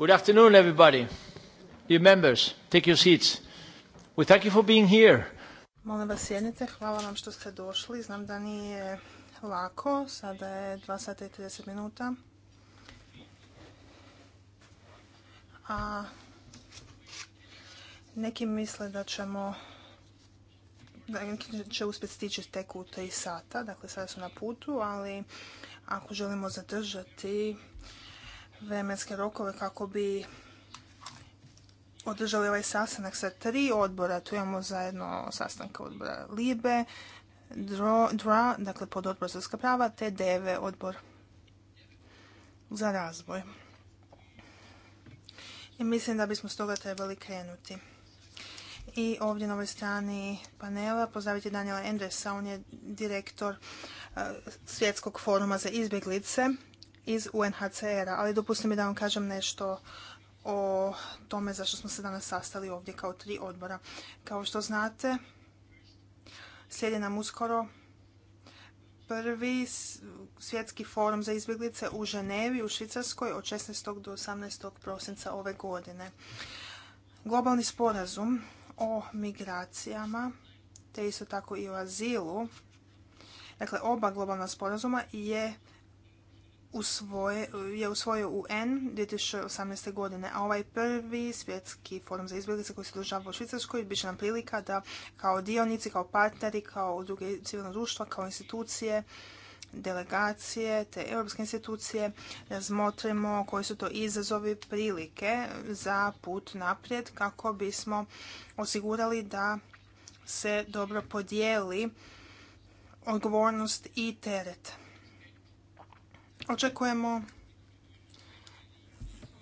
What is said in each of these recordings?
Good afternoon, everybody. Dear members, take your seats. We thank you for being here. Molim vas sjednite, hvala vam što ste došli. Znam da nije lako, sada je 2 sata i 30 minuta. A neki misle da ćemo da neki će uspjeti stići tek u 3 sata, dakle sada su na putu, ali ako želimo zadržati vremenske rokove kako bi održali ovaj sastanak sa tri odbora. Tu imamo zajedno sastanka odbora Libe, DRA, dakle pod odbor za prava, te DEVE odbor za razvoj. I mislim da bismo s toga trebali krenuti. I ovdje na ovoj strani panela pozdraviti Daniela Endresa, on je direktor eh, Svjetskog foruma za izbjeglice iz UNHCR-a, ali dopustite mi da vam kažem nešto o tome zašto smo se danas sastali ovdje kao tri odbora. Kao što znate, slijedi nam uskoro prvi svjetski forum za izbjeglice u Ženevi u Švicarskoj od 16. do 18. prosinca ove godine. Globalni sporazum o migracijama te isto tako i o azilu, dakle oba globalna sporazuma je usvoje, je usvojio UN 2018. godine, a ovaj prvi svjetski forum za izbjeglice koji se održava u Švicarskoj bit će nam prilika da kao dionici, kao partneri, kao druge civilno društva, kao institucije, delegacije te europske institucije razmotrimo koji su to izazovi prilike za put naprijed kako bismo osigurali da se dobro podijeli odgovornost i teret Očekujemo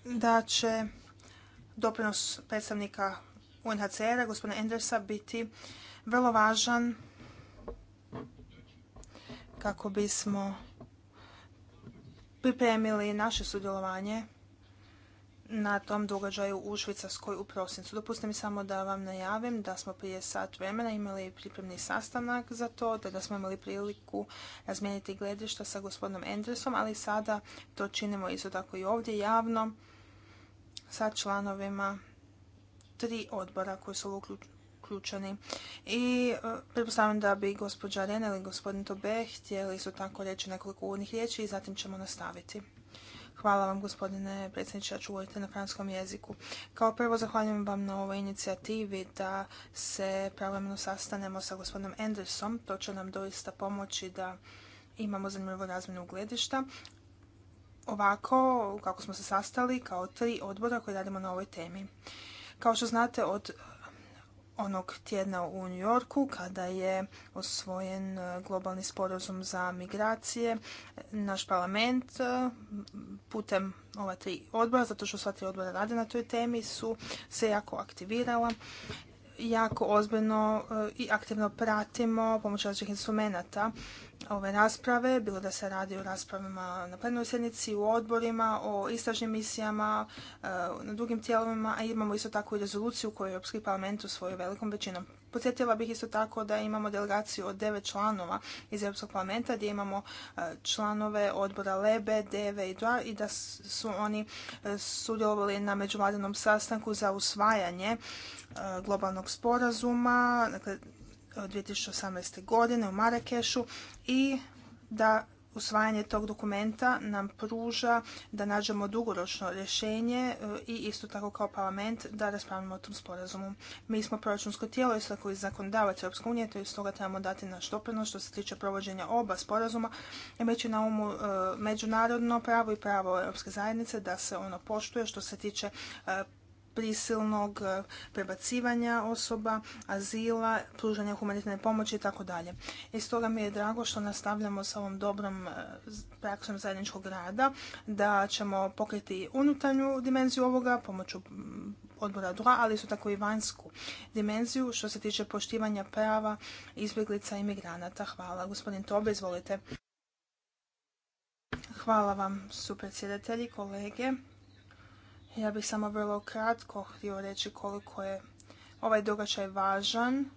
da će doprinos predstavnika UNHCR-a, gospodina Endersa, biti vrlo važan kako bismo pripremili naše sudjelovanje na tom događaju u Švicarskoj u prosincu. Dopustite mi samo da vam najavim da smo prije sat vremena imali pripremni sastanak za to, da, da smo imali priliku razmijeniti gledišta sa gospodinom Endresom, ali sada to činimo isto tako i ovdje javno sa članovima tri odbora koji su uključeni. I e, pretpostavljam da bi gospođa Rene i gospodin Tobe htjeli isto tako reći nekoliko uvodnih riječi i zatim ćemo nastaviti. Hvala vam gospodine predsjedniče, čuvajte na franskom jeziku. Kao prvo zahvaljujem vam na ovoj inicijativi da se pravilno sastanemo sa gospodinom Andersom. To će nam doista pomoći da imamo zanimljivu razmjenu gledišta. Ovako, kako smo se sastali, kao tri odbora koji radimo na ovoj temi. Kao što znate, od onog tjedna u New Yorku kada je osvojen e, globalni sporazum za migracije. Naš parlament e, putem ova tri odbora, zato što sva tri odbora rade na toj temi, su se jako aktivirala jako ozbiljno e, i aktivno pratimo pomoću različitih instrumenata ove rasprave, bilo da se radi o raspravama na plenoj sjednici, u odborima, o istražnim misijama, e, na drugim tijelovima, a imamo isto tako i rezoluciju koju je Europski parlament svojoj velikom većinom Podsjetila bih isto tako da imamo delegaciju od devet članova iz Europskog parlamenta gdje imamo e, članove odbora LEBE, DEVE i Dva i da su oni e, sudjelovali na međuvladinom sastanku za usvajanje e, globalnog sporazuma dakle, 2018. godine u Marakešu i da usvajanje tog dokumenta nam pruža da nađemo dugoročno rješenje e, i isto tako kao parlament da raspravljamo o tom sporazumu. Mi smo proračunsko tijelo i tako i zakonodavac Europske unije, iz stoga trebamo dati naš doprinos što se tiče provođenja oba sporazuma, imajući na umu e, međunarodno pravo i pravo Europske zajednice da se ono poštuje što se tiče e, prisilnog e, prebacivanja osoba, azila, pružanja humanitarne pomoći i tako dalje. I stoga mi je drago što nastavljamo sa ovom dobrom e, praksom zajedničkog rada, da ćemo pokriti unutarnju dimenziju ovoga pomoću odbora dva, ali su tako i vanjsku dimenziju što se tiče poštivanja prava izbjeglica i migranata. Hvala. Gospodin Tobe, izvolite. Hvala vam, su kolege. Ja bih samo vrlo kratko htio reći koliko je ovaj događaj važan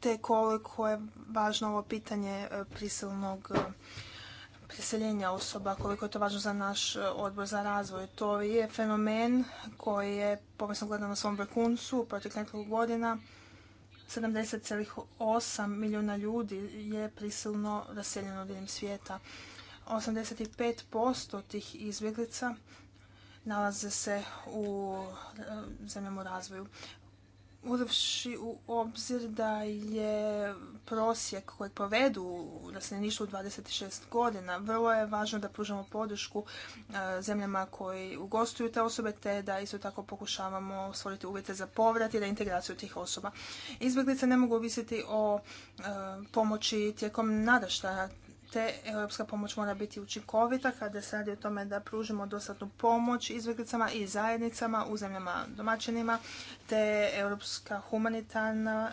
te koliko je važno ovo pitanje e, prisilnog e, preseljenja osoba, koliko je to važno za naš e, odbor za razvoj. To je fenomen koji je, povijesno gledano na svom vrkuncu u proteklih nekoliko godina, 70,8 milijuna ljudi je prisilno raseljeno diljem svijeta. 85% tih izbjeglica nalaze se u e, zemljama u razvoju. Uzevši u obzir da je prosjek koji provedu u dvadeset 26 godina, vrlo je važno da pružamo podršku e, zemljama koji ugostuju te osobe, te da isto tako pokušavamo stvoriti uvjete za povrat i reintegraciju tih osoba. Izbjeglice ne mogu ovisiti o e, pomoći tijekom nadaštaja te europska pomoć mora biti učinkovita kada se radi o tome da pružimo dostatnu pomoć izbjeglicama i zajednicama u zemljama domaćinima, te europska humanitarna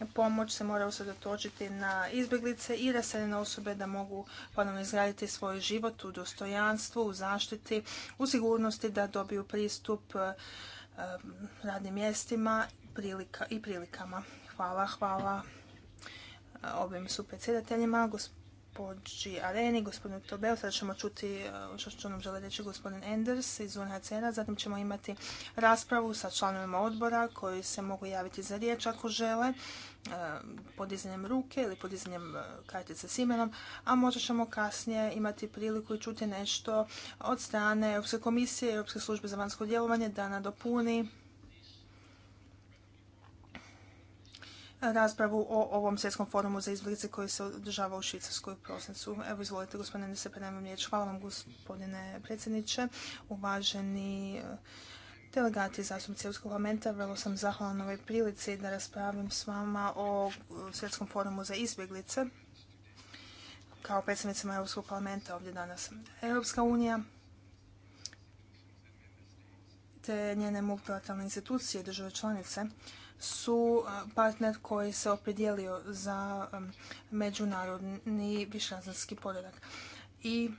e, pomoć se mora usredotočiti na izbjeglice i raseljene osobe da mogu ponovno izgraditi svoj život u dostojanstvu, u zaštiti, u sigurnosti da dobiju pristup e, e, radnim mjestima prilika i prilikama. Hvala, hvala ovim su predsjedateljima, Pođi Areni, gospodinu Tobeu, sada ćemo čuti e, što što nam žele reći gospodin Enders iz UNHCR-a, zatim ćemo imati raspravu sa članovima odbora koji se mogu javiti za riječ ako žele, e, podizanjem ruke ili podizanjem e, kartice s imenom, a možda ćemo kasnije imati priliku i čuti nešto od strane Europske komisije i Europske službe za vanjsko djelovanje da nadopuni raspravu o ovom svjetskom forumu za izbjeglice koji se održava u Švicarskoj u prosincu. Evo izvolite gospodine se predajem riječ. Hvala vam gospodine predsjedniče, uvaženi eh, delegati zastupnici Europskog parlamenta. Vrlo sam zahvalna na ovoj prilici da raspravim s vama o eh, svjetskom forumu za izbjeglice kao predstavnicima Europskog parlamenta ovdje danas. Europska unija te njene multilateralne institucije države članice su e, partner koji se opredijelio za međunarodni višerazanski poredak. I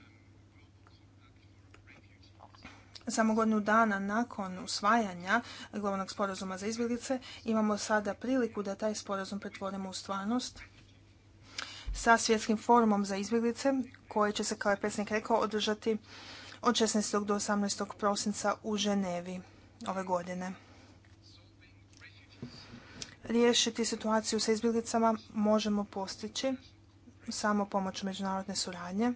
samo godinu dana nakon usvajanja glavnog sporazuma za izbjeglice imamo sada priliku da taj sporazum pretvorimo u stvarnost sa svjetskim forumom za izbjeglice koji će se, kao je predsjednik rekao, održati od 16. do 18. prosinca u Ženevi ove godine riješiti situaciju sa izbjeglicama možemo postići samo pomoću međunarodne suradnje,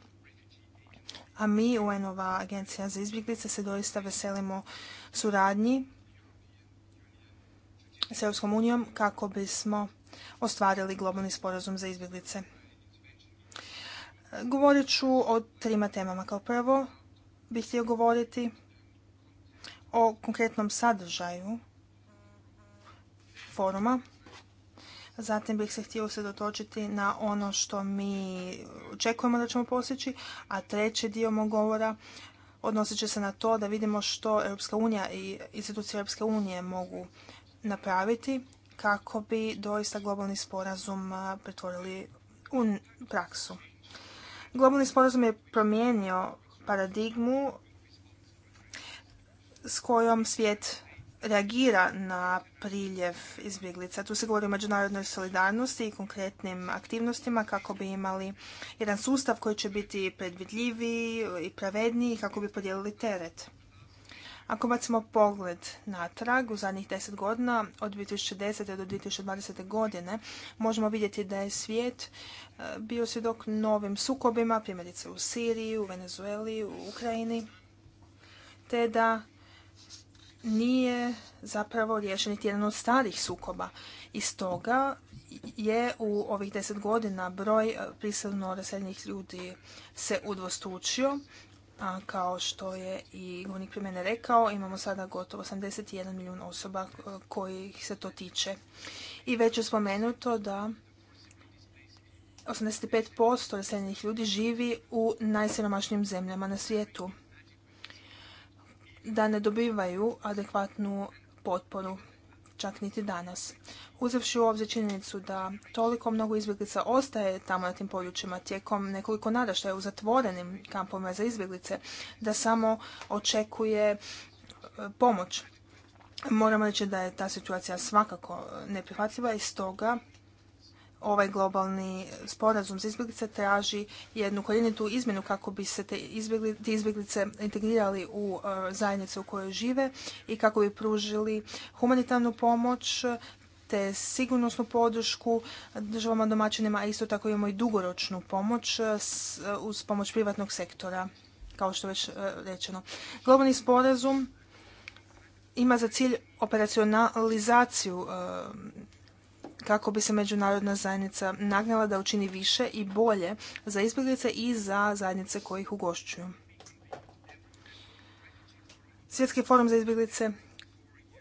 a mi, UN-ova agencija za izbjeglice, se doista veselimo suradnji s Europskom unijom kako bismo ostvarili globalni sporazum za izbjeglice. Govorit ću o trima temama. Kao prvo bih htio govoriti o konkretnom sadržaju foruma. Zatim bih se htio usredotočiti na ono što mi očekujemo da ćemo postići, a treći dio mog govora odnosit će se na to da vidimo što Europska unija i institucije Europske unije mogu napraviti kako bi doista globalni sporazum pretvorili u praksu. Globalni sporazum je promijenio paradigmu s kojom svijet reagira na priljev izbjeglica. Tu se govori o međunarodnoj solidarnosti i konkretnim aktivnostima kako bi imali jedan sustav koji će biti predvidljiviji i pravedniji kako bi podijelili teret. Ako bacimo pogled natrag u zadnjih deset godina, od 2010. do 2020. godine, možemo vidjeti da je svijet e, bio svjedok novim sukobima, primjerice u Siriji, u Venezueli, u Ukrajini, te da nije zapravo riješen niti jedan od starih sukoba. I stoga je u ovih deset godina broj eh, prisilno raseljenih ljudi se udvostručio, a kao što je i govornik pri mene rekao, imamo sada gotovo 81 milijun osoba eh, kojih se to tiče. I već je spomenuto da 85% raseljenih ljudi živi u najsiromašnijim zemljama na svijetu da ne dobivaju adekvatnu potporu čak niti danas. Uzevši u obzir činjenicu da toliko mnogo izbjeglica ostaje tamo na tim područjima tijekom nekoliko nadaštaja u zatvorenim kampovima za izbjeglice, da samo očekuje e, pomoć. Moramo reći da je ta situacija svakako neprihvatljiva i stoga ovaj globalni sporazum za izbjeglice traži jednu korijenitu izmjenu kako bi se te izbjeglice integrirali u e, zajednice u kojoj žive i kako bi pružili humanitarnu pomoć te sigurnosnu podršku državama domaćinima, a isto tako imamo i dugoročnu pomoć e, e, uz pomoć privatnog sektora, kao što je već rečeno. Globalni sporazum ima za cilj operacionalizaciju kako bi se međunarodna zajednica nagnala da učini više i bolje za izbjeglice i za zajednice koje ih ugošćuju. Svjetski forum za izbjeglice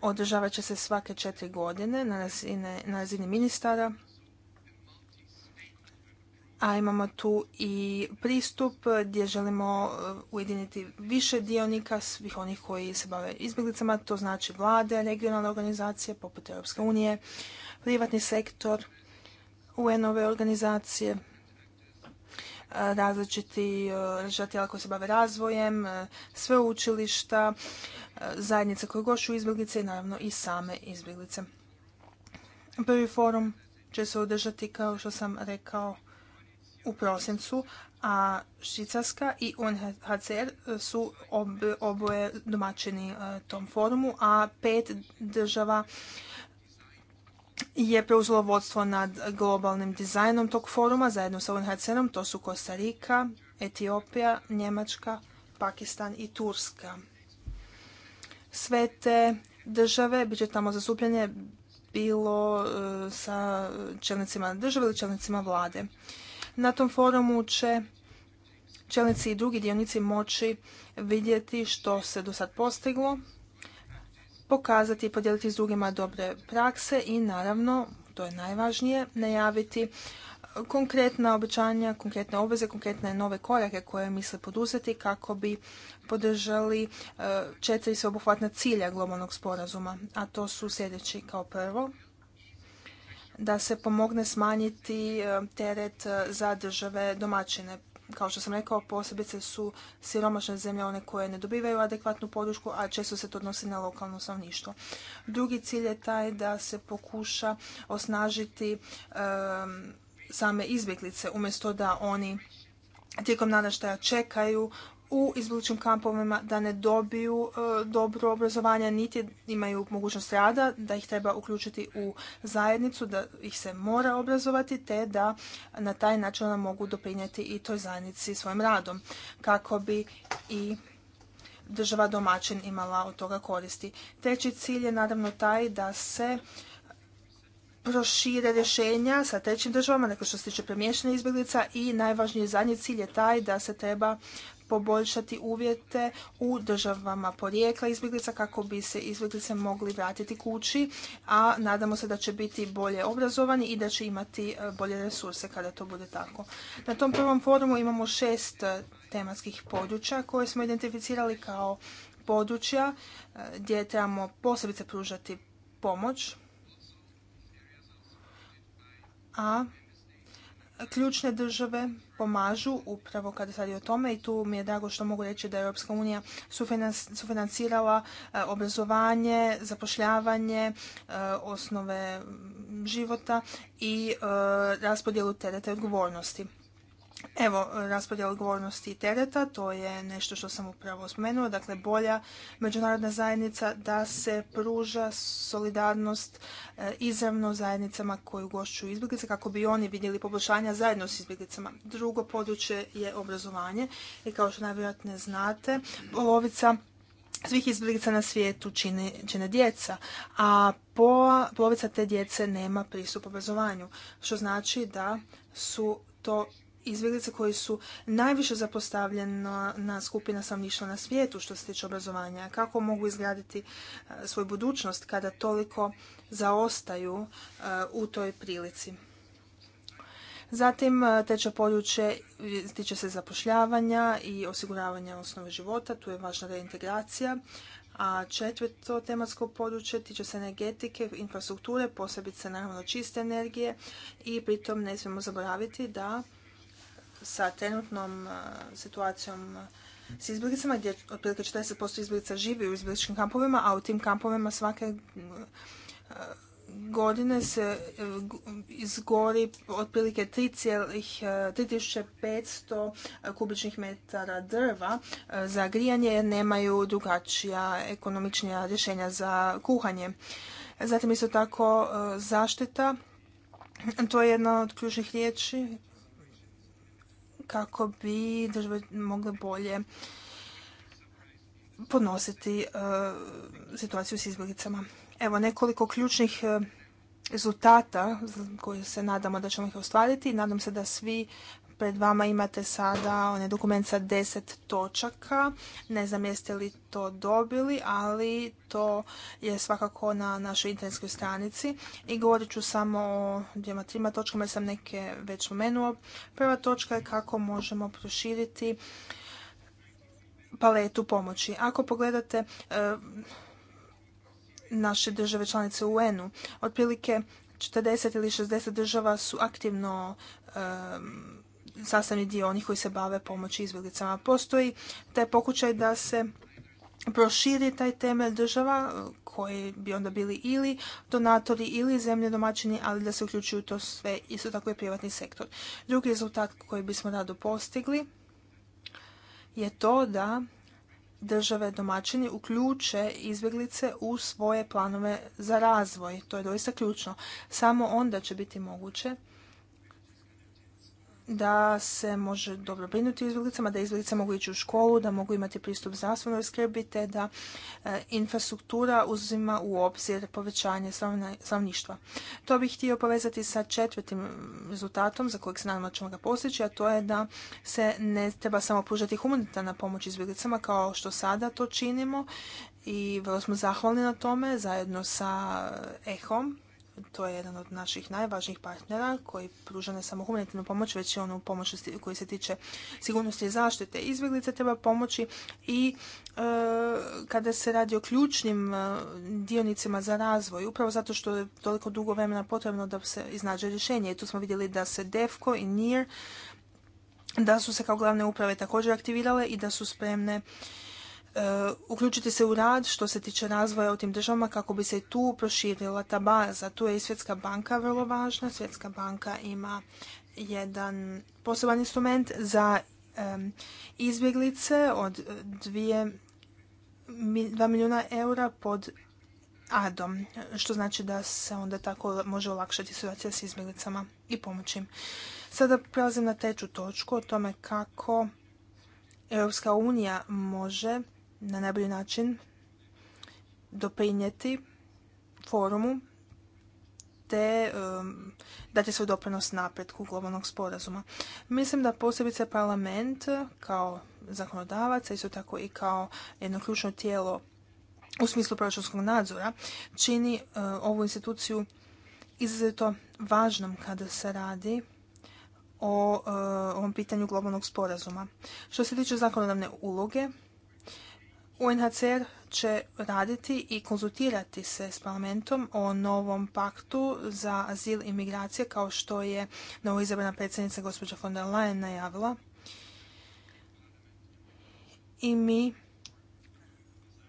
održavat će se svake četiri godine na razini, na razini ministara, a imamo tu i pristup gdje želimo uh, ujediniti više dionika, svih onih koji se bave izbjeglicama, to znači vlade, regionalne organizacije poput Europske unije, privatni sektor, UN-ove organizacije, e, različiti e, tijela koji se bave razvojem, e, sve učilišta, zajednice koje gošu izbjeglice i naravno i same izbjeglice. Prvi forum će se održati, kao što sam rekao, u prosincu, a Švicarska i UNHCR su oboje domaćeni tom forumu, a pet država je preuzelo vodstvo nad globalnim dizajnom tog foruma zajedno sa UNHCR-om. To su Kostarika, Etiopija, Njemačka, Pakistan i Turska. Sve te države bit će tamo zastupljene bilo e, sa čelnicima države ili čelnicima vlade. Na tom forumu će čelnici i drugi dionici moći vidjeti što se do sad postiglo pokazati i podijeliti s drugima dobre prakse i naravno, to je najvažnije, najaviti konkretna obećanja, konkretne obveze, konkretne nove korake koje misle poduzeti kako bi podržali e, četiri sveobuhvatna cilja globalnog sporazuma, a to su sljedeći kao prvo da se pomogne smanjiti e, teret e, za države domaćine kao što sam rekao, posebice su siromašne zemlje one koje ne dobivaju adekvatnu podršku, a često se to odnosi na lokalno stanovništvo. Drugi cilj je taj da se pokuša osnažiti same izbjeglice, umjesto da oni tijekom nadaštaja čekaju u izvoličnim kampovima da ne dobiju e, dobro obrazovanje, niti imaju mogućnost rada, da ih treba uključiti u zajednicu, da ih se mora obrazovati, te da na taj način ona mogu doprinijeti i toj zajednici svojim radom, kako bi i država domaćin imala od toga koristi. Treći cilj je naravno taj da se prošire rješenja sa trećim državama, neko što se tiče premješanja izbjeglica i najvažniji zadnji cilj je taj da se treba poboljšati uvjete u državama porijekla izbjeglica kako bi se izbjeglice mogli vratiti kući, a nadamo se da će biti bolje obrazovani i da će imati e, bolje resurse kada to bude tako. Na tom prvom forumu imamo šest e, tematskih područja koje smo identificirali kao područja e, gdje trebamo posebice pružati pomoć, a ključne države pomažu upravo kada se radi o tome i tu mi je drago što mogu reći da je Europska unija sufinancirala e, obrazovanje, zapošljavanje, e, osnove života i e, raspodjelu tereta i odgovornosti. Evo, raspodjela odgovornosti i tereta, to je nešto što sam upravo spomenula, dakle bolja međunarodna zajednica da se pruža solidarnost e, izravno zajednicama koje ugošćuju izbjeglice kako bi oni vidjeli poboljšanja zajedno s izbjeglicama. Drugo područje je obrazovanje i kao što najvjerojatnije znate, polovica svih izbjeglica na svijetu čine, djeca, a polovica te djece nema pristup obrazovanju, što znači da su to izbjeglice koji su najviše zapostavljena na skupina samništva na svijetu što se tiče obrazovanja. Kako mogu izgraditi e, svoju budućnost kada toliko zaostaju e, u toj prilici. Zatim teče područje tiče se zapošljavanja i osiguravanja osnove života, tu je važna reintegracija. A četvrto tematsko područje tiče se energetike, infrastrukture, posebice naravno čiste energije i pritom ne smijemo zaboraviti da sa trenutnom e, situacijom e, s izbjeglicama gdje otprilike 40% izbjeglica živi u izbjegličkim kampovima, a u tim kampovima svake e, godine se izgori otprilike 3500 kubičnih metara drva za grijanje jer nemaju drugačija ekonomičnija rješenja za kuhanje. Zatim isto tako zaštita, to je jedna od ključnih riječi kako bi države mogle bolje podnositi e, situaciju s izbjeglicama. Evo nekoliko ključnih e, rezultata koje se nadamo da ćemo ih ostvariti. Nadam se da svi pred vama imate sada onaj dokument sa deset točaka. Ne znam jeste li to dobili, ali to je svakako na našoj internetskoj stranici. I govorit ću samo o dvijema, trima točkama jer sam neke već spomenuo. Prva točka je kako možemo proširiti paletu pomoći. Ako pogledate eh, naše države članice UN-u, otprilike 40 ili 60 država su aktivno eh, sastavni dio onih koji se bave pomoći izbjeglicama. Postoji taj pokušaj da se proširi taj temelj država e, koji bi onda bili ili donatori ili zemlje domaćini, ali da se uključuju to sve, isto tako i privatni sektor. Drugi rezultat koji bismo rado postigli je to da države domaćini uključe izbjeglice u svoje planove za razvoj. To je doista ključno. Samo onda će biti moguće da se može dobro brinuti o izbjeglicama, da izbjeglice mogu ići u školu, da mogu imati pristup zdravstvenoj skrbi, te da e, infrastruktura uzima u obzir povećanje stanovništva. To bih htio povezati sa četvrtim rezultatom za kojeg se nadamo ćemo ga postići, a to je da se ne treba samo pružati humanitarna pomoć izbjeglicama kao što sada to činimo i vrlo smo zahvalni na tome zajedno sa EHOM to je jedan od naših najvažnijih partnera koji pruža ne samo humanitarnu pomoć, već i onu pomoć koji se tiče sigurnosti i zaštite. Izbjeglice treba pomoći i e, kada se radi o ključnim e, dionicima za razvoj, upravo zato što je toliko dugo vremena potrebno da se iznađe rješenje. I tu smo vidjeli da se DEFCO i NIR da su se kao glavne uprave također aktivirale i da su spremne E, uključiti se u rad što se tiče razvoja u tim državama kako bi se tu proširila ta baza. Tu je i Svjetska banka vrlo važna. Svjetska banka ima jedan poseban instrument za izbjeglice od 2 milijuna eura pod ADOM, što znači da se onda tako može olakšati situacija s izbjeglicama i pomoći Sada prelazim na treću točku o tome kako Europska unija može na najbolji način doprinijeti forumu te um, dati svoj doprinos napretku globalnog sporazuma. Mislim da posebice parlament kao zakonodavac, isto tako i kao jedno ključno tijelo u smislu proračunskog nadzora, čini uh, ovu instituciju izuzetno važnom kada se radi o uh, ovom pitanju globalnog sporazuma. Što se tiče zakonodavne uloge, UNHCR će raditi i konzultirati se s parlamentom o novom paktu za azil i migracije kao što je novoizabrana predsjednica gospođa von der Leyen najavila. I mi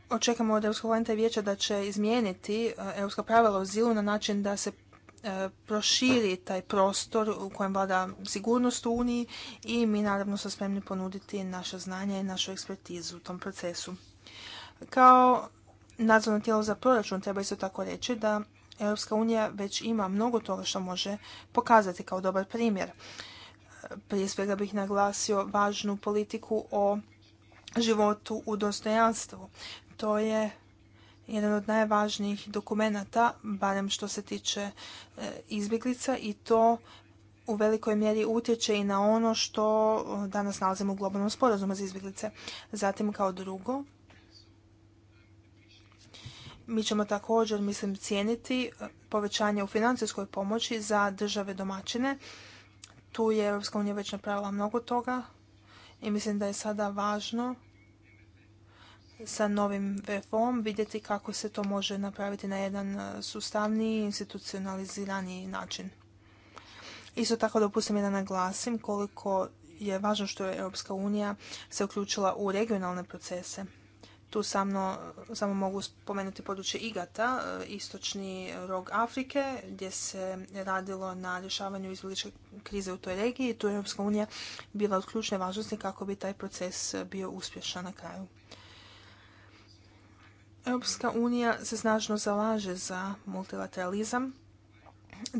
očekujemo od Europskog parlamenta i vijeća da će izmijeniti e, europska pravila o azilu na način da se e, proširi taj prostor u kojem vlada sigurnost u Uniji i mi naravno smo spremni ponuditi naše znanje i našu ekspertizu u tom procesu. Kao nadzorno tijelo za proračun treba isto tako reći da Europska unija već ima mnogo toga što može pokazati kao dobar primjer. Prije svega bih naglasio važnu politiku o životu u dostojanstvu. To je jedan od najvažnijih dokumenata, barem što se tiče e, izbjeglica i to u velikoj mjeri utječe i na ono što e, danas nalazimo u globalnom sporazumu za izbjeglice. Zatim kao drugo, mi ćemo također, mislim, cijeniti e, povećanje u financijskoj pomoći za države domaćine. Tu je Europska unija već napravila mnogo toga i mislim da je sada važno sa novim VFO-om vidjeti kako se to može napraviti na jedan e, sustavniji, institucionaliziraniji način. Isto tako dopustim je da naglasim koliko je važno što je Europska unija se uključila u regionalne procese. Tu samo, samo mogu spomenuti područje Igata, e, istočni rog Afrike, gdje se radilo na rješavanju izbjegličke krize u toj regiji. Tu je Europska unija bila od ključne važnosti kako bi taj proces bio uspješan na kraju. Europska unija se snažno zalaže za multilateralizam,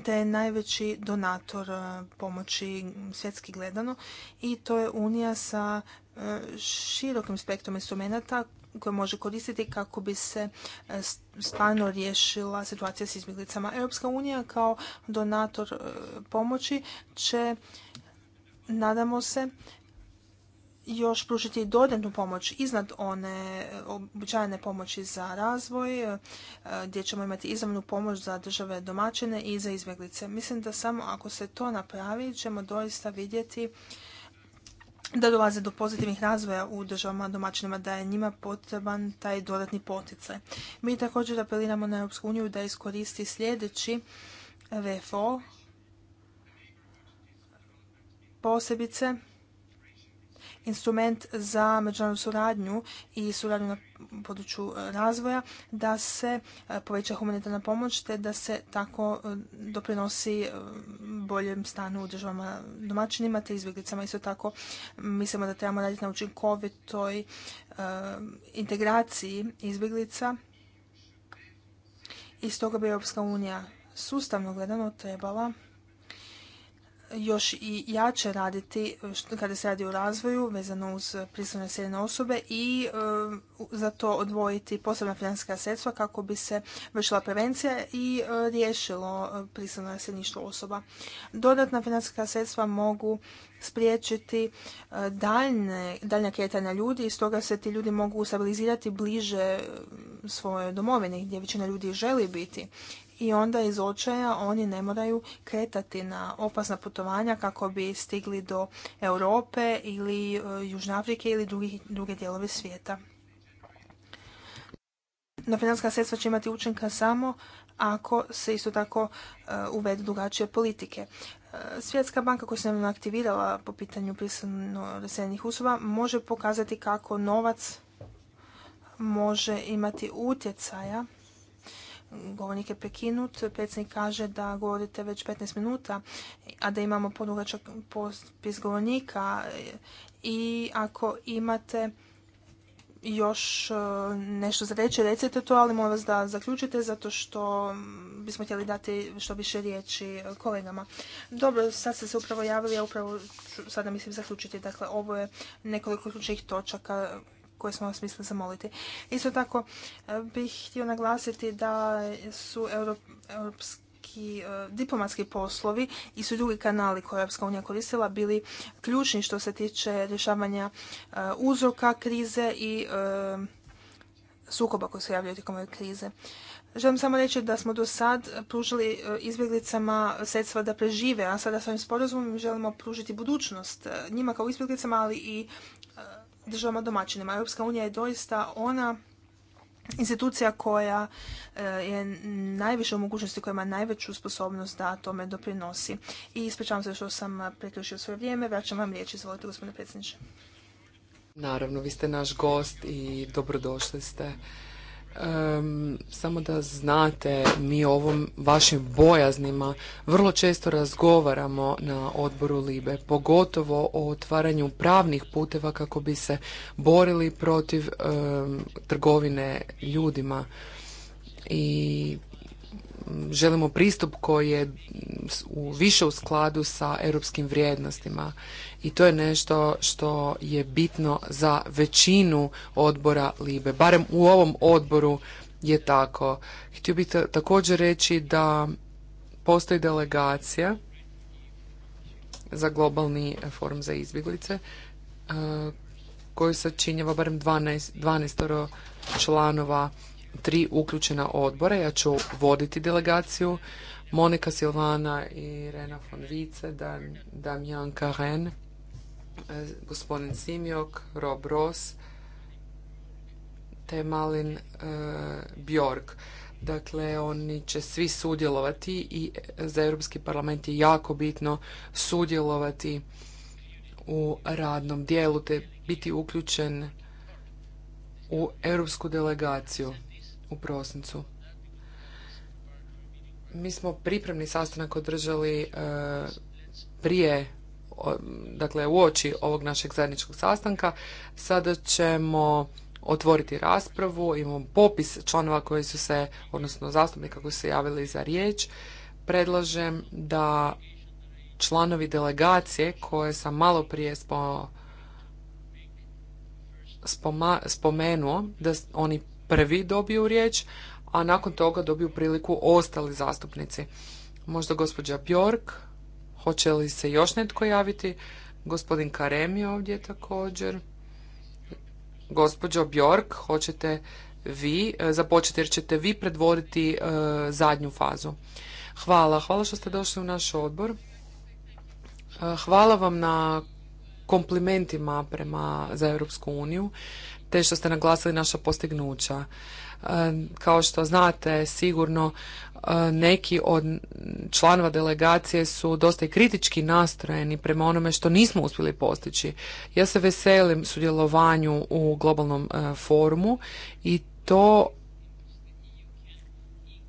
te je najveći donator e, pomoći svjetski gledano i to je unija sa e, širokim spektrom instrumenata koje može koristiti kako bi se e, stvarno riješila situacija s izbjeglicama. Europska unija kao donator e, pomoći će, nadamo se, još pružiti dodatnu pomoć iznad one e, običajne pomoći za razvoj, gdje ćemo imati izravnu pomoć za države domaćine i za izbjeglice. Mislim da samo ako se to napravi ćemo doista vidjeti da dolaze do pozitivnih razvoja u državama domaćinama, da je njima potreban taj dodatni poticaj. Mi također apeliramo na Europsku uniju da iskoristi sljedeći VFO, posebice instrument za međunarodnu suradnju i suradnju na području e, razvoja da se e, poveća humanitarna pomoć te da se tako e, doprinosi boljem stanu u državama domaćinima te izbjeglicama. Isto tako mislimo da trebamo raditi na učinkovitoj integraciji izbjeglica i stoga bi Europska unija sustavno gledano trebala još i jače raditi kada se radi o razvoju vezano uz prisilno naseljene osobe i um, za to odvojiti posebna financijska sredstva kako bi se vršila prevencija i uh, riješilo uh, prisilno naseljeništvo osoba. Dodatna financijska sredstva mogu spriječiti uh, daljne, daljnja kretanja ljudi i stoga se ti ljudi mogu stabilizirati bliže um, svojoj domovini gdje većina ljudi želi biti i onda iz očaja oni ne moraju kretati na opasna putovanja kako bi stigli do Europe ili e, Južne Afrike ili druge dijelove svijeta. Na financijska sredstva će imati učinka samo ako se isto tako e, uvedu drugačije politike. E, Svjetska banka koja se nam aktivirala po pitanju prisilno raseljenih može pokazati kako novac može imati utjecaja govornik je prekinut, predsjednik kaže da govorite već 15 minuta, a da imamo podugačak pospis govornika i ako imate još e, nešto za reći, recite to, ali molim vas da zaključite zato što bismo htjeli dati što više riječi e, kolegama. Dobro, sad ste se upravo javili, ja upravo sada mislim zaključiti. Dakle, ovo je nekoliko ključnih točaka koje smo vas mislili zamoliti. Isto tako e, bih htio naglasiti da su europski e, diplomatski poslovi i su drugi kanali koje je Europska unija koristila bili ključni što se tiče rješavanja e, uzroka krize i sukoba koji se javljaju tijekom ove krize. Želim samo reći da smo do sad pružili izbjeglicama sredstva da prežive, a sada s ovim sporazumom želimo pružiti budućnost njima kao izbjeglicama, ali i državama domaćinima. Europska unija je doista ona institucija koja e, je najviše u mogućnosti, koja ima najveću sposobnost da tome doprinosi. I ispričavam se što sam preključio svoje vrijeme. Vraćam vam riječ. Izvolite, gospodine predsjedniče. Naravno, vi ste naš gost i dobrodošli ste samo da znate, mi o ovom vašim bojaznima vrlo često razgovaramo na odboru Libe, pogotovo o otvaranju pravnih puteva kako bi se borili protiv trgovine ljudima. I želimo pristup koji je u, više u skladu sa europskim vrijednostima i to je nešto što je bitno za većinu odbora Libe. Barem u ovom odboru je tako. Htio bih također reći da postoji delegacija za globalni forum za izbjeglice e, koju sačinjava barem 12, 12 članova tri uključena odbora. Ja ću voditi delegaciju. Monika Silvana i Rena von Vice, Damjan Karen, e, gospodin Simjok, Rob Ross, te Malin e, Bjork. Dakle, oni će svi sudjelovati i za Europski parlament je jako bitno sudjelovati u radnom dijelu te biti uključen u europsku delegaciju u prosincu. Mi smo pripremni sastanak održali e, prije dakle uoči ovog našeg zajedničkog sastanka. Sada ćemo otvoriti raspravu, imamo popis članova koji su se, odnosno zastupnika koji su se javili za riječ. Predlažem da članovi delegacije koje sam malo prije spomenuo, da oni prvi dobiju riječ, a nakon toga dobiju priliku ostali zastupnici. Možda gospođa Bjork, hoće li se još netko javiti? Gospodin Karemi ovdje također. Gospođo Bjork, hoćete vi e, započeti jer ćete vi predvoditi e, zadnju fazu. Hvala, hvala što ste došli u naš odbor. E, hvala vam na komplimentima prema za Europsku uniju te što ste naglasili naša postignuća. E, kao što znate, sigurno e, neki od članova delegacije su dosta i kritički nastrojeni prema onome što nismo uspjeli postići. Ja se veselim sudjelovanju u globalnom e, forumu i to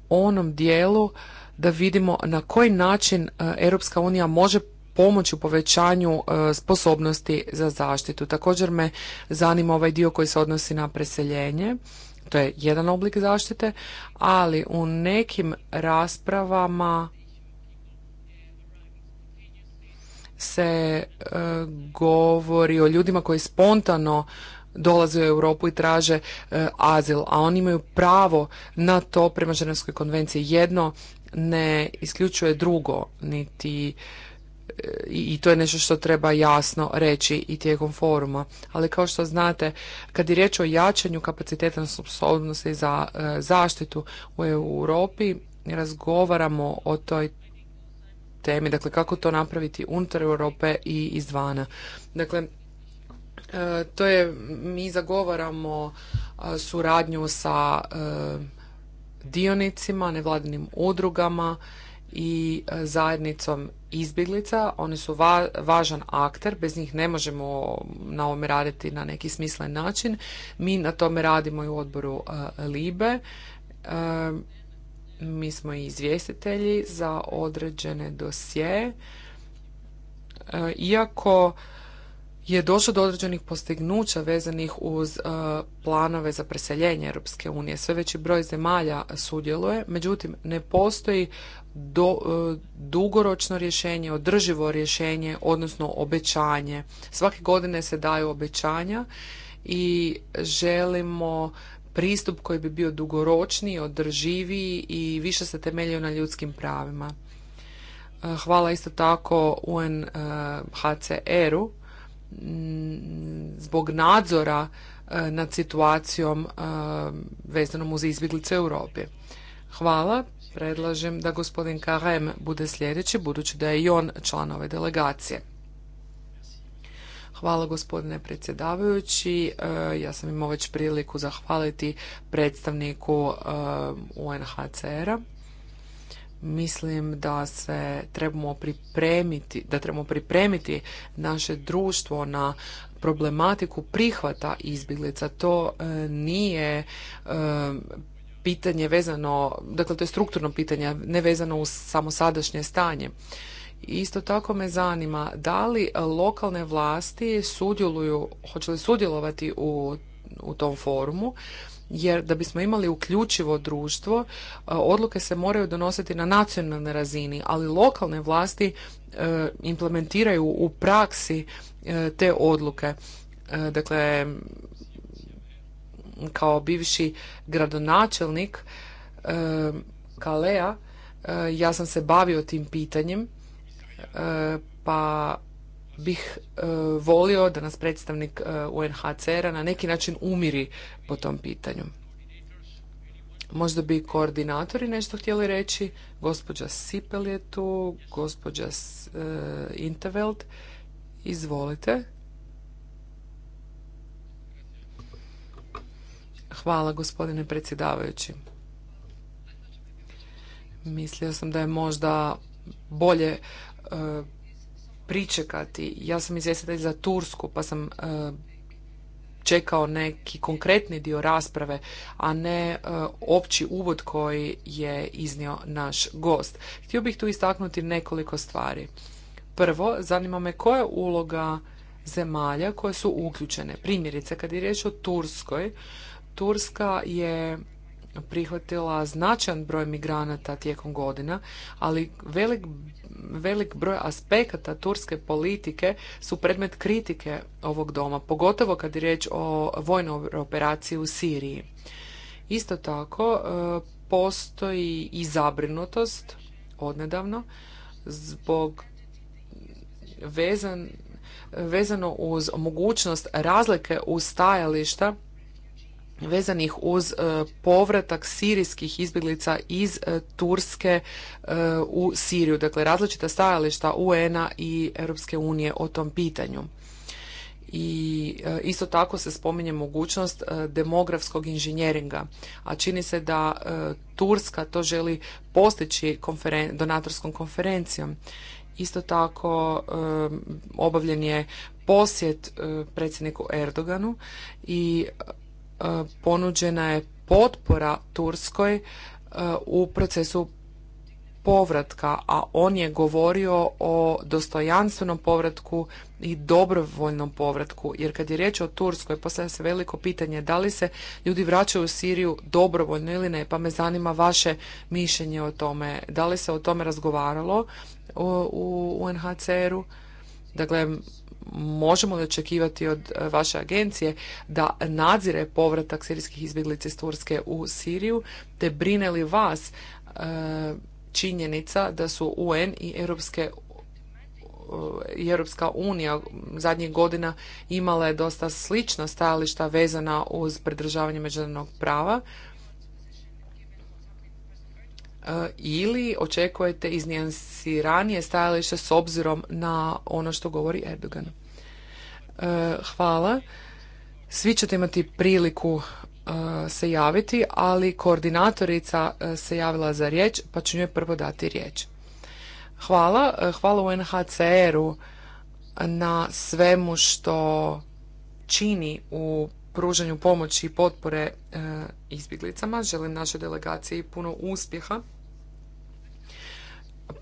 onom dijelu da vidimo na koji način Europska unija može pomoći u povećanju e, sposobnosti za zaštitu. Također me zanima ovaj dio koji se odnosi na preseljenje. To je jedan oblik zaštite, ali u nekim raspravama se e, govori o ljudima koji spontano dolaze u Europu i traže e, azil, a oni imaju pravo na to prema Ženevskoj konvenciji. Jedno ne isključuje drugo, niti i to je nešto što treba jasno reći i tijekom foruma. Ali kao što znate, kad je riječ o jačanju kapaciteta na sposobnosti za e, zaštitu u Europi, razgovaramo o toj temi, dakle kako to napraviti unutar Europe i izvana. Dakle, e, to je, mi zagovaramo e, suradnju sa dionicima, nevladinim udrugama, i e, zajednicom izbjeglica. Oni su važan akter, bez njih ne možemo na ovome raditi na neki smislen način. Mi na tome radimo i u odboru e, LIBE. E, mi smo i izvjestitelji za određene dosje. Iako je došlo do određenih postignuća vezanih uz e, planove za preseljenje Europske unije. Sve veći broj zemalja sudjeluje, međutim ne postoji do, e, dugoročno rješenje, održivo rješenje, odnosno obećanje. Svake godine se daju obećanja i želimo pristup koji bi bio dugoročniji, održiviji i više se temeljio na ljudskim pravima. E, hvala isto tako UNHCR-u Mm, zbog nadzora e, nad situacijom e, vezanom uz izbjeglice u Europi. Hvala. Predlažem da gospodin Karem bude sljedeći, budući da je i on član ove delegacije. Hvala gospodine predsjedavajući. E, ja sam imao već priliku zahvaliti predstavniku UNHCR-a mislim da se trebamo pripremiti, da trebamo pripremiti naše društvo na problematiku prihvata izbjeglica. To e, nije e, pitanje vezano, dakle to je strukturno pitanje, ne vezano uz samo sadašnje stanje. Isto tako me zanima da li lokalne vlasti sudjeluju, hoće li sudjelovati u, u tom forumu jer da bismo imali uključivo društvo, e, odluke se moraju donositi na nacionalnoj razini, ali lokalne vlasti e, implementiraju u praksi e, te odluke. Dakle, kao bivši gradonačelnik Kalea, ja sam se bavio tim pitanjem, pa bih e, volio da nas predstavnik e, UNHCR-a na neki način umiri po tom pitanju. Možda bi koordinatori nešto htjeli reći. Gospođa Sipel je tu, gospođa e, Interveld. Izvolite. Hvala gospodine predsjedavajući. Mislio sam da je možda bolje e, pričekati. Ja sam izvjestitelj za Tursku, pa sam e, čekao neki konkretni dio rasprave, a ne e, opći uvod koji je iznio naš gost. Htio bih tu istaknuti nekoliko stvari. Prvo, zanima me koja je uloga zemalja koje su uključene. Primjerice, kad je riječ o Turskoj, Turska je prihvatila značajan broj migranata tijekom godina, ali velik velik broj aspekata turske politike su predmet kritike ovog doma, pogotovo kad je riječ o vojnoj operaciji u Siriji. Isto tako e, postoji i zabrinutost odnedavno zbog vezan, vezano uz mogućnost razlike u stajališta vezanih uz e, povratak sirijskih izbjeglica iz e, Turske e, u Siriju. Dakle, različita stajališta UN-a i Europske unije o tom pitanju. I isto tako se spominje mogućnost demografskog inženjeringa, a čini se da Turska to želi postići donatorskom konferencijom. Isto tako obavljen je posjet predsjedniku Erdoganu i E, ponuđena je potpora Turskoj e, u procesu povratka, a on je govorio o dostojanstvenom povratku i dobrovoljnom povratku. Jer kad je riječ o Turskoj, postavlja se veliko pitanje da li se ljudi vraćaju u Siriju dobrovoljno ili ne, pa me zanima vaše mišljenje o tome. Da li se o tome razgovaralo u UNHCR-u? Dakle, možemo li očekivati od e, vaše agencije da nadzire povratak sirijskih izbjeglica iz Turske u Siriju, te brine li vas e, činjenica da su UN i Europske e, Europska unija zadnjih godina imala dosta slična stajališta vezana uz pridržavanje međunarodnog prava E, ili očekujete iznijansiranije stajalište s obzirom na ono što govori Erdogan? E, hvala. Svi ćete imati priliku e, se javiti, ali koordinatorica se javila za riječ, pa ću njoj prvo dati riječ. Hvala. Hvala UNHCR-u na svemu što čini u pružanju pomoći i potpore izbjeglicama. Želim našoj delegaciji puno uspjeha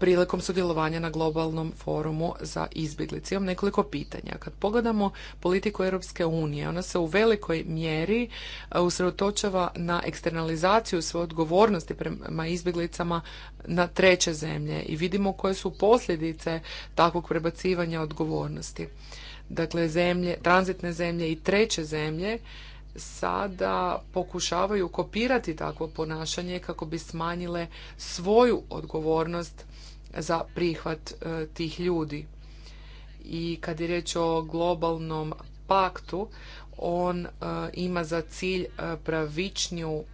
prilikom sudjelovanja na globalnom forumu za izbjeglice. Imam nekoliko pitanja. Kad pogledamo politiku Europske unije, ona se u velikoj mjeri e, usredotočava na eksternalizaciju svoje odgovornosti prema izbjeglicama na treće zemlje i vidimo koje su posljedice takvog prebacivanja odgovornosti. Dakle, zemlje, tranzitne zemlje i treće zemlje sada pokušavaju kopirati takvo ponašanje kako bi smanjile svoju odgovornost za prihvat e, tih ljudi. I kad je riječ o globalnom paktu, on e, ima za cilj e, pravičniju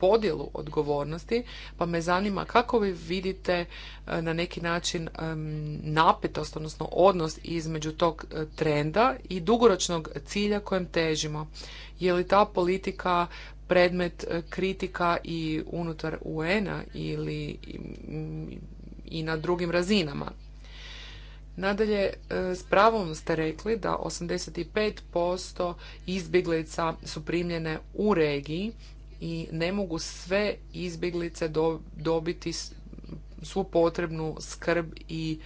podjelu odgovornosti, pa me zanima kako vi vidite na neki način napetost, odnosno odnos između tog trenda i dugoročnog cilja kojem težimo. Je li ta politika predmet kritika i unutar UN-a ili i na drugim razinama. Nadalje, e, s pravom ste rekli da 85% izbjeglica su primljene u regiji i ne mogu sve izbjeglice dobiti svu potrebnu skrb i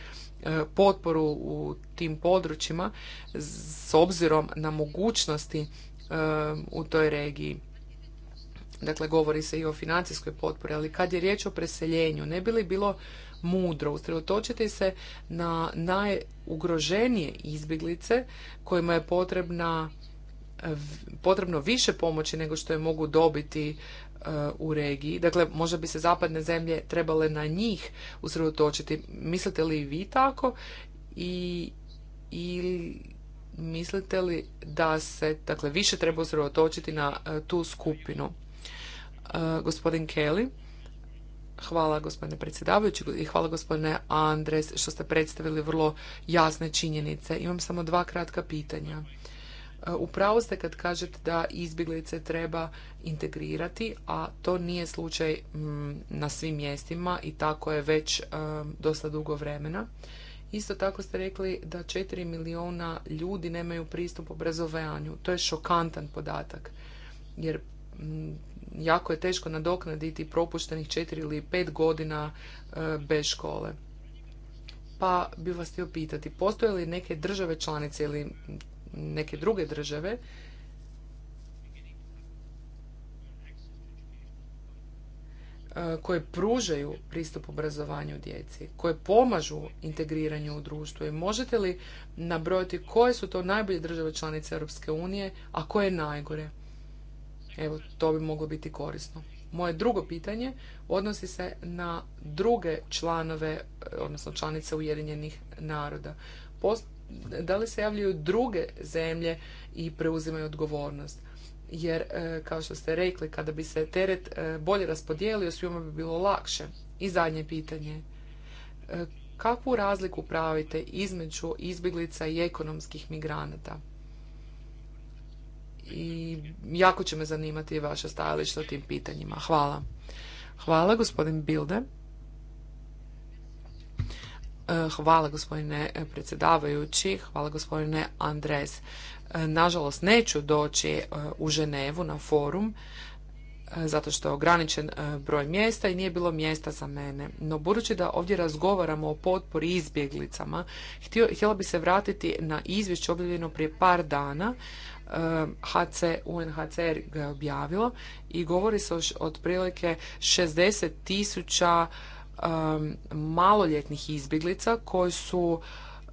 e, potporu u tim područjima s obzirom na mogućnosti e, u toj regiji. Dakle, govori se i o financijskoj potpori, ali kad je riječ o preseljenju, ne bi li bilo mudro. Usredotočiti se na najugroženije izbjeglice kojima je potrebna potrebno više pomoći nego što je mogu dobiti e, u regiji. Dakle, možda bi se zapadne zemlje trebale na njih usredotočiti. Mislite li i vi tako? I, ili mislite li da se dakle, više treba usredotočiti na e, tu skupinu? E, gospodin Kelly. Hvala gospodine predsjedavajući i hvala gospodine Andres što ste predstavili vrlo jasne činjenice. Imam samo dva kratka pitanja. E, Upravo ste kad kažete da izbjeglice treba integrirati, a to nije slučaj mm, na svim mjestima i tako je već e, dosta dugo vremena. Isto tako ste rekli da 4 milijuna ljudi nemaju pristup obrazovanju. To je šokantan podatak jer mm, jako je teško nadoknaditi propuštenih četiri ili pet godina e, bez škole. Pa bi vas htio pitati, postoje li neke države članice ili neke druge države koje pružaju pristup obrazovanju djeci, koje pomažu integriranju u društvu i možete li nabrojiti koje su to najbolje države članice Europske unije, a koje najgore? Evo, to bi moglo biti korisno. Moje drugo pitanje odnosi se na druge članove, odnosno članice Ujedinjenih naroda. da li se javljaju druge zemlje i preuzimaju odgovornost? Jer, e, kao što ste rekli, kada bi se teret e, bolje raspodijelio, svima bi bilo lakše. I zadnje pitanje. E, kakvu razliku pravite između izbjeglica i ekonomskih migranata? i jako će me zanimati vaše stajalište o tim pitanjima. Hvala. Hvala, gospodin Bilde. E, hvala, gospodine predsjedavajući. Hvala, gospodine Andres. E, nažalost, neću doći e, u Ženevu na forum zato što je ograničen broj mjesta i nije bilo mjesta za mene. No budući da ovdje razgovaramo o potpori izbjeglicama, htio, htjela bi se vratiti na izvješće objavljeno prije par dana HC, UNHCR ga je objavilo i govori se o otprilike 60 tisuća um, maloljetnih izbjeglica koji su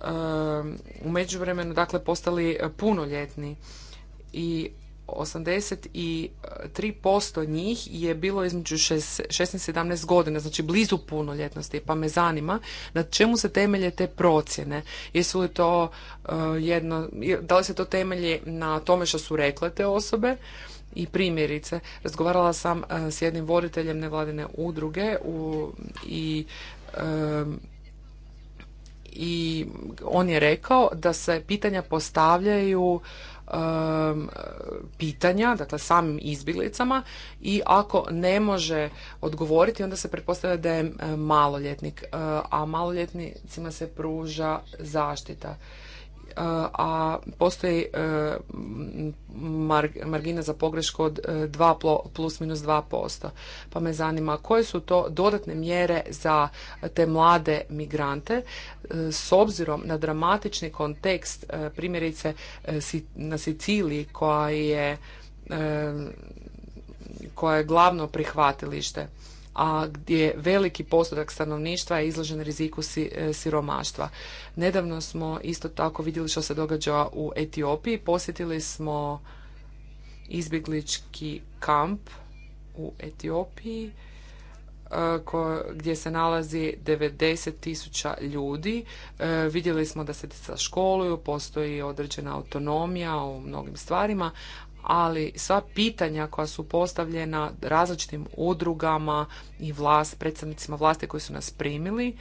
um, u međuvremenu dakle postali punoljetni i 83% njih je bilo između 16 i 17 godina, znači blizu punoljetnosti, pa me zanima na čemu se temelje te procjene. Jesu li to e, jedno, da li se to temelji na tome što su rekle te osobe i primjerice. Razgovarala sam e, s jednim voditeljem nevladine udruge u, i e, i on je rekao da se pitanja postavljaju pitanja, dakle samim izbjeglicama i ako ne može odgovoriti onda se pretpostavlja da je maloljetnik, a maloljetnicima se pruža zaštita a postoji e, margina za pogrešku od 2 e, plus minus 2%. Pa me zanima koje su to dodatne mjere za te mlade migrante e, s obzirom na dramatični kontekst primjerice na Siciliji koja je koja je glavno prihvatilište a gdje veliki postotak stanovništva je izložen riziku e, siromaštva. Nedavno smo isto tako vidjeli što se događa u Etiopiji. Posjetili smo izbjeglički kamp u Etiopiji e, gdje se nalazi 90 tisuća ljudi. E, vidjeli smo da se djeca školuju, postoji određena autonomija u mnogim stvarima, ali sva pitanja koja su postavljena različitim udrugama i vlast, predstavnicima vlasti koji su nas primili,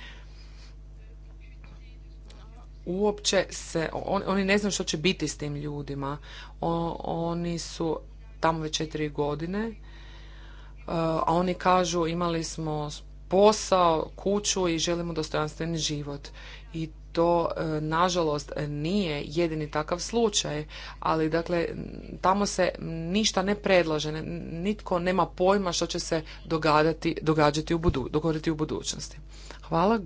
uopće se, oni ne znaju što će biti s tim ljudima. oni su tamo već četiri godine, e, a oni kažu imali smo posao, kuću i želimo dostojanstveni život. I to e, nažalost nije jedini takav slučaj, ali dakle tamo se ništa ne predlaže, nitko nema pojma što će se događati u dogoditi u budućnosti. Hvala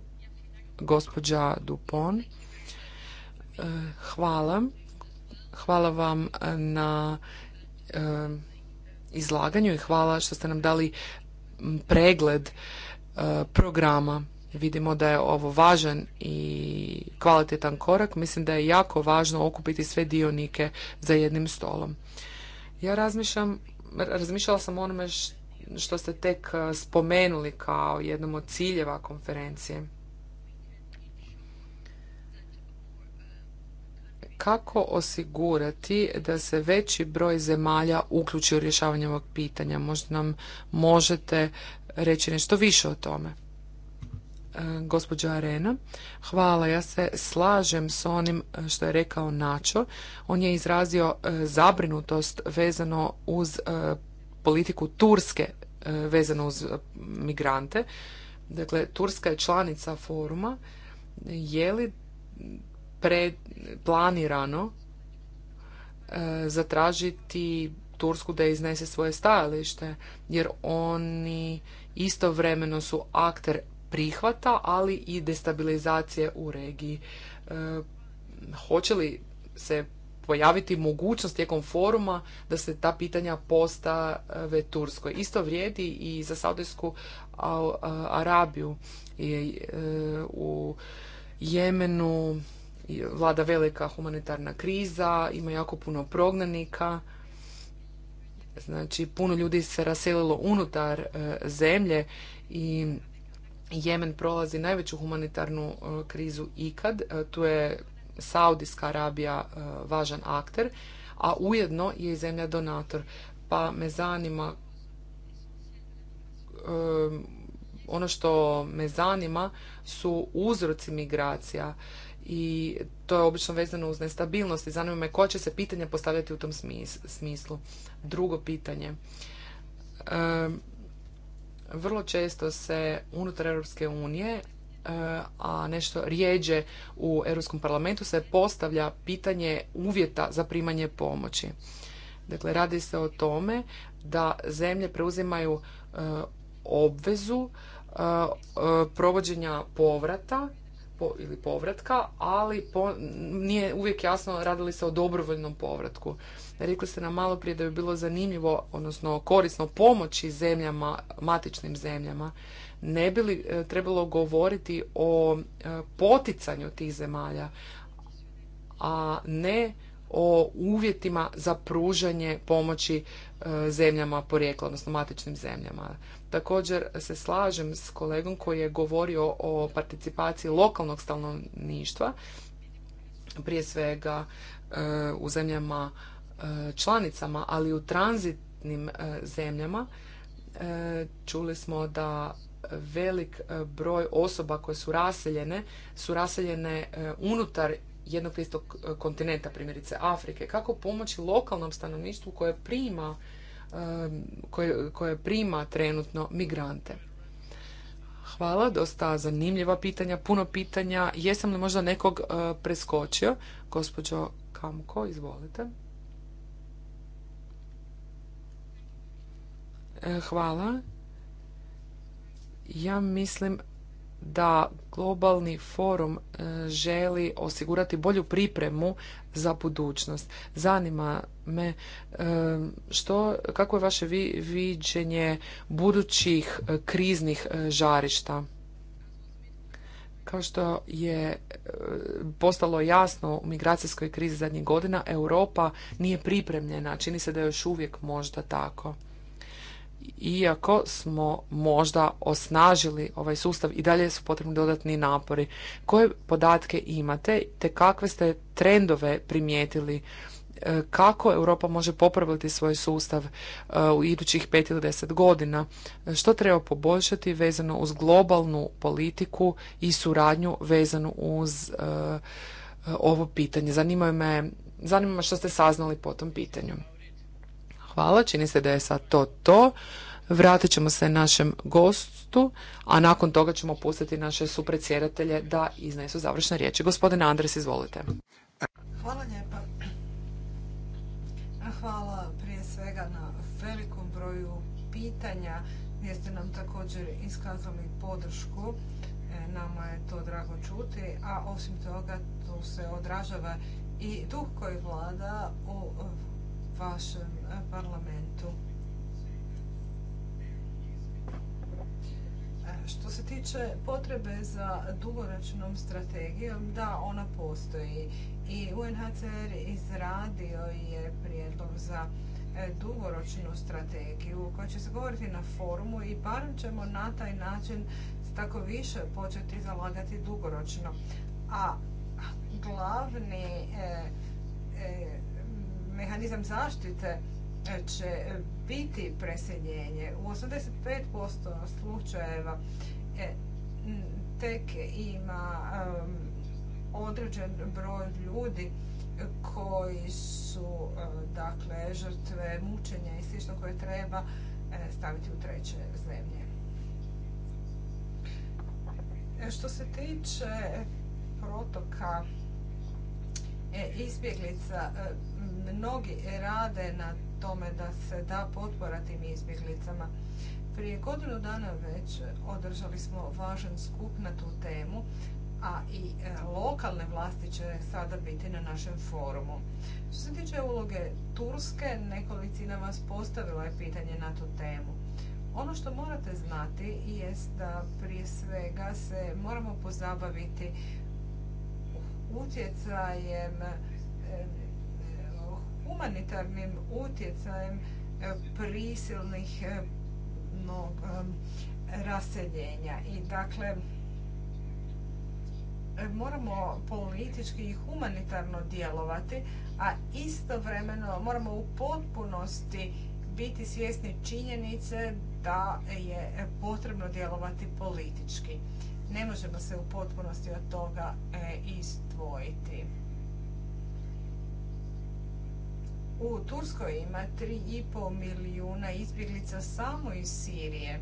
gospođa Dupon. E, hvala. Hvala vam na e, izlaganju i hvala što ste nam dali pregled programa Vidimo da je ovo važan i kvalitetan korak. Mislim da je jako važno okupiti sve dionike za jednim stolom. Ja razmišljam, razmišljala sam o onome što ste tek spomenuli kao jednom od ciljeva konferencije. kako osigurati da se veći broj zemalja uključi u rješavanje ovog pitanja? Možda nam možete reći nešto više o tome. E, gospođa Arena. Hvala, ja se slažem s onim e, što je rekao Načo. On je izrazio e, zabrinutost vezano uz politiku Turske vezano uz migrante. Dakle, Turska je članica foruma. Je li planirano zatražiti Tursku da iznese svoje stajalište, jer oni istovremeno su akter prihvata, ali i destabilizacije u regiji. E, hoće li se pojaviti mogućnost tijekom foruma da se ta pitanja postave Turskoj. Isto vrijedi i za Saudijsku e, Arabiju i e, u Jemenu vlada velika humanitarna kriza, ima jako puno prognanika, znači puno ljudi se raselilo unutar e, zemlje i Jemen prolazi najveću humanitarnu e, krizu ikad. E, tu je Saudijska Arabija e, važan akter, a ujedno je i zemlja donator. Pa me zanima ono što me zanima su uzroci migracija i to je obično vezano uz nestabilnost i zanima me ko će se pitanje postavljati u tom smislu. Drugo pitanje vrlo često se unutar Europske unije e, a nešto rijeđe u Europskom parlamentu se postavlja pitanje uvjeta za primanje pomoći. Dakle, radi se o tome da zemlje preuzimaju e, obvezu e, provođenja povrata ili povratka, ali nije uvijek jasno radili se o dobrovoljnom povratku. Rekli ste nam malo prije da bi bilo zanimljivo, odnosno korisno pomoći zemljama, matičnim zemljama. Ne bi li e, trebalo govoriti o e, poticanju tih zemalja, a ne o uvjetima za pružanje pomoći e, zemljama porijekla, odnosno matičnim zemljama. Također se slažem s kolegom koji je govorio o participaciji lokalnog stanovništva, prije svega e, u zemljama e, članicama, ali u tranzitnim zemljama. Čuli smo da velik broj osoba koje su raseljene su raseljene unutar jednog istog e, kontinenta, primjerice Afrike, kako pomoći lokalnom stanovništvu koje prima, koje, koje prima trenutno migrante. Hvala, dosta zanimljiva pitanja, puno pitanja. Jesam li možda nekog e, preskočio? Gospođo Kamko, izvolite. E, hvala. Ja mislim da globalni forum e, želi osigurati bolju pripremu za budućnost. Zanima me e, što, kako je vaše viđenje budućih e, kriznih žarišta? Kao što je postalo jasno u migracijskoj krizi zadnjih godina, Europa nije pripremljena. Čini se da je još uvijek možda tako iako smo možda osnažili ovaj sustav i dalje su potrebni dodatni napori. Koje podatke imate te kakve ste trendove primijetili? E, kako Europa može popraviti svoj sustav e, u idućih pet ili deset godina? E, što treba poboljšati vezano uz globalnu politiku i suradnju vezanu uz ovo pitanje? Zanima me, zanima me što ste saznali po tom pitanju. Hvala, čini se da je sad to to. Vratit ćemo se našem gostu, a nakon toga ćemo pustiti naše supredsjedatelje da iznesu završne riječi. Gospodine Andres, izvolite. Hvala lijepa. Hvala prije svega na velikom broju pitanja gdje ste nam također iskazali podršku. E, nama je to drago čuti, a osim toga tu se odražava i duh koji vlada u vašem eh, parlamentu. Eh, što se tiče potrebe za dugoročnom strategijom, da, ona postoji. I UNHCR izradio je prijedlog za eh, dugoročnu strategiju koja će se govoriti na forumu i barem ćemo na taj način tako više početi zalagati dugoročno. A glavni mehanizam zaštite e, će e, biti preseljenje. U 85% slučajeva e, tek ima određen broj ljudi koji su dakle žrtve mučenja i slično koje treba staviti u treće zemlje. Što se tiče protoka izbjeglica, mnogi rade na tome da se da potpora tim izbjeglicama. Prije godinu dana već održali smo važan skup na tu temu, a i e, lokalne vlasti će sada biti na našem forumu. Što se tiče uloge Turske, nekolicina vas postavila je pitanje na tu temu. Ono što morate znati je da prije svega se moramo pozabaviti utjecajem e, humanitarnim utjecajem e, prisilnih e, e, raseljenja. I dakle, moramo politički i humanitarno djelovati, a istovremeno moramo u potpunosti biti svjesni činjenice da je potrebno djelovati politički. Ne možemo se u potpunosti od toga izdvojiti. U Turskoj ima 3,5 milijuna izbjeglica samo iz Sirije.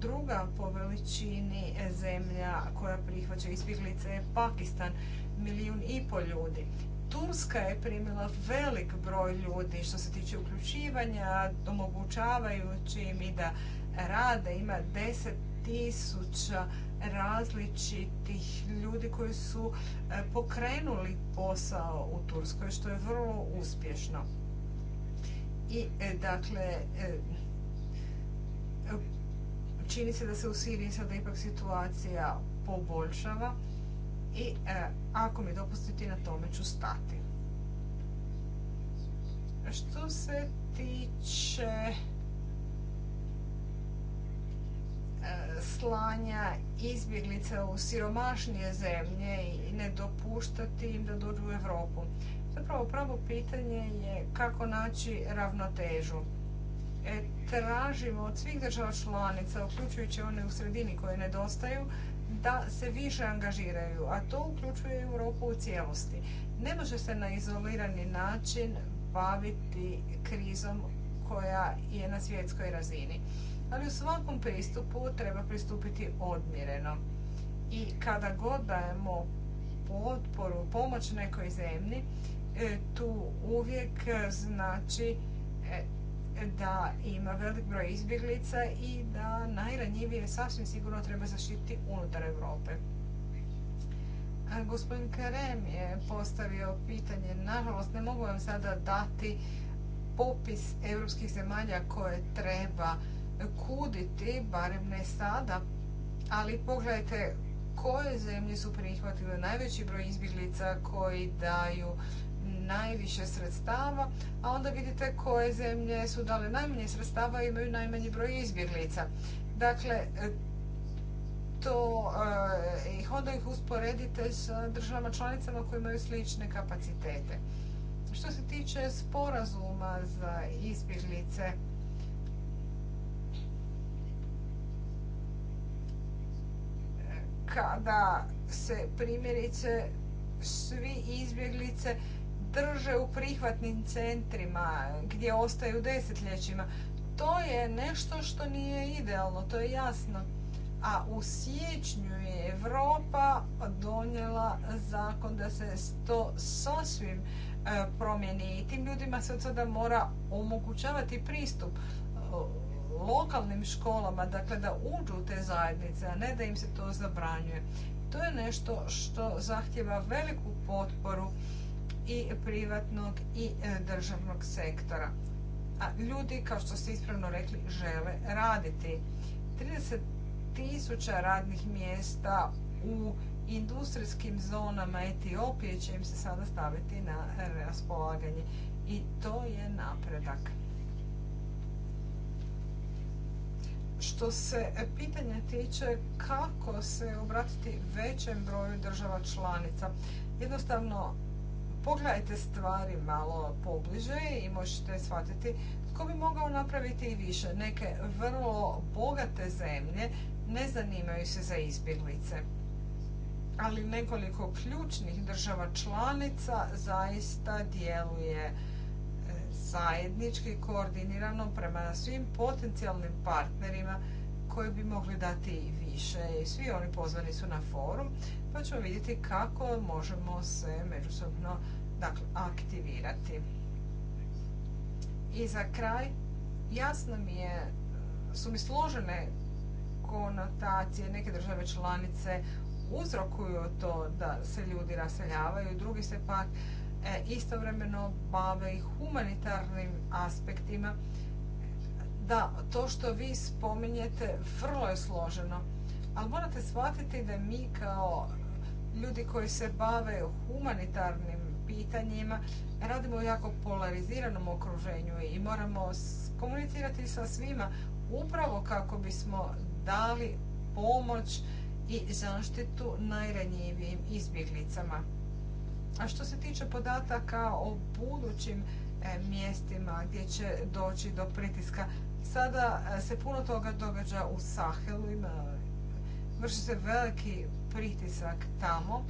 Druga po veličini zemlja koja prihvaća izbjeglice je Pakistan, milijun i pol ljudi. Turska je primila velik broj ljudi što se tiče uključivanja, omogućavajući im i da rade. Ima 10.000 tisuća različitih ljudi koji su e, pokrenuli posao u Turskoj, što je vrlo uspješno. I e, dakle, e, čini se da se u Siriji sada ipak situacija poboljšava i ako mi dopustiti na tome ću stati. Što se tiče slanja izbjeglica u siromašnije zemlje i ne dopuštati im da dođu u Europu. Zapravo pravo pitanje je kako naći ravnotežu. E, tražimo od svih država članica, uključujući one u sredini koje nedostaju, da se više angažiraju, a to uključuje Europu u cijelosti. Ne može se na izolirani način baviti krizom koja je na svjetskoj razini ali u svakom pristupu treba pristupiti odmjereno. I kada god dajemo potporu, pomoć nekoj zemlji, e, tu uvijek znači e, da ima velik broj izbjeglica i da najranjivije sasvim sigurno treba zaštiti unutar Europe. Gospodin Kerem je postavio pitanje, nažalost ne mogu vam sada dati popis europskih zemalja koje treba kuditi, barem ne sada, ali pogledajte koje zemlje su prihvatile najveći broj izbjeglica koji daju najviše sredstava, a onda vidite koje zemlje su dale najmanje sredstava i imaju najmanji broj izbjeglica. Dakle, to eh, ih onda ih usporedite s državama članicama koje imaju slične kapacitete. Što se tiče sporazuma za izbjeglice, kada se primjerice svi izbjeglice drže u prihvatnim centrima gdje ostaju desetljećima. To je nešto što nije idealno, to je jasno. A u siječnju je Europa donijela zakon da se to sasvim e, promijeni i tim ljudima se od sada mora omogućavati pristup lokalnim školama, dakle da uđu u te zajednice, a ne da im se to zabranjuje. To je nešto što zahtjeva veliku potporu i privatnog i e, državnog sektora. A ljudi, kao što ste ispravno rekli, žele raditi. 30 tisuća radnih mjesta u industrijskim zonama Etiopije će im se sada staviti na raspolaganje. I to je napredak. Što se e, pitanja tiče kako se obratiti većem broju država članica, jednostavno pogledajte stvari malo pobliže i možete shvatiti tko bi mogao napraviti i više. Neke vrlo bogate zemlje ne zanimaju se za izbjeglice. Ali nekoliko ključnih država članica zaista djeluje zajednički koordinirano prema svim potencijalnim partnerima koji bi mogli dati i više i svi oni pozvani su na forum pa ćemo vidjeti kako možemo se međusobno dakle, aktivirati. I za kraj, jasno mi je, su mi složene konotacije, neke države članice uzrokuju to da se ljudi raseljavaju, drugi se pak E, istovremeno bave i humanitarnim aspektima. Da, to što vi spominjete vrlo je složeno, ali morate shvatiti da mi kao ljudi koji se bave humanitarnim pitanjima radimo u jako polariziranom okruženju i moramo komunicirati sa svima upravo kako bismo dali pomoć i zaštitu najranjivijim izbjeglicama. A što se tiče podataka o budućim e, mjestima gdje će doći do pritiska, sada e, se puno toga događa u Sahelu, vrši se veliki pritisak tamo,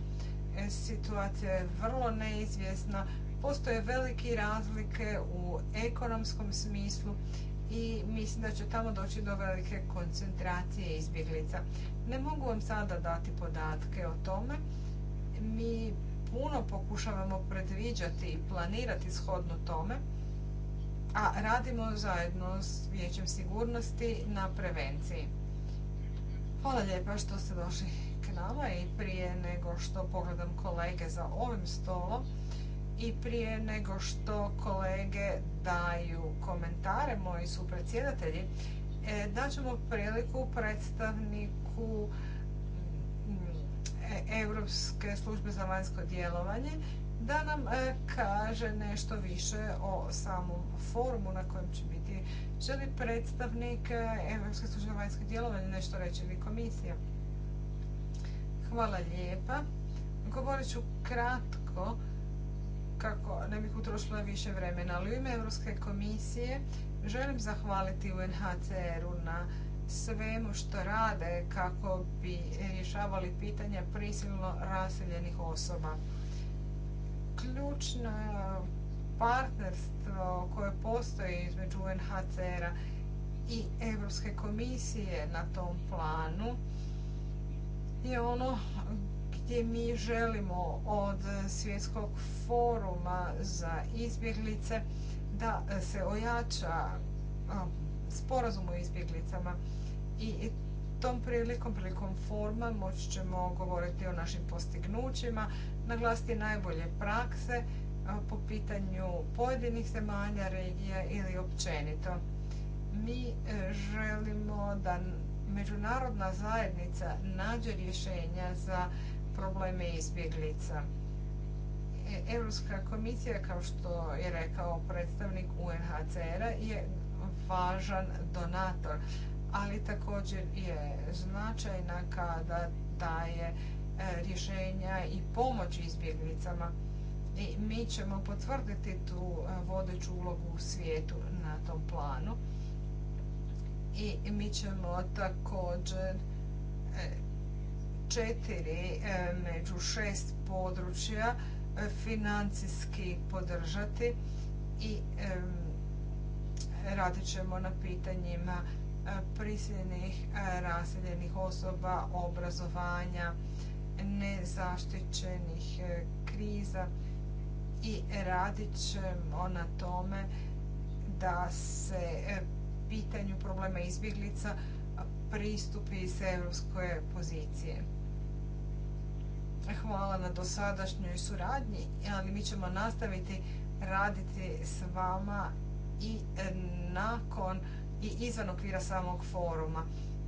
e, situacija je vrlo neizvjesna, postoje velike razlike u ekonomskom smislu i mislim da će tamo doći do velike koncentracije izbjeglica. Ne mogu vam sada dati podatke o tome. Mi puno pokušavamo predviđati i planirati shodno tome, a radimo zajedno s Vijećem sigurnosti na prevenciji. Hvala lijepa što ste došli k nama i prije nego što pogledam kolege za ovim stolom i prije nego što kolege daju komentare, moji su predsjedatelji, e, daćemo priliku predstavniku Europske službe za vanjsko djelovanje da nam e, kaže nešto više o samom forumu na kojem će biti. Želi predstavnik e, Europske službe za vanjsko djelovanje nešto reći ili komisija? Hvala lijepa. Govorit ću kratko kako ne bih utrošila više vremena, ali u ime Europske komisije želim zahvaliti UNHCR-u na svemu što rade kako bi rješavali pitanja prisilno raseljenih osoba. Ključno partnerstvo koje postoji između UNHCR-a i Europske komisije na tom planu je ono gdje mi želimo od svjetskog foruma za izbjeglice da se ojača Sporazum o izbjeglicama. I tom prilikom, prilikom forma, moći ćemo govoriti o našim postignućima, naglasiti najbolje prakse e, po pitanju pojedinih zemalja, regija ili općenito. Mi e, želimo da međunarodna zajednica nađe rješenja za probleme izbjeglica. E, Europska komisija, kao što je rekao predstavnik UNHCR-a, je važan donator, ali također je značajna kada daje e, rješenja i pomoć izbjeglicama. I mi ćemo potvrditi tu e, vodeću ulogu u svijetu na tom planu. I mi ćemo također e, četiri među šest područja financijski podržati i radit ćemo na pitanjima e, prisiljenih e, raseljenih osoba, obrazovanja, nezaštićenih e, kriza i radit ćemo na tome da se pitanju problema izbjeglica pristupi iz europske pozicije. Hvala na dosadašnjoj suradnji, ali mi ćemo nastaviti raditi s vama i e, nakon i izvan okvira samog foruma.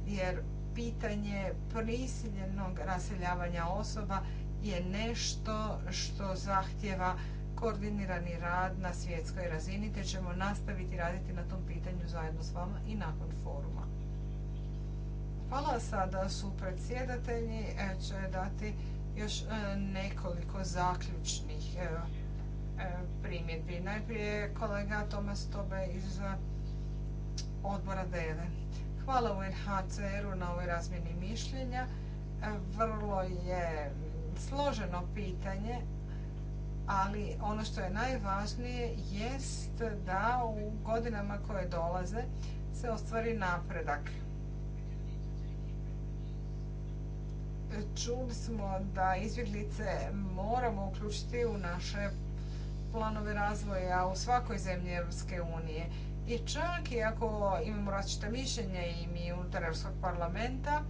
Jer pitanje prisiljenog raseljavanja osoba je nešto što zahtjeva koordinirani rad na svjetskoj razini, te ćemo nastaviti raditi na tom pitanju zajedno s vama i nakon foruma. Hvala sada su predsjedatelji, će dati još e, nekoliko zaključnih e, E, primjedbi. Najprije kolega Tomas Tobe iz odbora DEVE. Hvala UNHCR-u na ovoj razmjeni mišljenja. E, vrlo je složeno pitanje, ali ono što je najvažnije jest da u godinama koje dolaze se ostvari napredak. Čuli smo da izvjeglice moramo uključiti u naše planove razvoja u svakoj zemlji Europske unije. I čak i ako imamo različite mišljenja i mi unutar Europskog parlamenta,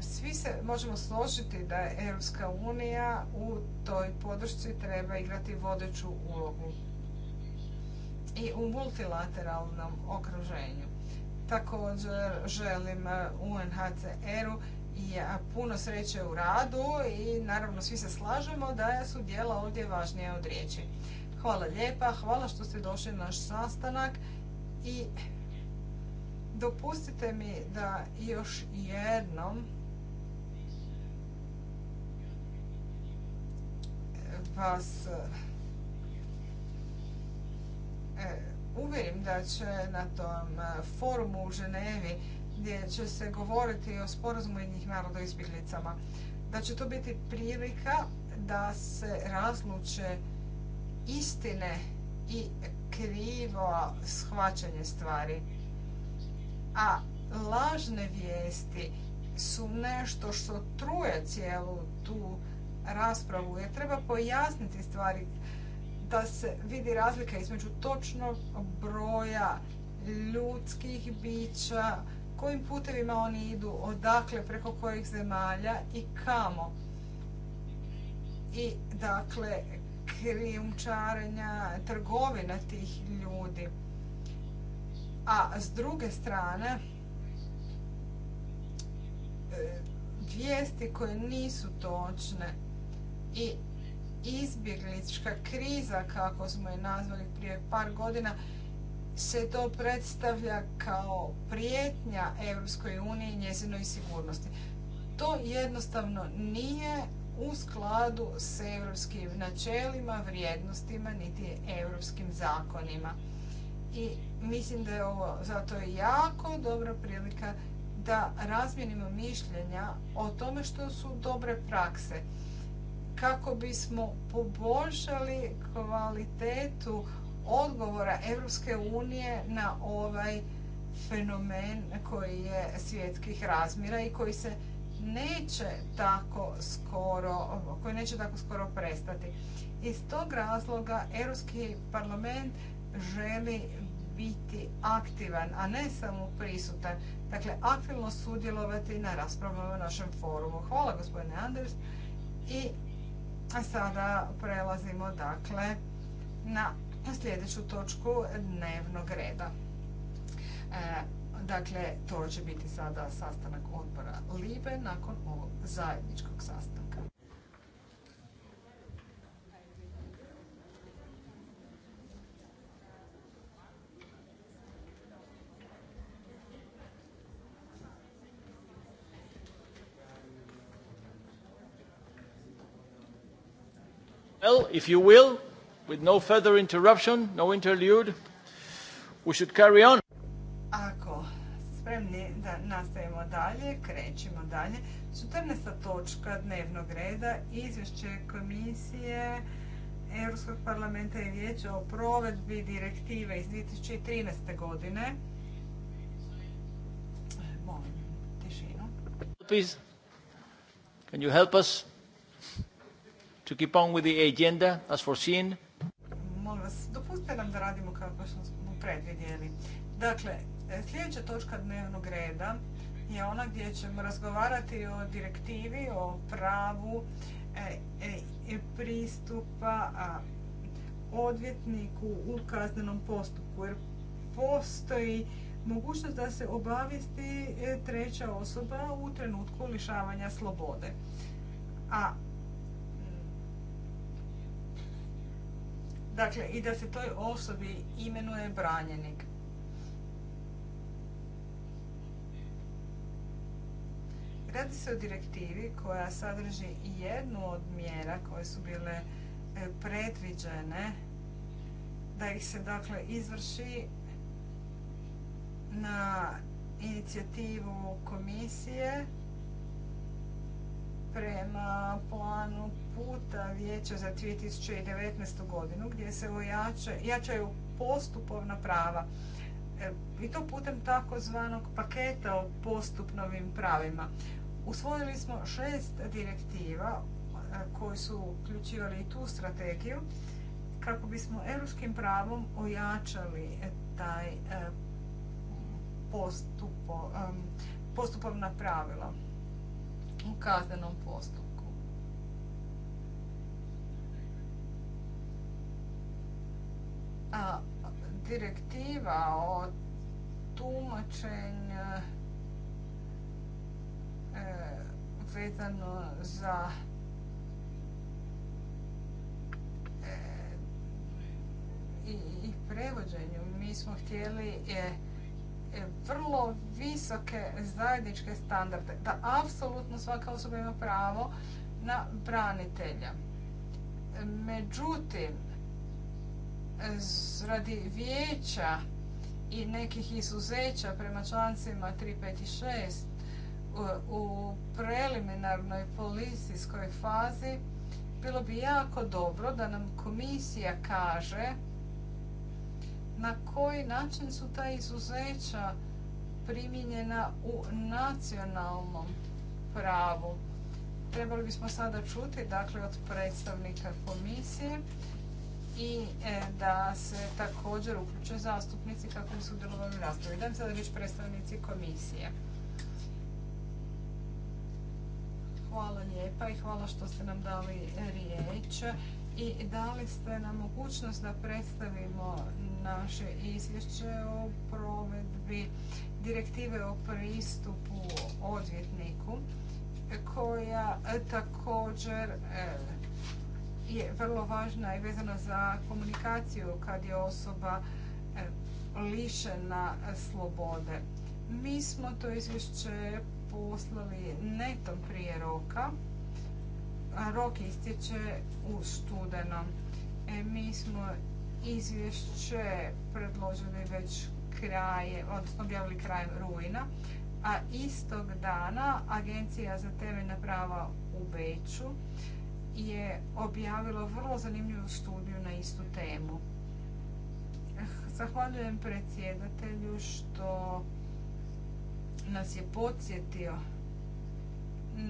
svi se možemo složiti da je Europska unija u toj podršci treba igrati vodeću ulogu i u multilateralnom okruženju. Također želim eh, UNHCR-u ja, puno sreće u radu i naravno svi se slažemo da su djela ovdje važnije od riječi. Hvala lijepa, hvala što ste došli na naš sastanak i dopustite mi da još jednom eh, vas eh, uvjerim da će na tom eh, forumu u Ženevi gdje će se govoriti o sporazumu jednih naroda o izbjeglicama, da će to biti prilika da se razluče istine i krivo shvaćanje stvari. A lažne vijesti su nešto što truje cijelu tu raspravu jer treba pojasniti stvari da se vidi razlika između točnog broja ljudskih bića kojim putevima oni idu, odakle, preko kojih zemalja i kamo. I dakle, krijumčarenja, trgovina tih ljudi. A s druge strane, e, vijesti koje nisu točne i izbjeglička kriza, kako smo je nazvali prije par godina, se to predstavlja kao prijetnja Europskoj uniji i njezinoj sigurnosti. To jednostavno nije u skladu s europskim načelima, vrijednostima, niti europskim zakonima. I mislim da je ovo zato jako dobra prilika da razmijenimo mišljenja o tome što su dobre prakse kako bismo poboljšali kvalitetu odgovora Europske unije na ovaj fenomen koji je svjetskih razmjera i koji se neće tako skoro, koji neće tako skoro prestati. Iz tog razloga Europski parlament želi biti aktivan, a ne samo prisutan. Dakle, aktivno sudjelovati na raspravama na našem forumu. Hvala gospodine Anders. I sada prelazimo dakle na na sljedeću točku dnevnog reda. E, dakle, to će biti sada sastanak odbora Libe nakon ovog zajedničkog sastanka. Well, if you will, with no further interruption, no interlude, we should carry on. Ako spremni da nastavimo dalje, krećemo dalje. 14. točka dnevnog reda, izvješće komisije Europskog parlamenta i vijeća o provedbi direktive iz 2013. godine. can you help us to keep on with the agenda as foreseen? molim vas, dopustite nam da radimo kako smo predvidjeli. Dakle, e, sljedeća točka dnevnog reda je ona gdje ćemo razgovarati o direktivi, o pravu e, e pristupa a, odvjetniku u kaznenom postupku. Jer postoji mogućnost da se obavijesti e, treća osoba u trenutku lišavanja slobode. A Dakle, i da se toj osobi imenuje branjenik. Radi se o direktivi koja sadrži i jednu od mjera koje su bile e, predviđene da ih se dakle izvrši na inicijativu komisije prema planu puta Vijeća za 2019. godinu gdje se jačaju postupovna prava e, i to putem takozvanog paketa o postupnovim pravima. Usvojili smo šest direktiva e, koji su uključivali i tu strategiju kako bismo europskim pravom ojačali taj e, postupovna pravila u kaznenom postupku. A direktiva o tumačenju e, vezano za e, i, i prevođenju. Mi smo htjeli je vrlo visoke zajedničke standarde, da apsolutno svaka osoba ima pravo na branitelja. Međutim, radi vijeća i nekih izuzeća prema člancima 3, 5 i 6 u preliminarnoj policijskoj fazi bilo bi jako dobro da nam komisija kaže na koji način su ta izuzeća primijenjena u nacionalnom pravu. Trebali bismo sada čuti dakle, od predstavnika komisije i e, da se također uključe zastupnici kako bi sudjelovali u raspravi. sada predstavnici komisije. Hvala lijepa i hvala što ste nam dali riječ i dali ste nam mogućnost da predstavimo naše izvješće o provedbi direktive o pristupu odvjetniku koja e, također e, je vrlo važna i vezana za komunikaciju kad je osoba e, lišena slobode. Mi smo to izvješće poslali netom prije roka rok istječe u studenom. E, mi smo izvješće predložili već kraje, odnosno objavili kraj rujna, a istog dana Agencija za temeljna prava u Beću je objavilo vrlo zanimljivu studiju na istu temu. Zahvaljujem predsjedatelju što nas je podsjetio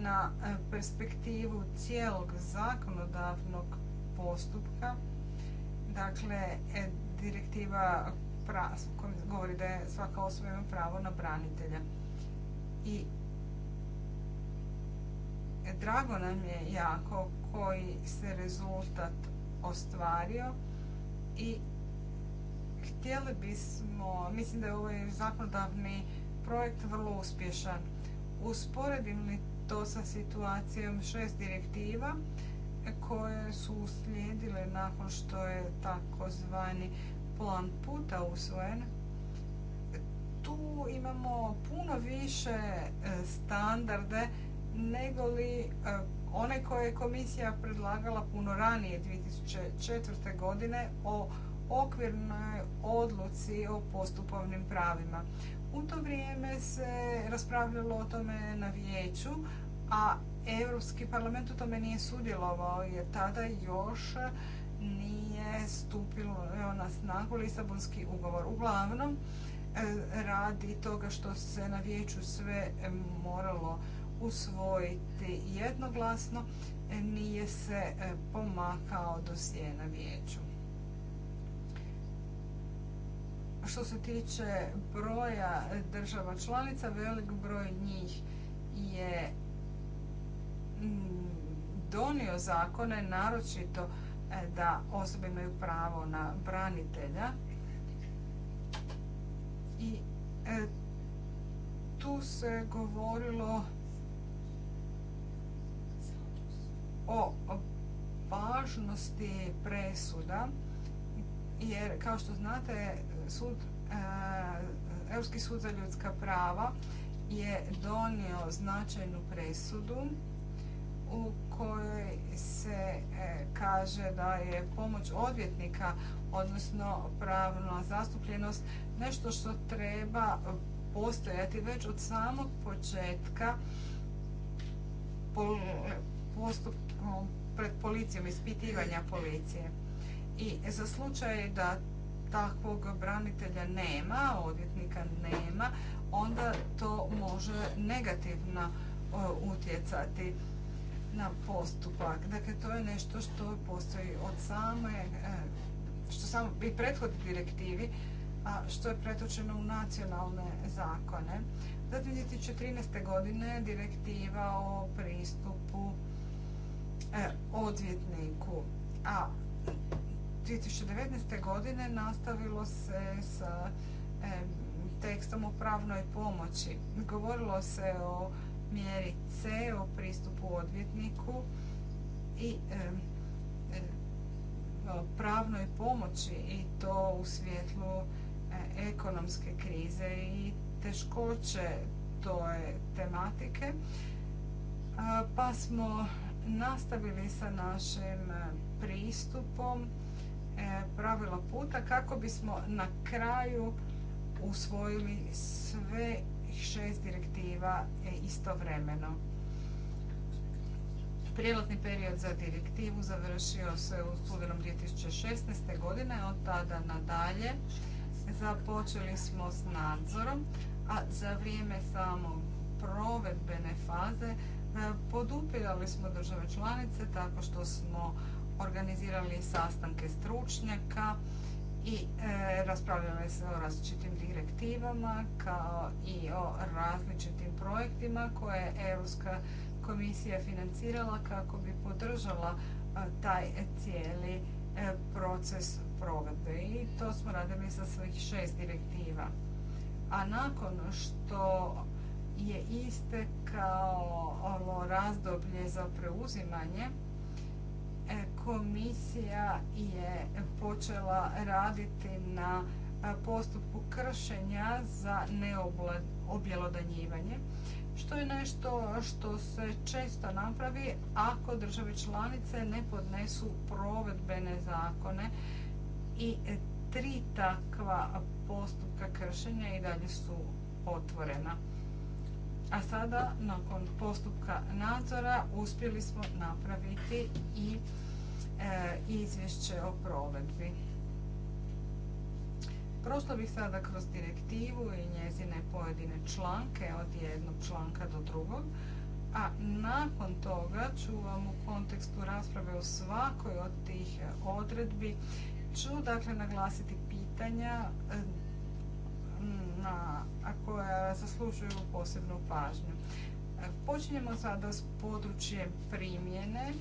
na e, perspektivu cijelog zakonodavnog postupka. Dakle, e, direktiva kojom govori da je svaka osoba ima pravo na branitelja. I drago nam je jako koji se rezultat ostvario i htjeli bismo, mislim da je ovaj zakonodavni projekt vrlo uspješan. Usporedim li to sa situacijom šest direktiva koje su uslijedile nakon što je takozvani plan puta usvojen. Tu imamo puno više e, standarde nego li e, one koje je komisija predlagala puno ranije 2004. godine o okvirnoj odluci o postupovnim pravima. U to vrijeme se raspravljalo o tome na vijeću, a Europski parlament u tome nije sudjelovao jer tada još nije stupilo na snagu Lisabonski ugovor. Uglavnom, e, radi toga što se na vijeću sve moralo usvojiti jednoglasno, e, nije se e, pomakao dosje na vijeću. Što se tiče broja država članica, velik broj njih je mm, donio zakone, naročito e, da osobe imaju pravo na branitelja. I e, tu se govorilo o važnosti presuda, jer kao što znate sud, e, Europski sud za ljudska prava je donio značajnu presudu u kojoj se e, kaže da je pomoć odvjetnika, odnosno pravna zastupljenost, nešto što treba postojati već od samog početka postupkom pred policijom, ispitivanja policije. I za slučaj da takvog branitelja nema, odvjetnika nema, onda to može negativno e, utjecati na postupak. Dakle, to je nešto što postoji od same, e, što samo i prethodi direktivi, a što je pretočeno u nacionalne zakone. Za 2013. godine direktiva o pristupu e, odvjetniku, a 2019. godine nastavilo se sa tekstom o pravnoj pomoći. Govorilo se o mjeri C, o pristupu odvjetniku i pravnoj pomoći i to u svjetlu e, ekonomske krize i teškoće toje tematike. E, pa smo nastavili sa našim e, pristupom E, pravila puta kako bismo na kraju usvojili sve šest direktiva e, istovremeno. Prijelotni period za direktivu završio se u studenom 2016. godine, od tada nadalje započeli smo s nadzorom, a za vrijeme samo provedbene faze e, podupirali smo države članice tako što smo organizirali sastanke stručnjaka i e, raspravljali se o različitim direktivama kao i o različitim projektima koje je Europska komisija financirala kako bi podržala e, taj cijeli e, proces provedbe. I to smo radili sa svih šest direktiva. A nakon što je istekao razdoblje za preuzimanje, E, komisija je počela raditi na e, postupku kršenja za neobjelodanjivanje, što je nešto što se često napravi ako države članice ne podnesu provedbene zakone i tri takva postupka kršenja i dalje su otvorena. A sada, nakon postupka nadzora, uspjeli smo napraviti i e, izvješće o provedbi. Prošla bih sada kroz direktivu i njezine pojedine članke od jednog članka do drugog, a nakon toga ću vam u kontekstu rasprave o svakoj od tih odredbi ću dakle naglasiti pitanja a koja zaslužuju posebnu pažnju. E, počinjemo sada s područje primjene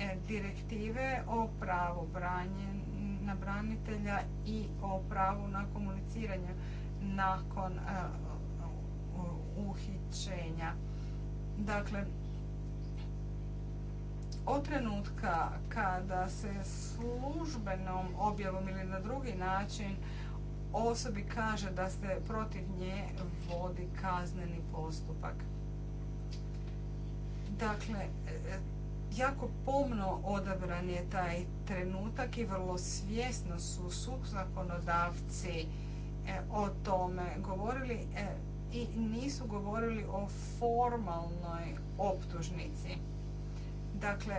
e, direktive o pravu branje na branitelja i o pravu na komuniciranje nakon e, uhićenja. Dakle, od trenutka kada se službenom objavom ili na drugi način osobi kaže da se protiv nje vodi kazneni postupak. Dakle, e, jako pomno odabran je taj trenutak i vrlo svjesno su zakonodavci e, o tome govorili e, i nisu govorili o formalnoj optužnici. Dakle,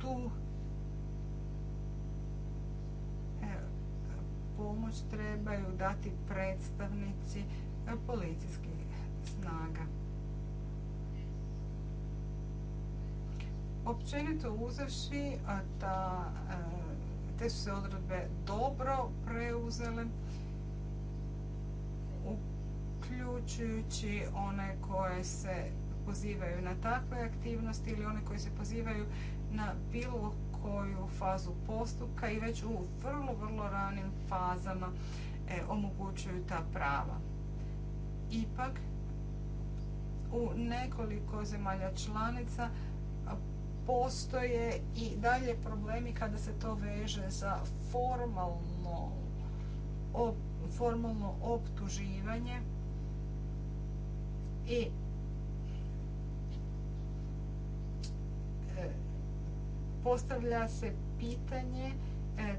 tu pomoć trebaju dati predstavnici policijskih snaga. Općenito uzavši, da e, te su se odredbe dobro preuzele, uključujući one koje se pozivaju na takve aktivnosti ili one koje se pozivaju na bilo koju fazu postupka i već u vrlo, vrlo ranim fazama e, omogućuju ta prava. Ipak, u nekoliko zemalja članica e, postoje i dalje problemi kada se to veže za formalno, formalno optuživanje i postavlja se pitanje e,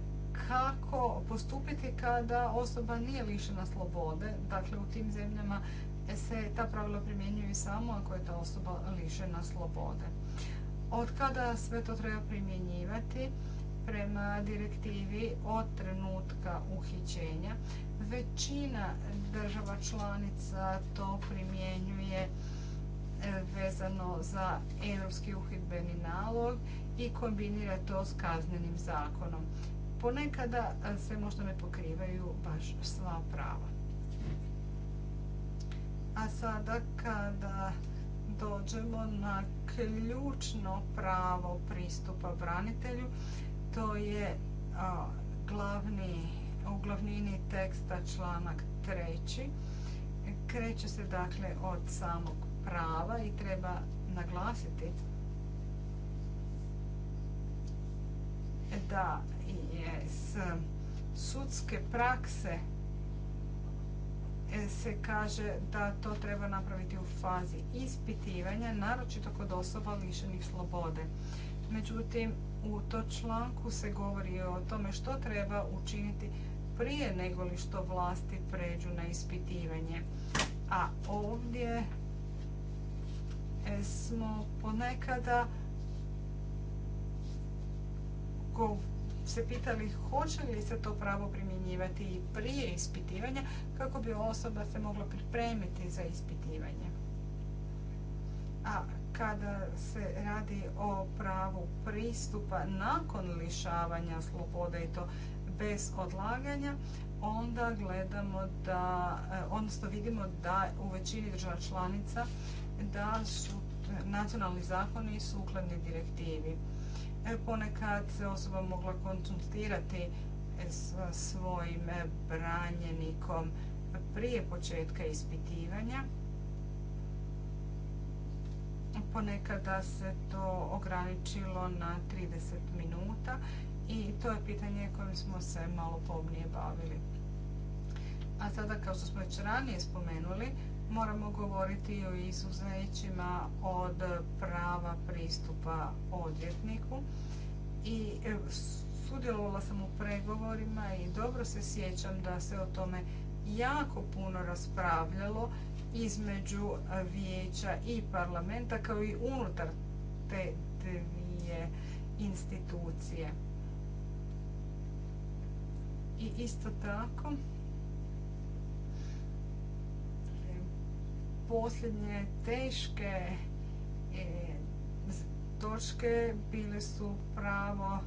kako postupiti kada osoba nije lišena slobode. Dakle, u tim zemljama se ta pravila primjenjuju samo ako je ta osoba lišena slobode. Od kada sve to treba primjenjivati? Prema direktivi od trenutka uhićenja. Većina država članica to primjenjuje E, vezano za europski uhidbeni nalog i kombinira to s kaznenim zakonom. Ponekada e, se možda ne pokrivaju baš sva prava. A sada kada dođemo na ključno pravo pristupa branitelju, to je glavni, u glavnini teksta članak treći. Kreće se dakle od samog prava i treba naglasiti da je s sudske prakse e, se kaže da to treba napraviti u fazi ispitivanja, naročito kod osoba lišenih slobode. Međutim, u to članku se govori o tome što treba učiniti prije nego li što vlasti pređu na ispitivanje. A ovdje smo ponekada se pitali hoće li se to pravo primjenjivati i prije ispitivanja kako bi osoba se mogla pripremiti za ispitivanje. A kada se radi o pravu pristupa nakon lišavanja slobode i to bez odlaganja, onda gledamo da, odnosno vidimo da u većini država članica da su nacionalni zakoni sukladni direktivi. E, ponekad se osoba mogla konsultirati sa svojim e, branjenikom prije početka ispitivanja. Ponekada se to ograničilo na 30 minuta i to je pitanje kojim smo se malo pomnije bavili. A sada, kao što smo već ranije spomenuli, moramo govoriti o izuzećima od prava pristupa odvjetniku. I e, sudjelovala sam u pregovorima i dobro se sjećam da se o tome jako puno raspravljalo između vijeća i parlamenta kao i unutar te dvije institucije. I isto tako posljednje teške e, točke bile su pravo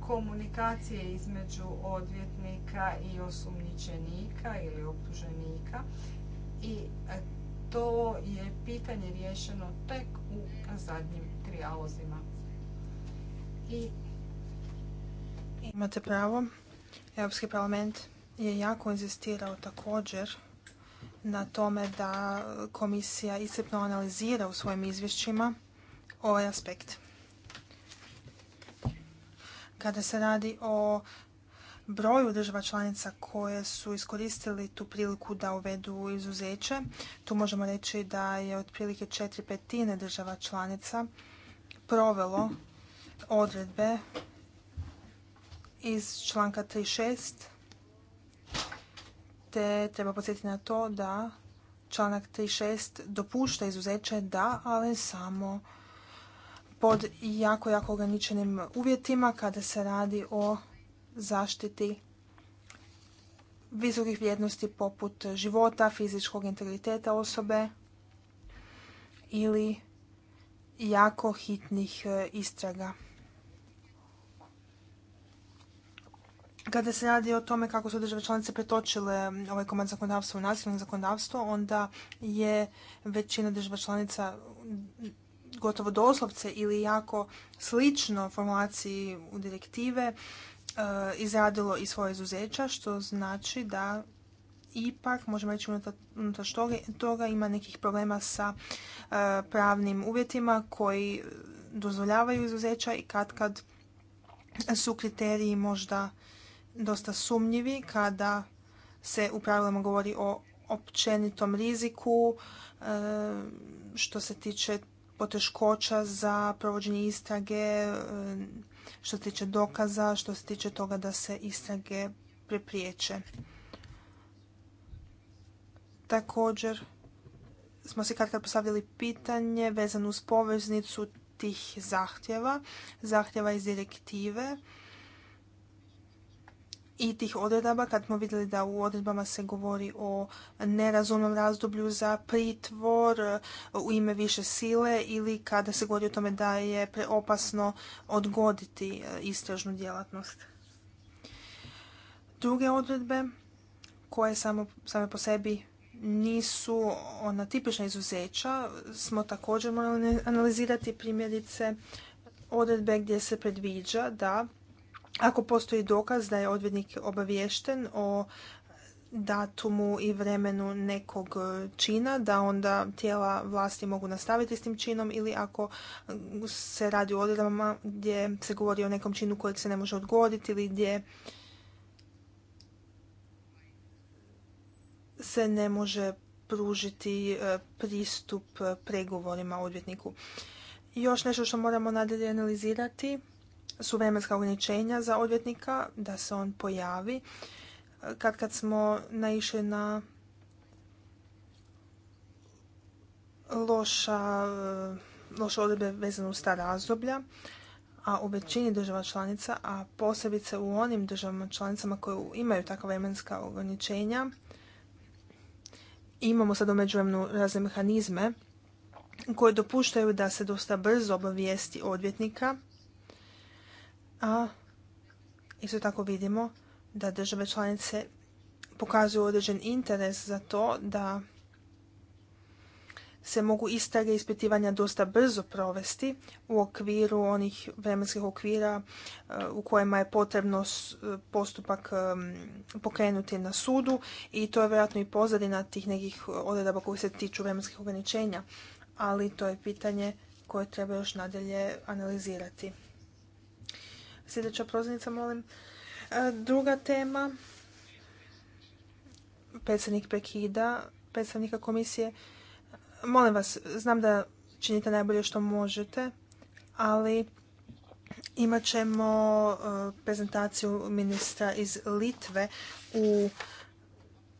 komunikacije između odvjetnika i osumnjičenika ili optuženika i e, to je pitanje riješeno tek u zadnjim trijalozima. I imate pravo. Europski parlament je jako inzistirao također na tome da komisija iscrpno analizira u svojim izvješćima ovaj aspekt. Kada se radi o broju država članica koje su iskoristili tu priliku da uvedu izuzeće, tu možemo reći da je otprilike četiri petine država članica provelo odredbe iz članka 36 te treba podsjetiti na to da članak 36 dopušta izuzeće da, ali samo pod jako, jako ograničenim uvjetima kada se radi o zaštiti visokih vrijednosti poput života, fizičkog integriteta osobe ili jako hitnih e, istraga. Kada se radi o tome kako su države članice pretočile ovaj komad zakonodavstva u nacionalno zakonodavstvo, onda je većina država članica gotovo doslovce ili jako slično formulaciji u direktive e, izradilo i svoje izuzeća, što znači da ipak, možemo reći unutar toga, ima nekih problema sa e, pravnim uvjetima koji dozvoljavaju izuzeća i kad kad su kriteriji možda dosta sumnjivi kada se u pravilima govori o općenitom riziku e, što se tiče poteškoća za provođenje istrage, e, što se tiče dokaza, što se tiče toga da se istrage prepriječe. Također smo se kad postavili pitanje vezano uz poveznicu tih zahtjeva, zahtjeva iz direktive i tih odredaba kad smo vidjeli da u odredbama se govori o nerazumnom razdoblju za pritvor u ime više sile ili kada se govori o tome da je preopasno odgoditi e, istražnu djelatnost. Druge odredbe koje samo, same po sebi nisu ona tipična izuzeća smo također morali analizirati primjerice odredbe gdje se predviđa da ako postoji dokaz da je odvjetnik obaviješten o datumu i vremenu nekog e, čina, da onda tijela vlasti mogu nastaviti s tim činom ili ako se radi o odredbama gdje se govori o nekom činu kojeg se ne može odgoditi ili gdje se ne može pružiti e, pristup e, pregovorima odvjetniku. Još nešto što moramo nadalje analizirati su vremenska ograničenja za odvjetnika da se on pojavi. E, kad kad smo naišli na loša, e, loše odredbe vezane uz ta razdoblja, a u većini država članica, a posebice u onim državama članicama koje imaju takva vremenska ograničenja, imamo sad u razne mehanizme koje dopuštaju da se dosta brzo obavijesti odvjetnika a isto tako vidimo da države članice pokazuju određen interes za to da se mogu istrage ispitivanja dosta brzo provesti u okviru onih vremenskih okvira e, u kojima je potrebno e, postupak pokrenuti na sudu i to je vjerojatno i pozadina tih nekih odredaba koji se tiču vremenskih ograničenja, ali to je pitanje koje treba još nadalje analizirati. Sljedeća proznica, molim. E, druga tema. Predsjednik prekida, predstavnika komisije. Molim vas, znam da činite najbolje što možete, ali imat ćemo e, prezentaciju ministra iz Litve u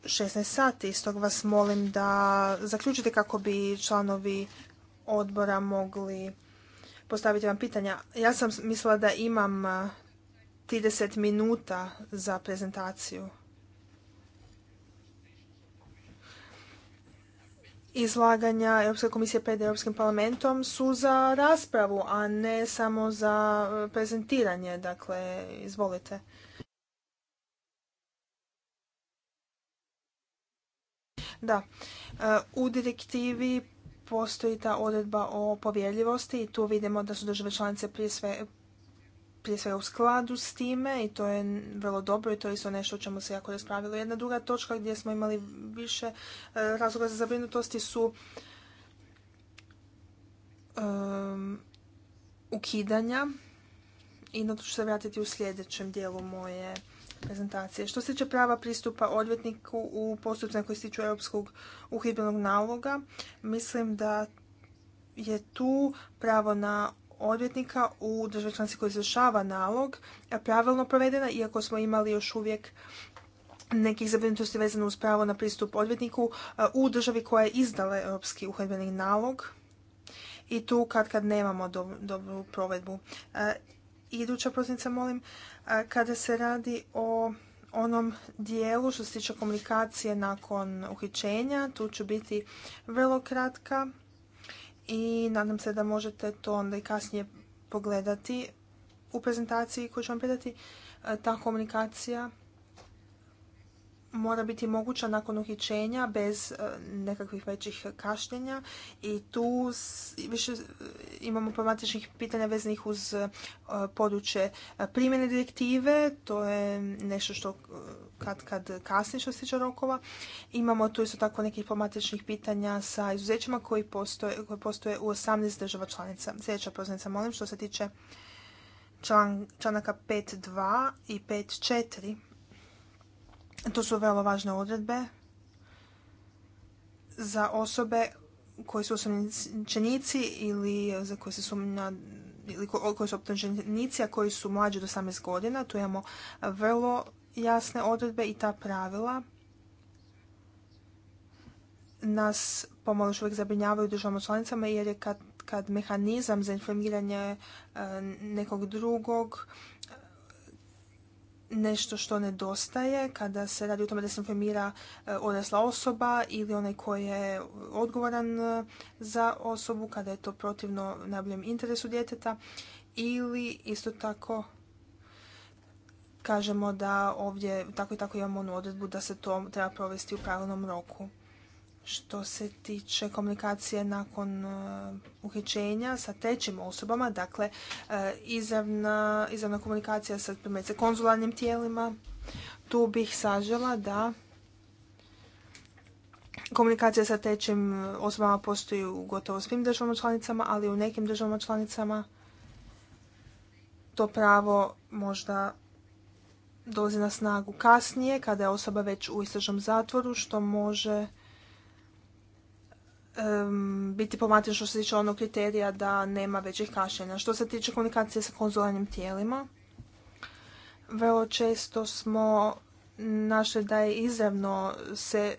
16 sati. Stog vas molim da zaključite kako bi članovi odbora mogli postaviti vam pitanja. Ja sam mislila da imam 30 eh, minuta za prezentaciju. Izlaganja Europske komisije pred Europskim parlamentom su za raspravu, a ne samo za eh, prezentiranje. Dakle, izvolite. Da, eh, u direktivi postoji ta odredba o povjerljivosti i tu vidimo da su države članice prije sve svega u skladu s time i to je vrlo dobro i to je isto nešto o čemu se jako raspravilo. Jedna druga točka gdje smo imali više e, razloga za zabrinutosti su ukidanja i na to ću se vratiti u sljedećem dijelu moje prezentacije. Što se tiče prava pristupa odvjetniku u postupcima koji se tiču europskog uhidbenog naloga, mislim da je tu pravo na odvjetnika u državi članci koji izvršava nalog pravilno provedena, iako smo imali još uvijek nekih zabrinutosti vezano uz pravo na pristup odvjetniku uh, u državi koja je izdala europski uhidbeni nalog i tu kad kad nemamo dobru provedbu. Uh, iduća prosinca, molim, kada se radi o onom dijelu što se tiče komunikacije nakon uhićenja. Tu ću biti vrlo kratka i nadam se da možete to onda i kasnije pogledati u prezentaciji koju ću vam predati. Ta komunikacija mora biti moguća nakon uhićenja bez e, nekakvih većih kašnjenja i tu više e, imamo problematičnih pitanja vezanih uz e, područje primjene direktive, to je nešto što kad kad kasni što se tiče rokova. Imamo tu isto tako nekih problematičnih pitanja sa izuzećima koji postoje, koje postoje u 18 država članica. Sljedeća poznica molim što se tiče članaka 5.2 i 5.4 to su vrlo važne odredbe za osobe koji su osumnjičenici ili za koje sumnja koji su optuženici, a koji su mlađi od 18 godina. Tu imamo vrlo jasne odredbe i ta pravila nas pomalo još uvijek zabrinjavaju državama članicama jer je kad, kad mehanizam za informiranje e, nekog drugog nešto što nedostaje kada se radi o tome da se informira eh, odrasla osoba ili onaj koji je odgovoran eh, za osobu kada je to protivno najboljem interesu djeteta ili isto tako kažemo da ovdje tako i tako imamo onu odredbu da se to treba provesti u pravilnom roku što se tiče komunikacije nakon e, uhićenja sa trećim osobama, dakle e, izravna, komunikacija sa konzularnim tijelima, tu bih sažela da komunikacija sa trećim osobama postoji u gotovo svim državama članicama, ali u nekim državama članicama to pravo možda dolazi na snagu kasnije kada je osoba već u istražnom zatvoru što može biti pomatično što se tiče onog kriterija da nema većih kašljenja. Što se tiče komunikacije sa konzularnim tijelima, vrlo često smo našli da je izravno se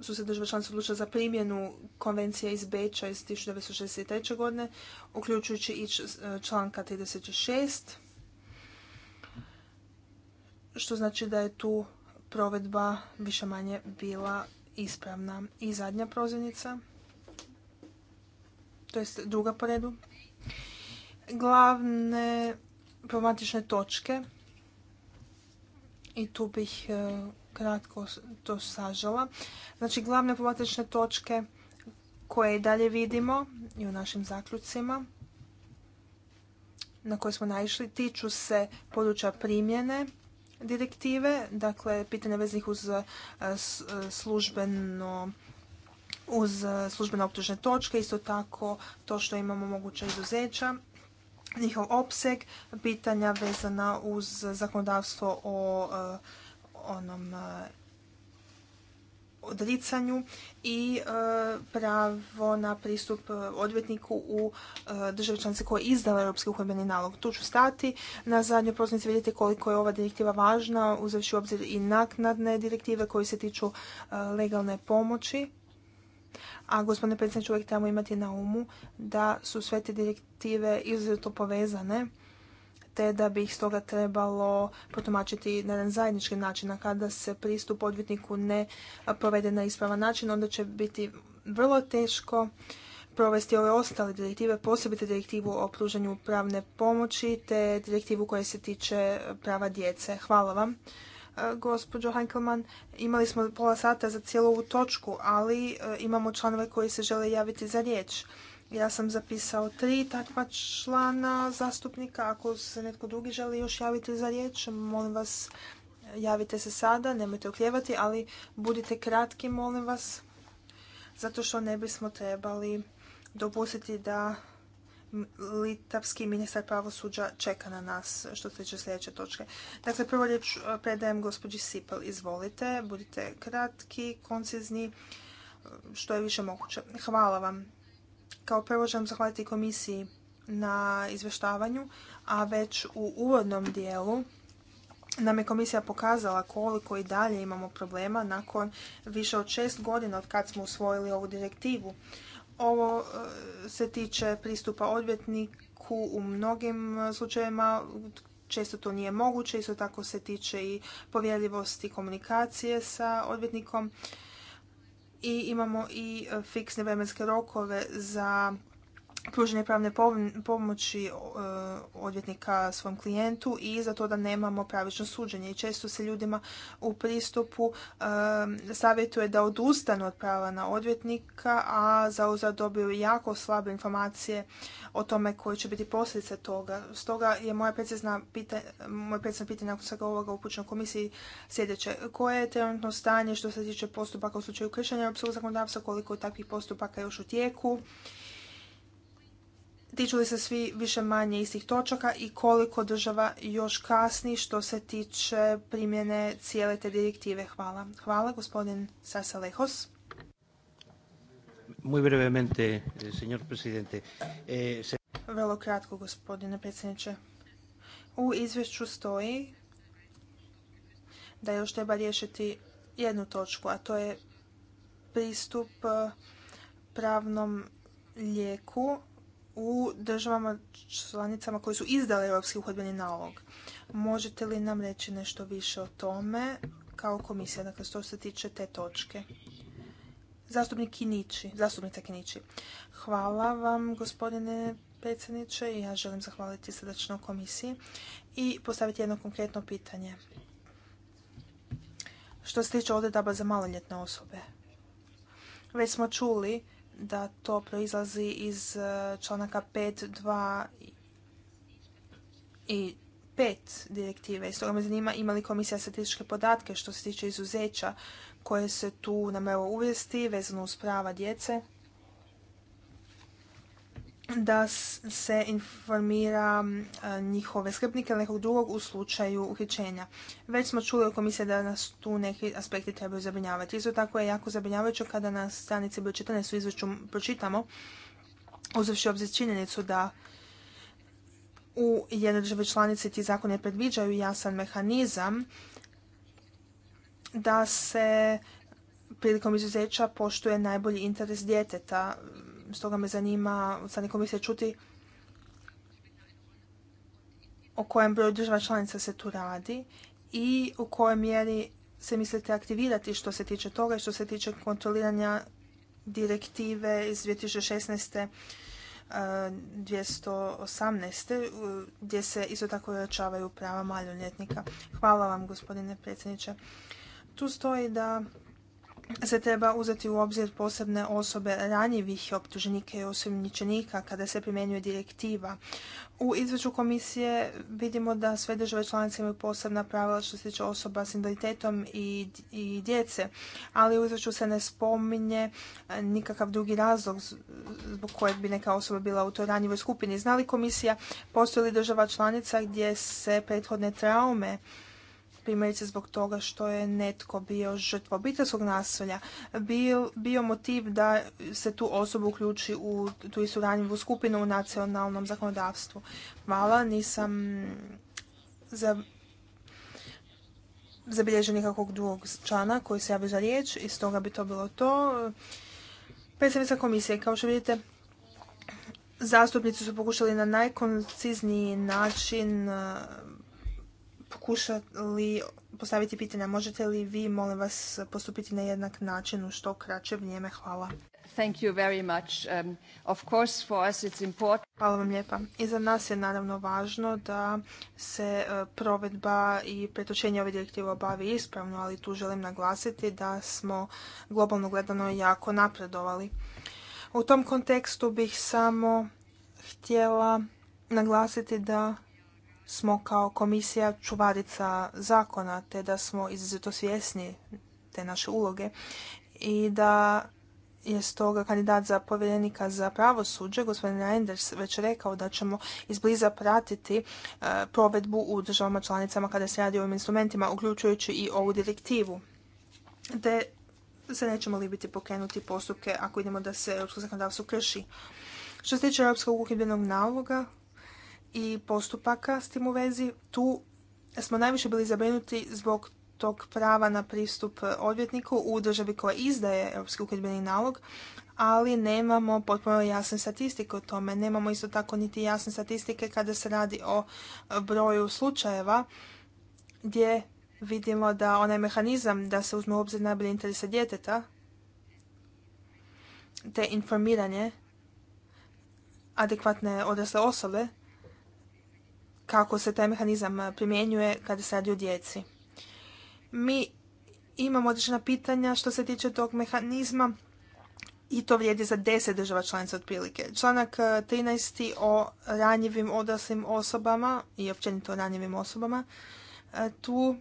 su se države članice odlučile za primjenu konvencije iz Beča iz 1963. godine, uključujući i e, članka 36. Što znači da je tu provedba više manje bila ispravna. I zadnja prozirnica, to jest druga po redu. Glavne problematične točke i tu bih e, kratko to sažala. Znači, glavne problematične točke koje i dalje vidimo i u našim zaključcima na koje smo naišli tiču se područja primjene direktive, dakle pitanja veznih uz e, e, službeno uz e, službene optužne točke, isto tako to što imamo moguća izuzeća, njihov opseg, pitanja vezana uz zakonodavstvo o onom odricanju i e, pravo na pristup e, odvjetniku u e, državi članice koja je izdala europski uhojbeni nalog. Tu ću stati. Na zadnjoj prosnici vidite koliko je ova direktiva važna, uzevši u obzir i naknadne direktive koje se tiču legalne pomoći. A gospodine predsjedniče, uvijek trebamo imati na umu da su sve te direktive izuzetno povezane te da bi ih stoga trebalo protumačiti na jedan zajednički način, a kada se pristup odvjetniku ne provede na ispravan način, onda će biti vrlo teško provesti ove ostale direktive, posebite direktivu o pružanju pravne pomoći te direktivu koja se tiče prava djece. Hvala vam, e, gospođo Heinkelman. Imali smo pola sata za cijelu ovu točku, ali e, imamo članove koji se žele javiti za riječ. Ja sam zapisao tri takva člana zastupnika. Ako se netko drugi želi još javiti za riječ, molim vas javite se sada, nemojte okljevati, ali budite kratki, molim vas, zato što ne bismo trebali dopustiti da litavski ministar pravosuđa čeka na nas što se tiče sljedeće točke. Dakle, prvo riječ e, predajem gospođi Sipel. Izvolite, budite kratki, koncizni, e, što je više moguće. Hvala vam. Kao prvo želim zahvaliti komisiji na izvještavanju, a već u uvodnom dijelu nam je komisija pokazala koliko i dalje imamo problema nakon više od šest godina od kad smo usvojili ovu direktivu. Ovo e, se tiče pristupa odvjetniku u mnogim e, slučajevima, često to nije moguće, isto tako se tiče i povjerljivosti komunikacije sa odvjetnikom i imamo i e, fiksne vremenske rokove za pružanje pravne pomoći e, odvjetnika svom klijentu i za to da nemamo pravično suđenje. I često se ljudima u pristupu savjetuje da odustanu od prava na odvjetnika, a zauzad dobiju jako slabe informacije o tome koje će biti posljedice toga. Stoga je moja precizna pitanja moje nakon svega ovoga upućeno komisiji sljedeće. Koje je trenutno stanje što se tiče postupaka u slučaju kršenja europskog zakonodavstva, koliko je takvih postupaka još u tijeku? tiču li se svi više manje istih točaka i koliko država još kasni što se tiče primjene cijele te direktive. Hvala. Hvala, gospodin Sasa Lehos. Muy brevemente, eh, señor presidente. Eh, Vrlo kratko, gospodine predsjedniče. U izvješću stoji da još treba riješiti jednu točku, a to je pristup eh, pravnom lijeku u državama članicama koje su izdale Europski uhodbeni nalog. Možete li nam reći nešto više o tome kao komisija, dakle što se tiče te točke? Zastupnik Kinići, zastupnica Kinići. Hvala vam gospodine predsjedniče i ja želim zahvaliti srdačno komisiji i postaviti jedno konkretno pitanje. Što se tiče odredaba za maloljetne osobe. Već smo čuli da to proizlazi iz e, članaka 2 i 5 direktive. Stoga me zanima ima li komisija statističke podatke što se tiče izuzeća koje se tu namjerava uvesti vezano uz prava djece da se informira njihove skrbnike ili nekog drugog u slučaju uhićenja. Već smo čuli u komisije da nas tu neki aspekti trebaju zabrinjavati. Isto tako je jako zabrinjavajuće kada na stranici broj 14 u izvješću pročitamo, uzavši obzir činjenicu da u jednoj državi članici ti zakone predviđaju jasan mehanizam da se prilikom izuzeća poštuje najbolji interes djeteta stoga me zanima od strane se čuti o kojem broju država članica se tu radi i u kojoj mjeri se mislite aktivirati što se tiče toga i što se tiče kontroliranja direktive iz 2016. 218. Eh, eh, gdje se isto tako ojačavaju prava maloljetnika. Hvala vam gospodine predsjedniče. Tu stoji da se treba uzeti u obzir posebne osobe ranjivih optuženika i osumnjičenika kada se primjenjuje direktiva. U izveću komisije vidimo da sve države članice imaju posebna pravila što se tiče osoba s invaliditetom i, i djece, ali u izveću se ne spominje e, nikakav drugi razlog zbog kojeg bi neka osoba bila u toj ranjivoj skupini. Zna li komisija postoji li država članica gdje se prethodne traume primjerice zbog toga što je netko bio žrtva obiteljskog nasilja, bio, bio motiv da se tu osobu uključi u tu istu ranjivu skupinu u nacionalnom zakonodavstvu. Hvala, nisam za zabilježen nikakvog drugog člana koji se javi za riječ i stoga bi to bilo to. Predstavnica komisije, kao što vidite, zastupnici su pokušali na najkoncizniji način pokušali postaviti pitanja. Možete li vi, molim vas, postupiti na jednak način u što kraće vrijeme? Hvala. Thank Hvala vam lijepa. I za nas je naravno važno da se e, provedba i pretočenje ove direktive obavi ispravno, ali tu želim naglasiti da smo globalno gledano jako napredovali. U tom kontekstu bih samo htjela naglasiti da smo kao komisija čuvarica zakona, te da smo izrazito svjesni te naše uloge i da je stoga kandidat za povjerenika za pravosuđe, gospodin Reinders, već rekao da ćemo izbliza pratiti e, provedbu u državama članicama kada se radi o ovim instrumentima, uključujući i ovu direktivu. Te se nećemo li biti pokrenuti postupke ako idemo da se europsko zakonodavstvo krši. Što se tiče europskog uhidbenog naloga, i postupaka s tim u vezi. Tu smo najviše bili zabrinuti zbog tog prava na pristup e, odvjetniku u državi koja izdaje Europski uhidbeni nalog, ali nemamo potpuno jasne statistike o tome. Nemamo isto tako niti jasne statistike kada se radi o e, broju slučajeva gdje vidimo da onaj mehanizam da se uzme u obzir najbolje interese djeteta te informiranje adekvatne odrasle osobe kako se taj mehanizam eh, primjenjuje kada se radi o djeci. Mi imamo određena pitanja što se tiče tog mehanizma i to vrijedi za 10 država članica otprilike. Članak 13. Eh, o ranjivim odraslim osobama i općenito o ranjivim osobama. Eh, tu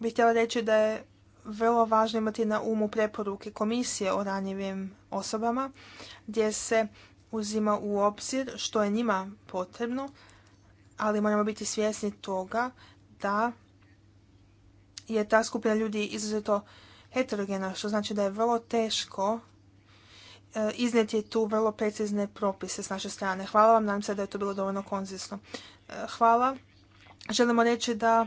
bih htjela reći da je vrlo važno imati na umu preporuke komisije o ranjivim osobama gdje se uzima u obzir što je njima potrebno ali moramo biti svjesni toga da je ta skupina ljudi izuzetno heterogena, što znači da je vrlo teško e, iznijeti tu vrlo precizne propise s naše strane. Hvala vam, nadam se da je to bilo dovoljno konzisno. E, hvala. Želimo reći da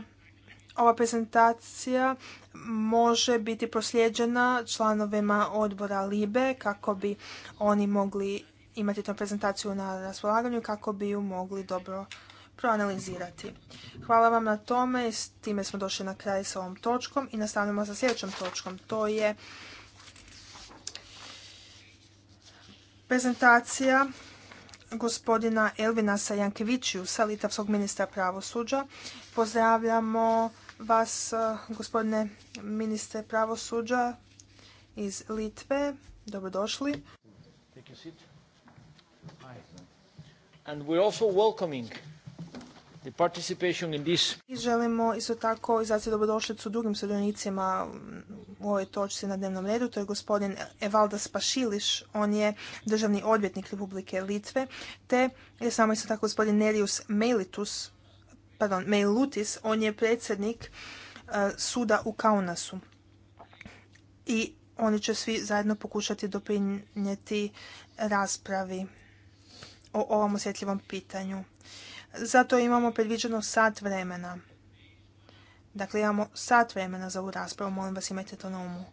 ova prezentacija može biti proslijeđena članovima odbora LIBE kako bi oni mogli imati tu prezentaciju na raspolaganju kako bi ju mogli dobro proanalizirati. Hvala vam na tome s time smo došli na kraj s ovom točkom i nastavljamo sa sljedećom točkom. To je prezentacija gospodina Elvina Sajankeviću sa Litavskog ministra pravosuđa. Pozdravljamo vas, eh, gospodine ministre pravosuđa iz Litve. Dobrodošli. And i želimo isto tako izraziti dobrodošlicu drugim sudionicima u ovoj točci na dnevnom redu. To je gospodin Evaldas Pašiliš, on je državni odvjetnik Republike Litve, te je samo isto tako gospodin Nerius Melitus, pardon, Meilutis, on je predsjednik e, suda u Kaunasu. I oni će svi zajedno pokušati doprinijeti raspravi o ovom osjetljivom pitanju. Zato imamo predviđeno sat vremena. Dakle, imamo sat vremena za ovu raspravu, molim vas imajte to na umu.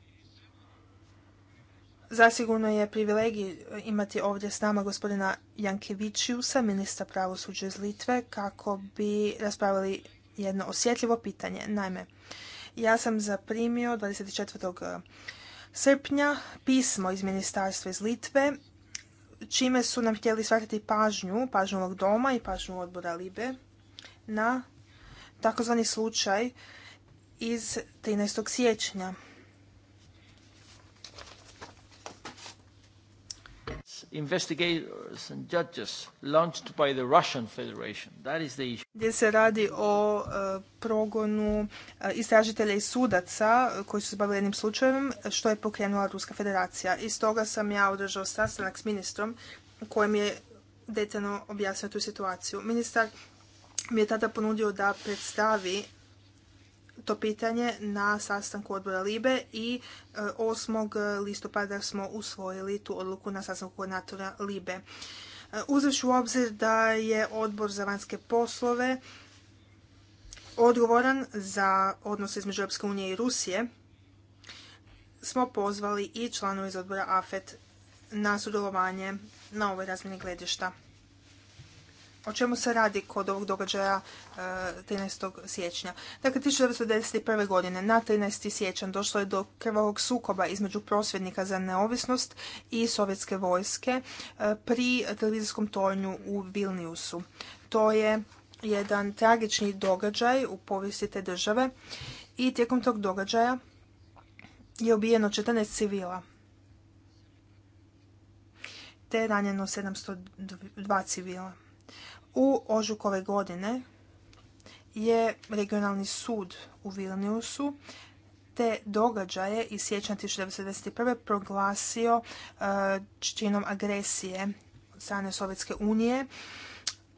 Zasigurno je privilegij e, imati ovdje s nama gospodina Jankevičiusa, ministra pravosuđa iz Litve, kako bi raspravili jedno osjetljivo pitanje. Naime, ja sam zaprimio 24. E, srpnja pismo iz ministarstva iz Litve čime su nam htjeli svratiti pažnju, pažnju ovog doma i pažnju odbora Libe na takozvani slučaj iz 13. siječnja. Gdje se radi o e, progonu e, istražitelja i sudaca koji su se bavili jednim slučajem što je pokrenula Ruska Federacija. I stoga sam ja održao sastanak s ministrom kojem je detaljno objasnio tu situaciju. Ministar mi je tada ponudio da predstavi to pitanje na sastanku odbora Libe i 8. E, listopada smo usvojili tu odluku na sastanku koordinatora Libe. E, uzevši u obzir da je odbor za vanjske poslove odgovoran za odnose između Europske unije i Rusije, smo pozvali i članove iz odbora AFET na sudjelovanje na ovoj razmjeni gledišta o čemu se radi kod ovog događaja 13. E, siječnja. Dakle, 1991. godine na 13. siječanj došlo je do krvavog sukoba između prosvjednika za neovisnost i sovjetske vojske e, pri televizijskom tornju u Vilniusu. To je jedan tragični događaj u povijesti te države i tijekom tog događaja je ubijeno 14 civila te je ranjeno 702 civila. U ožuku ove godine je regionalni sud u Vilniusu te događaje iz siječnja 1991. proglasio e, činom agresije od strane Sovjetske unije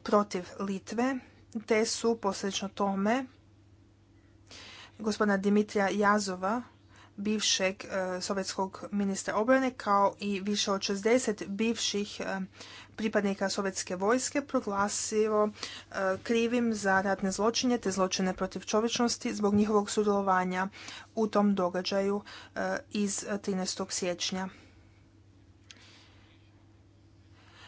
protiv Litve, te su posljedično tome gospodina Dimitrija Jazova bivšeg e, sovjetskog ministra obrane kao i više od 60 bivših e, pripadnika sovjetske vojske proglasio e, krivim za ratne zločine te zločine protiv čovječnosti zbog njihovog sudjelovanja u tom događaju iz 13. siječnja.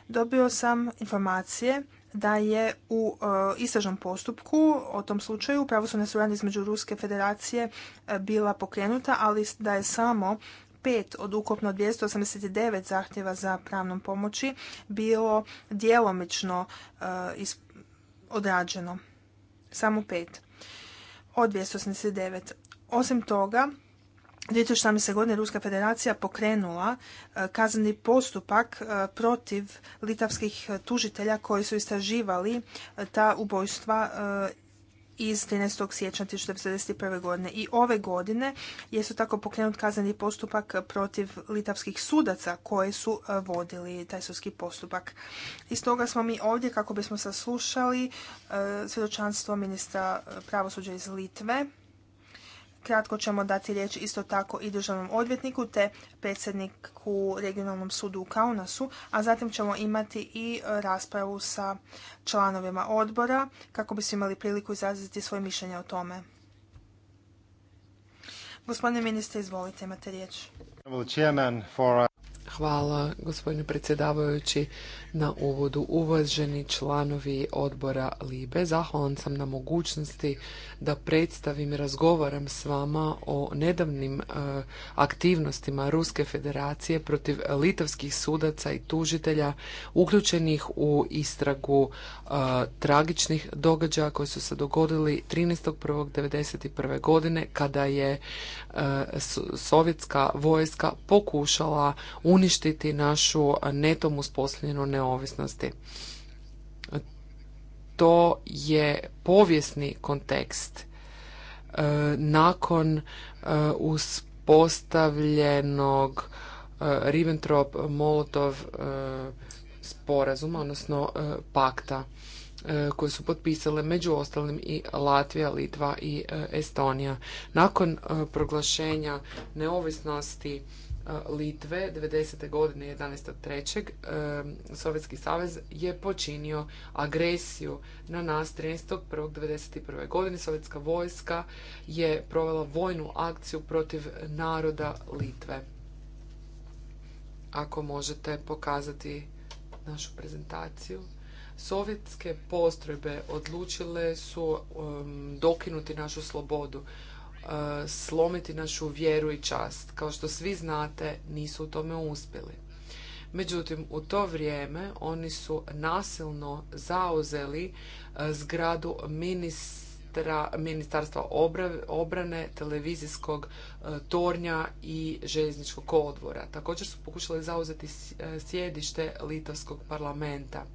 Dobio sam informacije da je u e, istražnom postupku o tom slučaju pravosudna suradnja između Ruske federacije e, bila pokrenuta, ali da je samo pet od ukupno 289 zahtjeva za pravnom pomoći bilo djelomično e, odrađeno. Samo pet od 289. Osim toga, 2018. godine Ruska federacija pokrenula e, kazneni postupak e, protiv litavskih e, tužitelja koji su istraživali ta ubojstva iz 13. siječnja 1991. godine. I ove godine je su tako pokrenut kazneni postupak protiv litavskih sudaca koji su vodili taj sudski postupak. I stoga smo mi ovdje kako bismo saslušali svjedočanstvo ministra pravosuđa iz Litve Kratko ćemo dati riječ isto tako i državnom odvjetniku te predsjedniku regionalnom sudu u Kaunasu, a zatim ćemo imati i e, raspravu sa članovima odbora kako bismo imali priliku izraziti svoje mišljenje o tome. Gospodine ministre, izvolite, imate riječ. Hvala gospodine predsjedavajući na uvodu. Uvaženi članovi odbora Libe, zahvalan sam na mogućnosti da predstavim i razgovaram s vama o nedavnim e, aktivnostima Ruske federacije protiv litavskih sudaca i tužitelja uključenih u istragu e, tragičnih događaja koji su se dogodili 13.1.1991. godine kada je e, sovjetska vojska pokušala uništiti uništiti našu netom uspostavljenu neovisnosti. To je povijesni kontekst. E, nakon e, uspostavljenog e, Ribbentrop-Molotov sporazuma, odnosno pakta koje su potpisale među ostalim i Latvija, Litva i Estonija. Nakon proglašenja neovisnosti Litve 90. godine 11.3. Sovjetski savez je počinio agresiju na nas 13.1.1991. godine. Sovjetska vojska je provela vojnu akciju protiv naroda Litve. Ako možete pokazati našu prezentaciju. Sovjetske postrojbe odlučile su dokinuti našu slobodu. E, slomiti našu vjeru i čast. Kao što svi znate, nisu u tome uspjeli. Međutim, u to vrijeme oni su nasilno zauzeli e, zgradu ministra, ministarstva obrane, televizijskog e, tornja i željezničkog odvora. Također su pokušali zauzeti sjedište Litavskog parlamenta.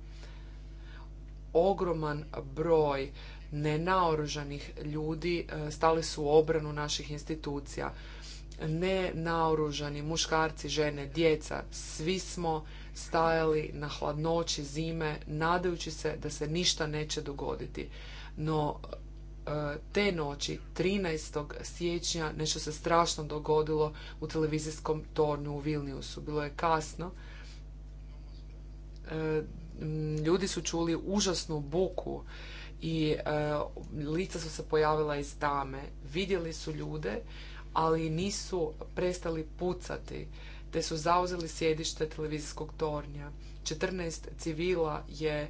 Ogroman broj nenaoružanih ljudi e, stali su u obranu naših institucija. Nenaoružani muškarci, žene, djeca, svi smo stajali na hladnoći zime nadajući se da se ništa neće dogoditi. No e, te noći 13. siječnja nešto se strašno dogodilo u televizijskom tornu u Vilniusu. Bilo je kasno. E, ljudi su čuli užasnu buku i e, lica su se pojavila iz tame. Vidjeli su ljude, ali nisu prestali pucati, te su zauzeli sjedište televizijskog tornja. 14 civila je e,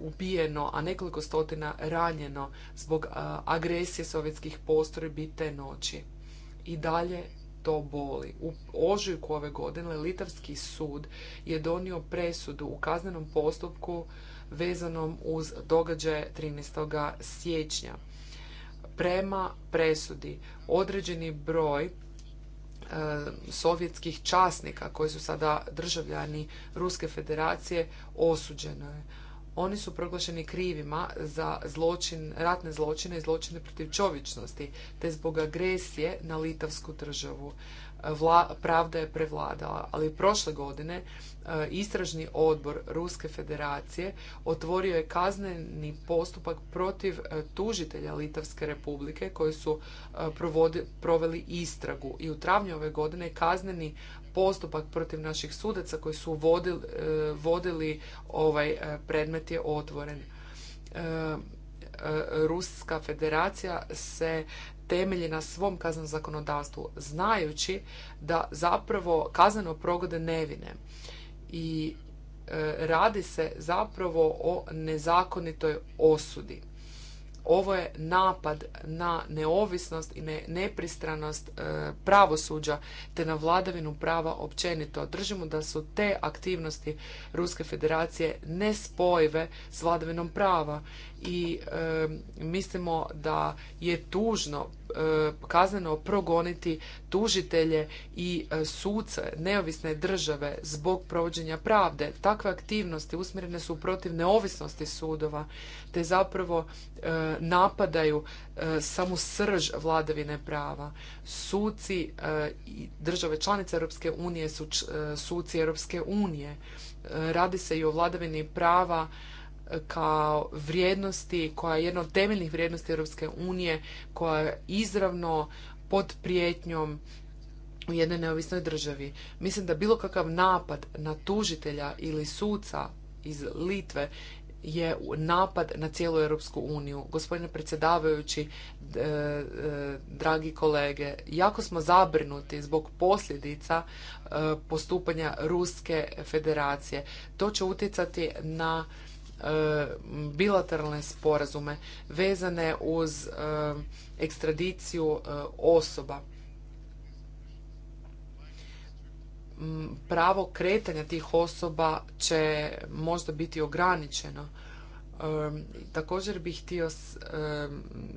ubijeno, a nekoliko stotina ranjeno zbog e, agresije sovjetskih postrojbi te noći. I dalje to boli. U ožujku ove godine Litavski sud je donio presudu u kaznenom postupku vezanom uz događaje 13. siječnja. Prema presudi određeni broj e, sovjetskih časnika koji su sada državljani Ruske federacije osuđeno je. Oni su proglašeni krivima za zločin, ratne zločine i zločine protiv čovječnosti, te zbog agresije na litavsku državu vla, pravda je prevladala. Ali prošle godine e, istražni odbor Ruske federacije otvorio je kazneni postupak protiv e, tužitelja Litavske republike koji su e, provodi, proveli istragu. I u travnju ove godine kazneni postupak protiv naših sudaca koji su vodili, vodili ovaj predmet je otvoren. Ruska federacija se temelji na svom kaznenom zakonodavstvu, znajući da zapravo kazneno progode nevine. I e, radi se zapravo o nezakonitoj osudi. Ovo je napad na neovisnost i nepristranost e, pravosuđa te na vladavinu prava općenito. Držimo da su te aktivnosti Ruske federacije nespojive s vladavinom prava i e, mislimo da je tužno E, kazneno progoniti tužitelje i e, suce neovisne države zbog provođenja pravde. Takve aktivnosti usmjerene su protiv neovisnosti sudova te zapravo e, napadaju samu srž vladavine prava. Suci i države članice Europske unije su suci Europske unije. Radi se i o vladavini prava kao vrijednosti koja je jedna od temeljnih vrijednosti Europske unije koja je izravno pod prijetnjom u jednoj neovisnoj državi. Mislim da bilo kakav napad na tužitelja ili suca iz Litve je napad na cijelu Europsku uniju. Gospodine predsjedavajući, e, dragi kolege, jako smo zabrinuti zbog posljedica e, postupanja Ruske federacije. To će utjecati na E, bilateralne sporazume vezane uz e, ekstradiciju e, osoba. Pravo kretanja tih osoba će možda biti ograničeno. Također bih htio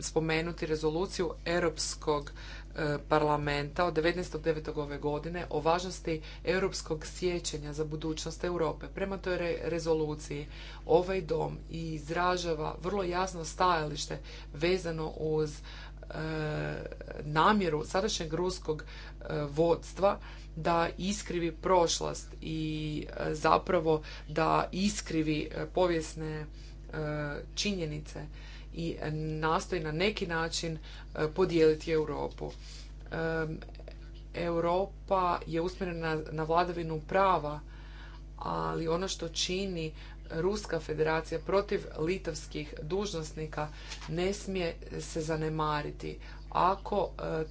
spomenuti rezoluciju Europskog E, parlamenta od 19.9. ove godine o važnosti europskog sjećanja za budućnost Europe. Prema toj rezoluciji ovaj dom izražava vrlo jasno stajalište vezano uz e, namjeru sadašnjeg ruskog e, vodstva da iskrivi prošlost i zapravo da iskrivi povijesne činjenice i nastoji na neki način e, podijeliti Europu. E, Europa je usmjerena na vladavinu prava, ali ono što čini Ruska federacija protiv litavskih dužnosnika ne smije se zanemariti. Ako e,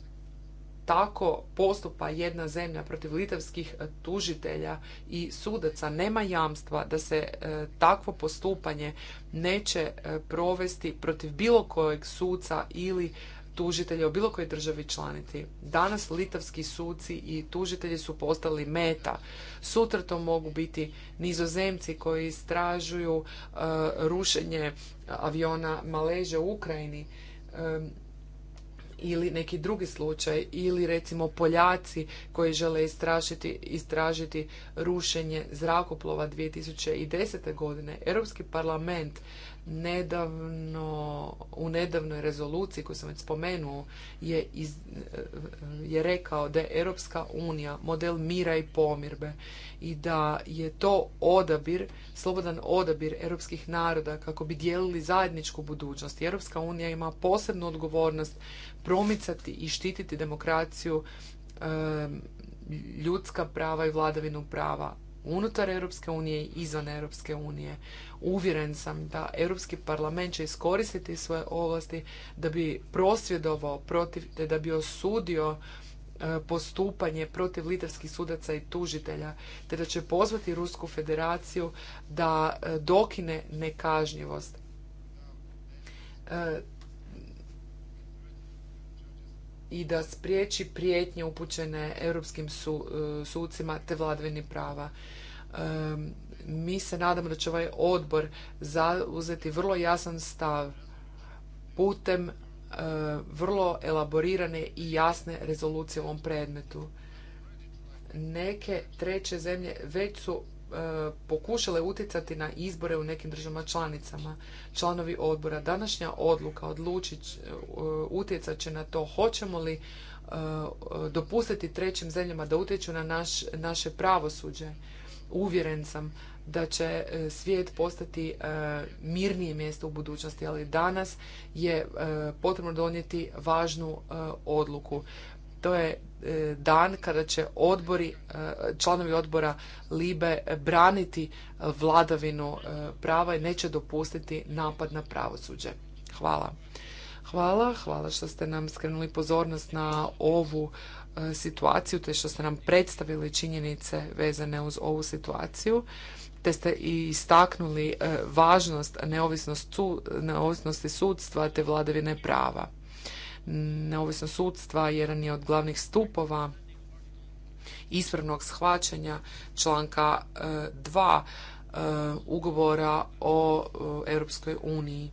tako postupa jedna zemlja protiv litavskih e, tužitelja i sudaca nema jamstva da se e, takvo postupanje neće e, provesti protiv bilo kojeg suca ili tužitelja u bilo kojoj državi članici. Danas litavski suci i tužitelji su postali meta. Sutra to mogu biti nizozemci koji istražuju rušenje aviona Maleže u Ukrajini ili neki drugi slučaj ili recimo Poljaci koji žele istražiti, istražiti rušenje zrakoplova 2010. godine. Europski parlament nedavno, u nedavnoj rezoluciji koju sam već spomenuo je, je rekao da je Europska unija model mira i pomirbe i da je to odabir, slobodan odabir europskih naroda kako bi dijelili zajedničku budućnost. Europska unija ima posebnu odgovornost promicati i štititi demokraciju ljudska prava i vladavinu prava unutar Europske unije i izvan Europske unije. Uvjeren sam da Europski parlament će iskoristiti svoje ovlasti da bi prosvjedovao protiv, te da bi osudio e, postupanje protiv litarskih sudaca i tužitelja, te da će pozvati Rusku federaciju da e, dokine nekažnjivost e, i da spriječi prijetnje upućene europskim e, sucima te vladavini prava. mi se nadamo da će ovaj odbor zauzeti vrlo jasan stav putem e, vrlo elaborirane i jasne rezolucije u ovom predmetu. Neke treće zemlje već su pokušale utjecati na izbore u nekim državama članicama. Članovi odbora današnja odluka odlučit e, utjecat će na to hoćemo li e, dopustiti trećim zemljama da utječu na naš, naše pravosuđe. Uvjeren sam da će e, svijet postati mirnije mjesto u budućnosti, ali danas je potrebno donijeti važnu odluku to je e, dan kada će odbori, e, članovi odbora Libe braniti vladavinu e, prava i neće dopustiti napad na pravosuđe. Hvala. Hvala, hvala što ste nam skrenuli pozornost na ovu situaciju, te što ste nam predstavili činjenice vezane uz ovu situaciju, te ste i istaknuli važnost neovisnosti sudstva te vladavine prava neovisno sudstva jedan je od glavnih stupova ispravnog shvaćanja članka 2 e, e, ugovora o e, Europskoj uniji.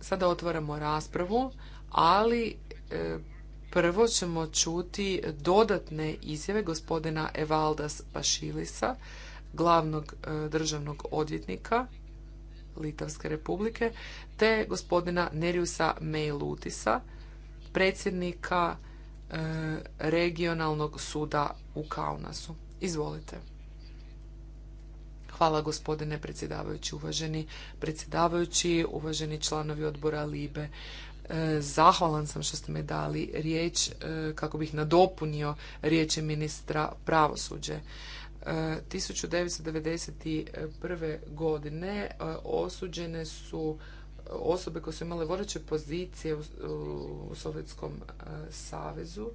Sada otvaramo raspravu, ali prvo ćemo čuti dodatne izjave gospodina Evaldas Pašilisa, glavnog državnog odvjetnika Litavske republike, te gospodina Neriusa Mejlutisa, predsjednika e, regionalnog suda u Kaunasu. Izvolite. Hvala gospodine predsjedavajući, uvaženi predsjedavajući, uvaženi članovi odbora Libe. E, zahvalan sam što ste me dali riječ e, kako bih nadopunio riječi ministra pravosuđe. 1991. godine e, osuđene su e, osobe koje su imale vodeće pozicije u Sovjetskom e, savezu.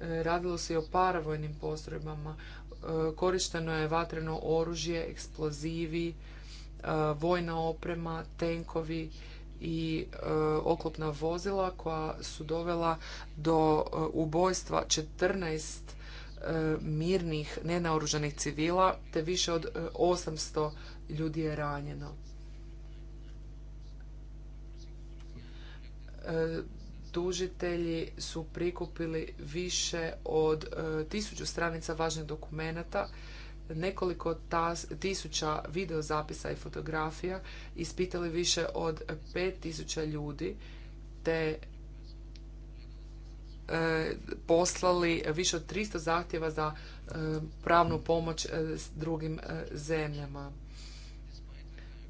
Radilo se i o paravojnim postrojbama. Korišteno je vatreno oružje, eksplozivi, vojna oprema, tenkovi i oklopna vozila koja su dovela do ubojstva 14 E, mirnih, nenaoružanih civila, te više od 800 e, ljudi je ranjeno. E, tužitelji su prikupili više od tisuću stranica važnih dokumenata, nekoliko tisuća videozapisa i fotografija, ispitali više od 5000 ljudi, te E, poslali više od 300 zahtjeva za e, pravnu pomoć e, s drugim zemljama.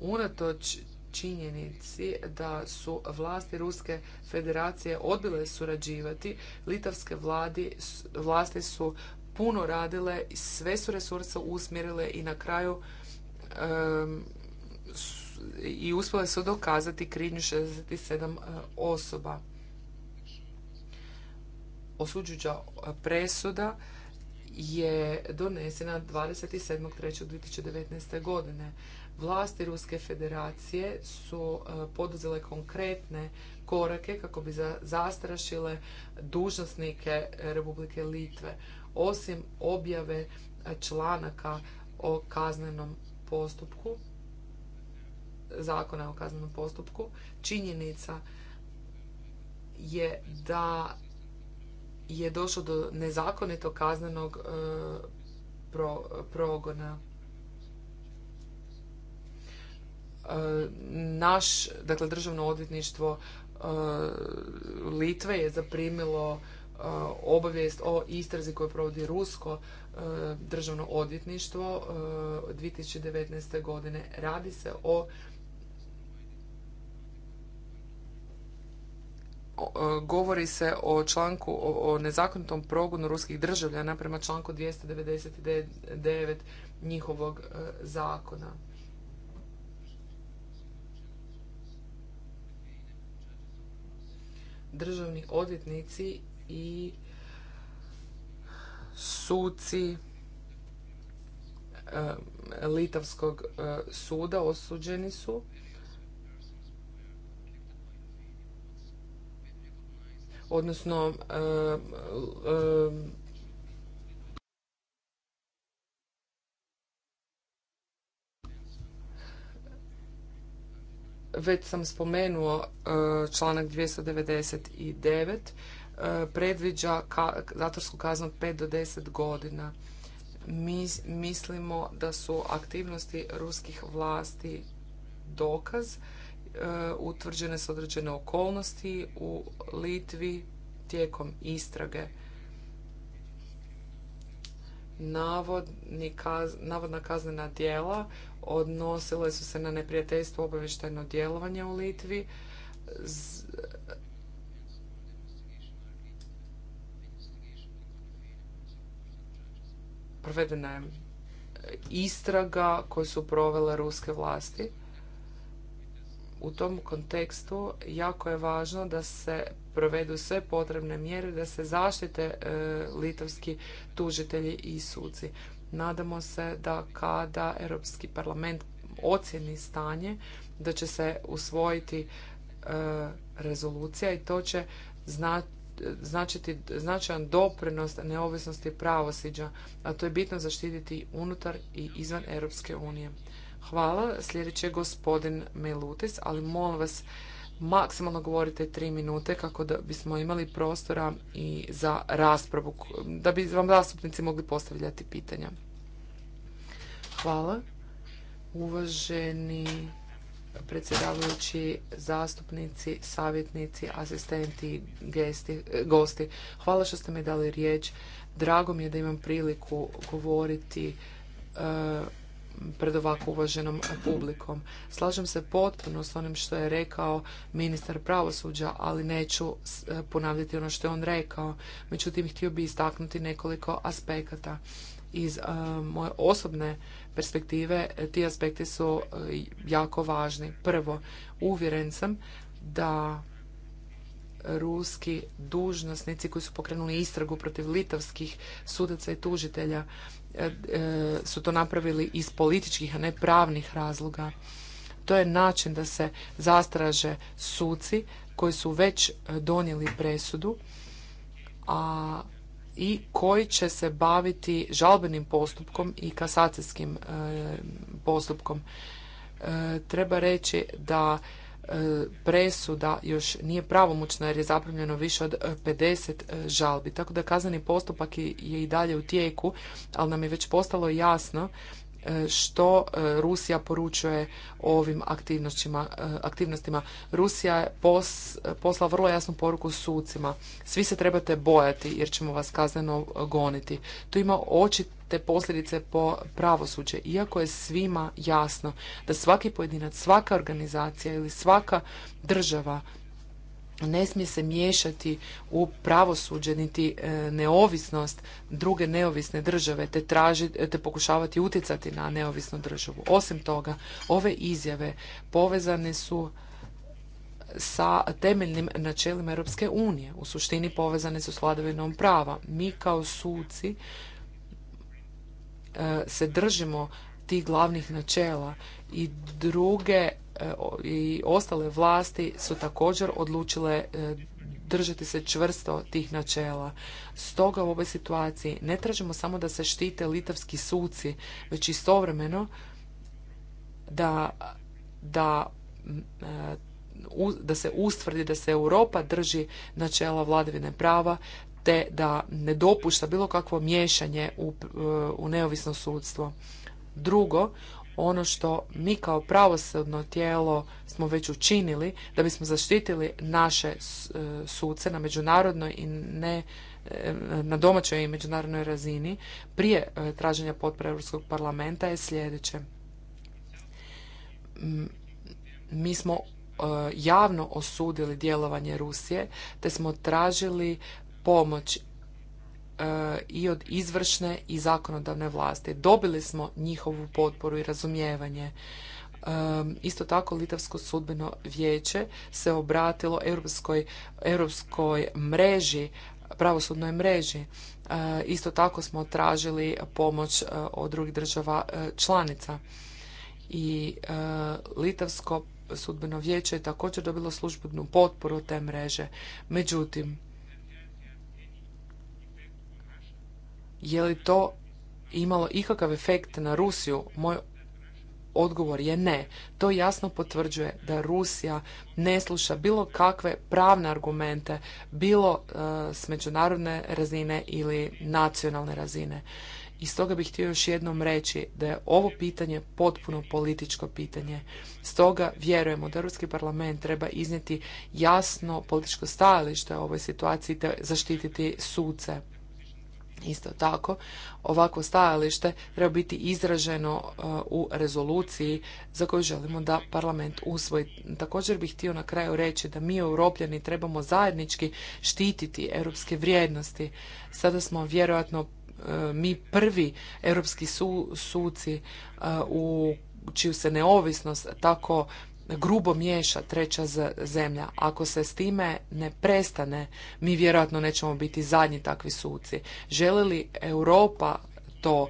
Unatoč činjenici da su vlasti Ruske federacije odbile surađivati, litavske vladi, vlasti su puno radile, sve su resurse usmjerile i na kraju i uspjele su dokazati krivnju 67 osoba osuđujuća e, presuda je donesena 27.3.2019. godine. Vlasti Ruske federacije su e, poduzele konkretne korake kako bi zastrašile dužnosnike Republike Litve. Osim objave e, članaka o kaznenom postupku, zakona o kaznenom postupku, činjenica je da je došlo do nezakonitog kaznenog e, progona. E, naš, dakle, državno odvjetništvo e, Litve je zaprimilo obavijest o istrazi koju provodi Rusko državno odvjetništvo 2019. godine. Radi se o E, govori se o članku o nezakonitom progonu ruskih državljana prema članku 299 njihovog e, zakona. Državni odvjetnici i suci e, Litavskog suda osuđeni su odnosno e, e, već sam spomenuo e, članak 299 predviđa zatvorsku kaznu od 5 do 10 godina. Mi mislimo da su aktivnosti ruskih vlasti dokaz E, utvrđene su određene okolnosti u Litvi tijekom istrage. navodna kaznena djela odnosile su se na neprijateljstvo obavještajno djelovanje u Litvi. provedena je istraga koju su provele ruske vlasti u tom kontekstu jako je važno da se provedu sve potrebne mjere da se zaštite e, litavski litovski tužitelji i suci. Nadamo se da kada Europski parlament ocjeni stanje, da će se usvojiti e, rezolucija i to će značiti značajan doprinos neovisnosti pravosuđa, a to je bitno zaštititi unutar i izvan Europske unije. Hvala. Sljedeći je gospodin Milutis, ali molim vas maksimalno govorite tri minute kako da bismo imali prostora i za raspravu, da bi vam zastupnici mogli postavljati pitanja. Hvala. Uvaženi predsjedavajući, zastupnici, savjetnici, asistenti, gosti. Hvala što ste mi dali riječ. Drago mi je da imam priliku govoriti eh, pred ovako uvaženom publikom. Slažem se potpuno s onim što je rekao ministar pravosuđa, ali neću e, ponavljati ono što je on rekao. Međutim, htio bi istaknuti nekoliko aspekata. Iz e, moje osobne perspektive e, ti aspekti su jako važni. Prvo, uvjeren sam da ruski dužnosnici koji su pokrenuli istragu protiv litavskih sudaca i tužitelja E, su to napravili iz političkih, a ne pravnih razloga. To je način da se zastraže suci koji su već e, donijeli presudu a, i koji će se baviti žalbenim postupkom i kasacijskim e, postupkom. treba reći da presuda još nije pravomoćna jer je zaprimljeno više od 50 e, e, žalbi. Tako da kazani postupak je i dalje u tijeku, ali nam je već postalo jasno E, što e, Rusija poručuje ovim aktivnostima. E, aktivnostima. Rusija je pos, posla vrlo jasnu poruku sucima. Svi se trebate bojati jer ćemo vas kazneno goniti. To ima očite posljedice po pravosuđe. Iako je svima jasno da svaki pojedinac, svaka organizacija ili svaka država ne smije se miješati u pravosuđe niti e, neovisnost druge neovisne države te, traži, te pokušavati utjecati na neovisnu državu. Osim toga, ove izjave povezane su sa temeljnim načelima Europske unije. U suštini povezane su s vladavinom prava. Mi kao suci e, se držimo tih glavnih načela i druge E, i ostale vlasti su također odlučile e, držati se čvrsto tih načela. Stoga u ovoj situaciji ne tražimo samo da se štite litavski suci, već istovremeno da, da, e, da se ustvrdi da se Europa drži načela vladavine prava te da ne dopušta bilo kakvo miješanje u, u neovisno sudstvo. Drugo, ono što mi kao pravosudno tijelo smo već učinili da bismo zaštitili naše e, suce na međunarodnoj i ne e, na domaćoj i međunarodnoj razini prije e, traženja potpore Europskog parlamenta je sljedeće. Mi smo javno osudili djelovanje Rusije te smo tražili pomoć E, i od izvršne i zakonodavne vlasti. Dobili smo njihovu potporu i razumijevanje. E, isto tako Litavsko sudbeno vijeće se obratilo europskoj, europskoj mreži, pravosudnoj mreži. E, isto tako smo tražili pomoć od drugih država članica. I Litavsko sudbeno vijeće je također dobilo službenu potporu te mreže. Međutim, Je li to imalo ikakav efekt na Rusiju? Moj odgovor je ne. To jasno potvrđuje da Rusija ne sluša bilo kakve pravne argumente, bilo e, s međunarodne razine ili nacionalne razine. I stoga bih htio još jednom reći da je ovo pitanje potpuno političko pitanje. Stoga vjerujemo da Ruski parlament treba iznijeti jasno političko stajalište o ovoj situaciji te zaštititi suce Isto tako, ovakvo stajalište treba biti izraženo e, u rezoluciji za koju želimo da parlament usvoji. Također bih htio na kraju reći da mi europljani trebamo zajednički štititi europske vrijednosti. Sada smo vjerojatno e, mi prvi europski suci e, u čiju se neovisnost tako grubo miješa treća zemlja. Ako se s time ne prestane, mi vjerojatno nećemo biti zadnji takvi suci. Želi li Europa to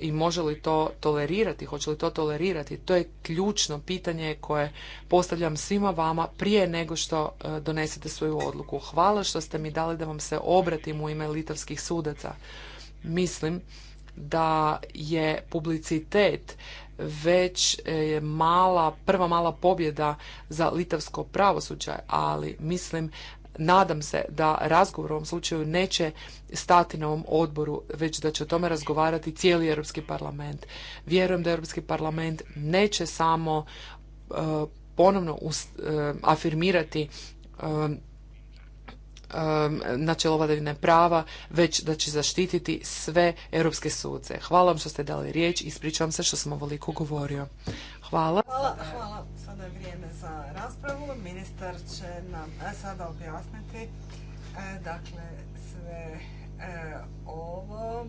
i može li to tolerirati, hoće li to tolerirati, to je ključno pitanje koje postavljam svima vama prije nego što e, donesete svoju odluku. Hvala što ste mi dali da vam se obratim u ime litavskih sudaca. Mislim da je publicitet već e, je mala, prva mala pobjeda za litavsko pravosuđe, ali mislim, nadam se da razgovor u ovom slučaju neće stati na ovom odboru, već da će o tome razgovarati cijeli Europski parlament. Vjerujem da Europski parlament neće samo e, ponovno e, afirmirati Um, načelo vladavine prava, već da će zaštititi sve europske suce. Hvala vam što ste dali riječ i ispričavam se što sam ovoliko govorio. Hvala. Hvala, hvala. Sada je vrijeme za raspravu. Ministar će nam e, sada objasniti e, dakle sve e, ovo.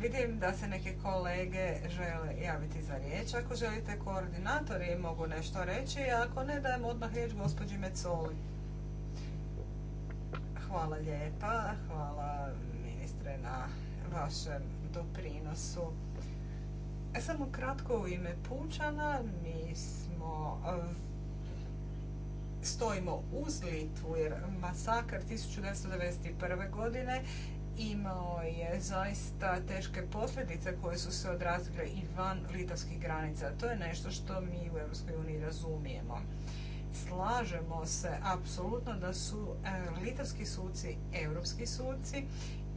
Vidim da se neke kolege žele javiti za riječ. Ako želite, koordinatori mogu nešto reći, ako ne, dajem odmah riječ gospođi Mecoli. Hvala lijepa, hvala ministre na vašem doprinosu. E, samo kratko u ime Pučana, mi smo eh, stojimo uz Litvu jer masakar 1991. godine imao je zaista teške posljedice koje su se odrazile i van litavskih granica. To je nešto što mi u EU razumijemo slažemo se apsolutno da su e, litavski suci europski suci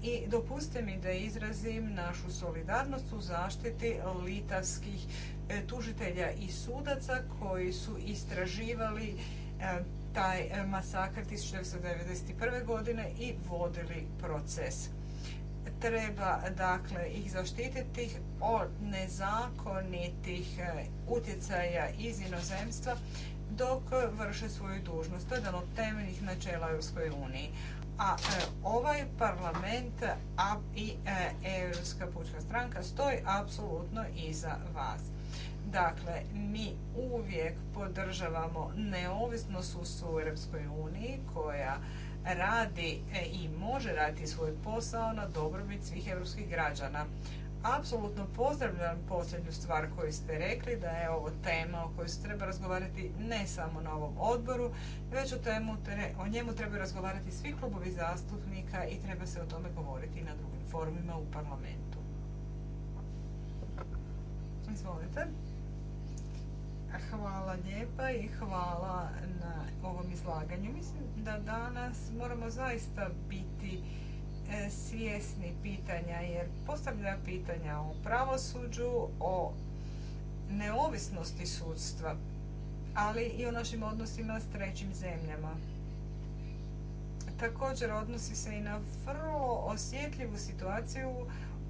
i dopustite mi da izrazim našu solidarnost u zaštiti litavskih e, tužitelja i sudaca koji su istraživali e, taj masakr 1991. godine i vodili proces. Treba dakle ih zaštititi od nezakonitih utjecaja iz inozemstva dok vrše svoju dužnost. To je jedan od temeljnih načela Europskoj uniji. A e, ovaj parlament a, i e, Europska pučka stranka stoji apsolutno iza vas. Dakle, mi uvijek podržavamo neovisnost u Europskoj uniji koja radi e, i može raditi svoj posao na dobrobit svih europskih građana apsolutno pozdravljam posljednju stvar koju ste rekli, da je ovo tema o kojoj se treba razgovarati ne samo na ovom odboru, već o, temu, o njemu treba razgovarati svi klubovi zastupnika i treba se o tome govoriti na drugim forumima u parlamentu. Izvolite. Hvala lijepa i hvala na ovom izlaganju. Mislim da danas moramo zaista biti E, svjesni pitanja jer postavlja pitanja o pravosuđu, o neovisnosti sudstva, ali i o našim odnosima s trećim zemljama. Također odnosi se i na vrlo osjetljivu situaciju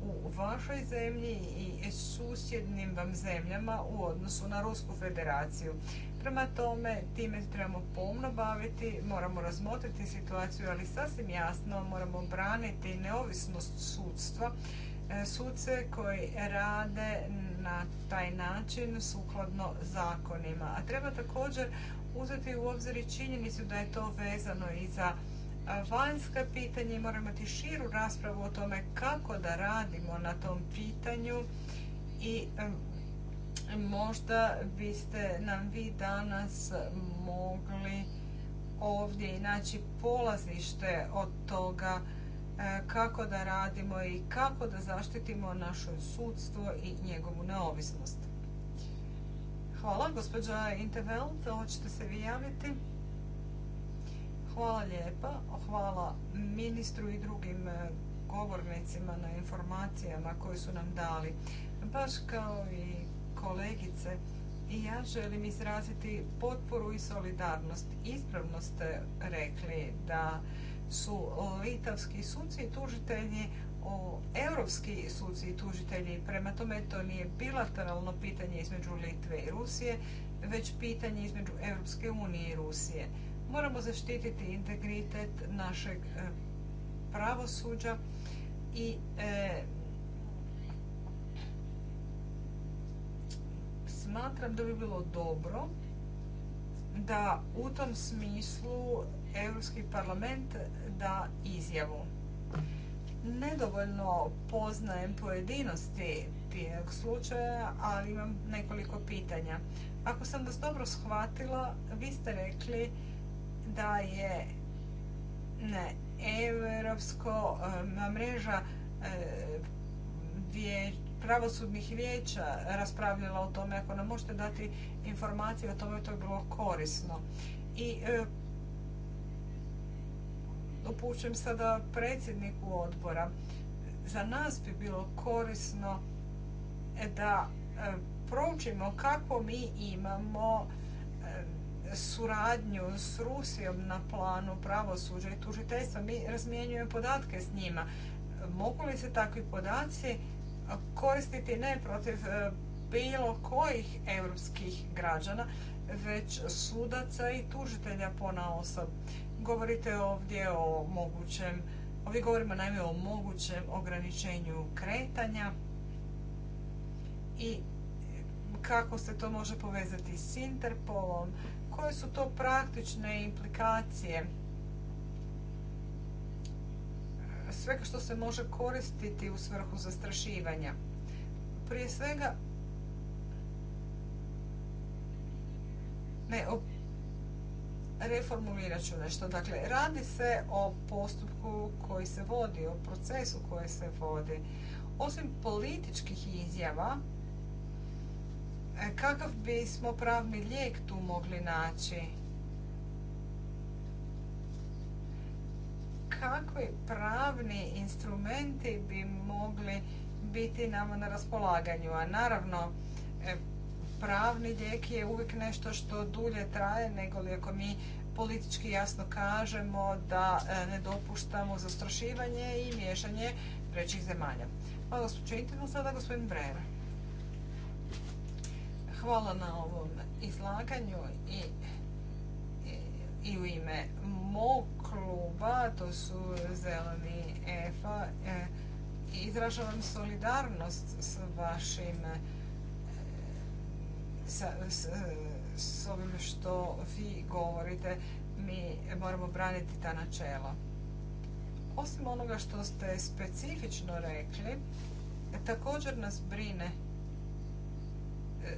u vašoj zemlji i susjednim vam zemljama u odnosu na Rusku federaciju. Prema tome, time trebamo pomno baviti, moramo razmotriti situaciju, ali sasvim jasno moramo braniti neovisnost sudstva, e, sudce koji rade na taj način sukladno zakonima. A treba također uzeti u obzir i činjenicu da je to vezano i za e, vanjska pitanja i moramo imati širu raspravu o tome kako da radimo na tom pitanju i e, Možda biste nam vi danas mogli ovdje i naći polazište od toga e, kako da radimo i kako da zaštitimo naše sudstvo i njegovu neovisnost. Hvala, gospođa Intervelt, hoćete se vi javiti? Hvala lijepa, hvala ministru i drugim e, govornicima na informacijama koje su nam dali. Baš kao i kolegice. I ja želim izraziti potporu i solidarnost. Ispravno ste rekli da su litavski suci i tužitelji o europski suci i tužitelji. Prema tome to nije bilateralno pitanje između Litve i Rusije, već pitanje između Europske unije i Rusije. Moramo zaštititi integritet našeg eh, pravosuđa i eh, Smatram da bi bilo dobro da u tom smislu Europski parlament da izjavu. Nedovoljno poznajem pojedinosti tijeg slučaja, ali imam nekoliko pitanja. Ako sam vas dobro shvatila, vi ste rekli da je ne, Europsko eh, mreža e, pravosudnih vijeća raspravljala o tome. Ako nam možete dati informacije o tome, to je bilo korisno. I upućujem e, sada predsjedniku odbora. Za nas bi bilo korisno e, da e, proučimo kako mi imamo suradnju s Rusijom na planu pravosuđa i tužiteljstva. Mi razmjenjujemo podatke s njima. Mogu li se takvi podaci koristiti ne protiv e, bilo kojih europskih građana, već sudaca i tužitelja pona osob. Govorite ovdje o mogućem, ovdje govorimo naime o mogućem ograničenju kretanja i kako se to može povezati s Interpolom, koje su to praktične implikacije svega što se može koristiti u svrhu zastrašivanja. Prije svega, ne, reformulirat ću nešto. Dakle, radi se o postupku koji se vodi, o procesu koji se vodi. Osim političkih izjava, e, kakav bismo pravni lijek tu mogli naći? kakvi pravni instrumenti bi mogli biti nama na raspolaganju. A naravno, e, pravni lijek je uvijek nešto što dulje traje nego li ako mi politički jasno kažemo da e, ne dopuštamo zastrašivanje i miješanje trećih zemalja. Hvala gospođo sada gospodin Brera. Hvala na ovom izlaganju i i u ime mog kluba, to su zeleni EFA, i e, izražavam solidarnost s vašim e, s, s ovim što vi govorite. Mi moramo braniti ta načela. Osim onoga što ste specifično rekli, također nas brine e,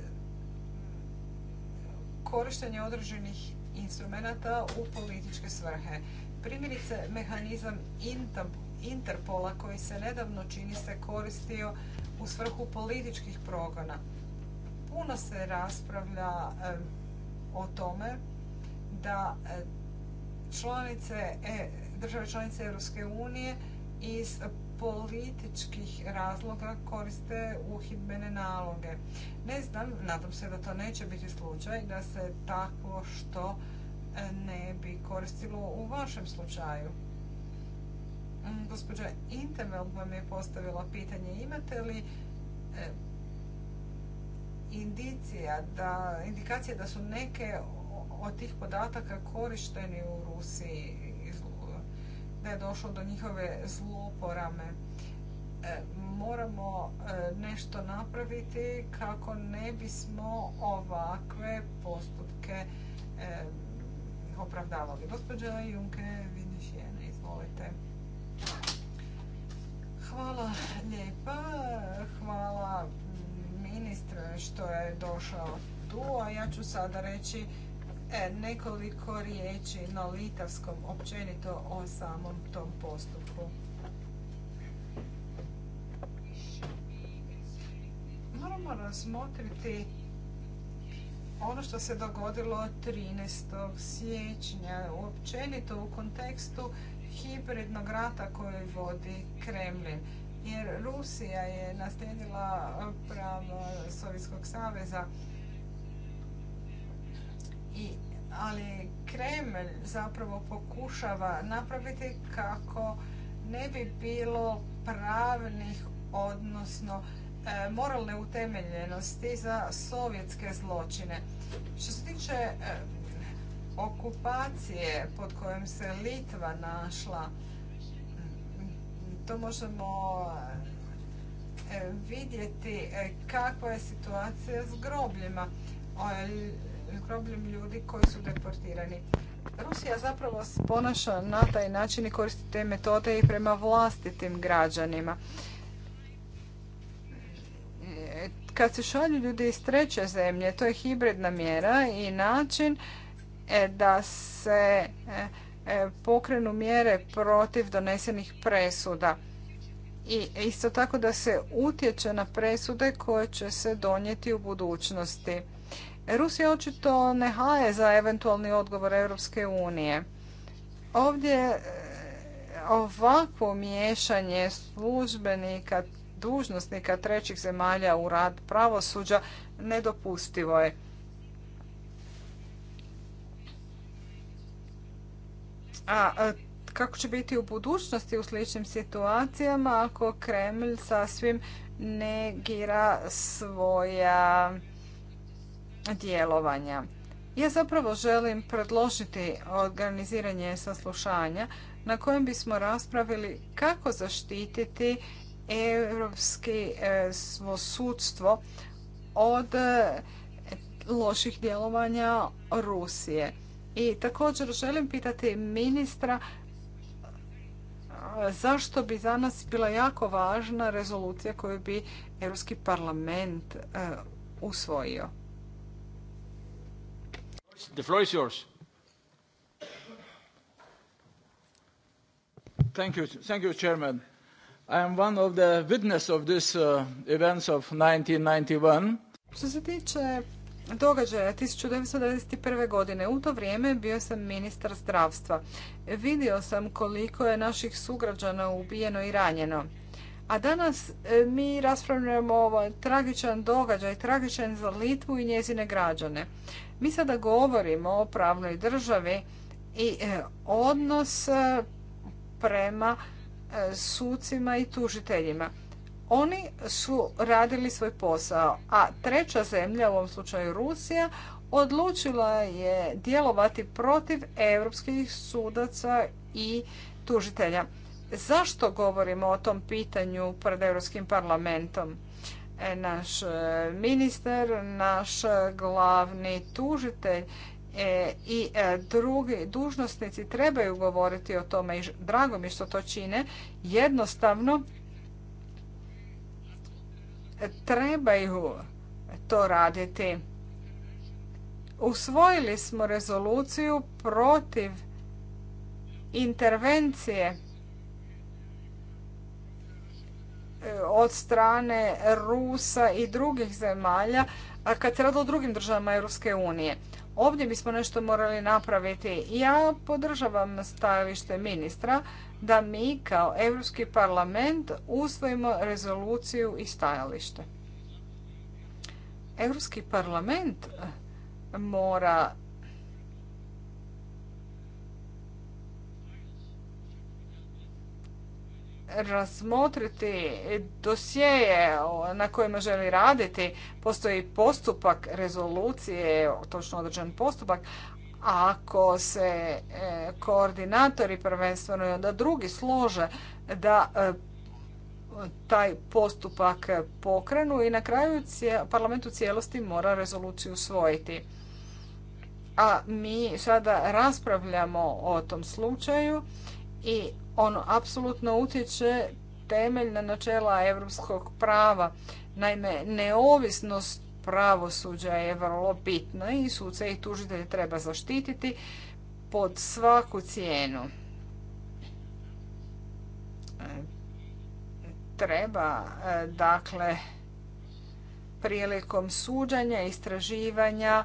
korištenje određenih instrumenata u političke svrhe. Primjerice, mehanizam Interpola koji se nedavno čini se koristio u svrhu političkih progona. Puno se raspravlja o tome da članice, e, države članice EU unije iz političkih razloga koriste uhidbene naloge. Ne znam, nadam se da to neće biti slučaj, da se tako što e, ne bi koristilo u vašem slučaju. Mm, gospođa Intemel vam je postavila pitanje imate li e, indicija da, indikacije da su neke od tih podataka korišteni u Rusiji da je došlo do njihove zloporame. E, moramo e, nešto napraviti kako ne bismo ovakve postupke e, opravdavali. Gospođa Junke ne izvolite. Hvala lijepa, hvala ministre što je došao tu, a ja ću sada reći E, nekoliko riječi na litavskom općenito o samom tom postupku. Moramo razmotriti ono što se dogodilo 13. siječnja, općenito u kontekstu hibridnog rata koji vodi Kremlin. Jer Rusija je naslijedila pravo Sovjetskog saveza ali Kremlj zapravo pokušava napraviti kako ne bi bilo pravnih, odnosno e, moralne utemeljenosti za sovjetske zločine. Što se tiče e, okupacije pod kojom se Litva našla, to možemo e, vidjeti kakva je situacija s grobljima problem grobljem ljudi koji su deportirani. Rusija zapravo ponaša na taj način i koristi te metode i prema vlastitim građanima. Kad se šalju ljudi iz treće zemlje, to je hibridna mjera i način e, da se e, e, pokrenu mjere protiv donesenih presuda. I isto tako da se utječe na presude koje će se donijeti u budućnosti. Rusija očito ne haje za eventualni odgovor Europske unije. Ovdje e, ovakvo miješanje službenika, dužnosnika trećih zemalja u rad pravosuđa nedopustivo je. A e, kako će biti u budućnosti u sličnim situacijama ako Kremlj sasvim negira svoja djelovanja. Ja zapravo želim predložiti organiziranje saslušanja na kojem bismo raspravili kako zaštititi europski e, sudstvo od e, loših djelovanja Rusije. I također želim pitati ministra e, zašto bi za nas bila jako važna rezolucija koju bi Europski parlament usvojio the floor is yours. Thank you, thank you, Chairman. I am one of the witness of this uh, events of 1991. Što se tiče događaja 1991. godine, u to vrijeme bio sam ministar zdravstva. Vidio sam koliko je naših sugrađana ubijeno i ranjeno. A danas e, mi raspravljamo ovo ovaj tragičan događaj, tragičan za Litvu i njezine građane. Mi sada govorimo o pravnoj državi i e, odnos e, prema sucima i tužiteljima. Oni su radili svoj posao, a treća zemlja, u ovom slučaju Rusija, odlučila je djelovati protiv europskih sudaca i tužitelja. Zašto govorimo o tom pitanju pred Europskim parlamentom? E, naš e, ministar, naš glavni tužitelj e, i drugi dužnosnici trebaju govoriti o tome i drago mi što to čine. Jednostavno trebaju to raditi. Usvojili smo rezoluciju protiv intervencije od strane Rusa i drugih zemalja, a kad se radilo o drugim državama Europske unije. Ovdje bismo nešto morali napraviti. Ja podržavam stajalište ministra da mi kao Europski parlament usvojimo rezoluciju i stajalište. Europski parlament mora razmotriti dosjeje na kojima želi raditi. Postoji postupak rezolucije, točno određen postupak. Ako se e, koordinatori prvenstveno i onda drugi slože da e, taj postupak pokrenu i na kraju parlament u cijelosti mora rezoluciju usvojiti. A mi sada raspravljamo o tom slučaju i ono apsolutno utječe temeljna načela europskog prava. Naime, neovisnost pravosuđa je vrlo bitna i suce i tužitelje treba zaštititi pod svaku cijenu. Treba, e, dakle, prilikom suđanja, istraživanja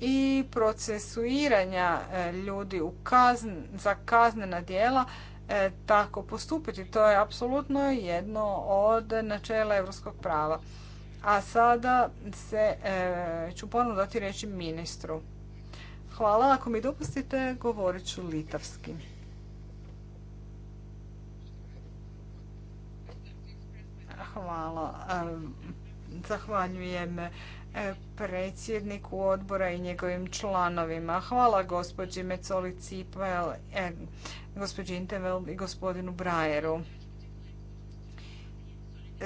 i procesuiranja e, ljudi za kaznena djela E, tako postupiti. To je apsolutno jedno od načela europskog prava. A sada se e, ću ponovno dati reći ministru. Hvala, ako mi dopustite, govorit ću litavski. Hvala. E, zahvaljujem predsjedniku odbora i njegovim članovima. Hvala gospođi Mecoli Cipel, e, gospođi Intevel i gospodinu Brajeru.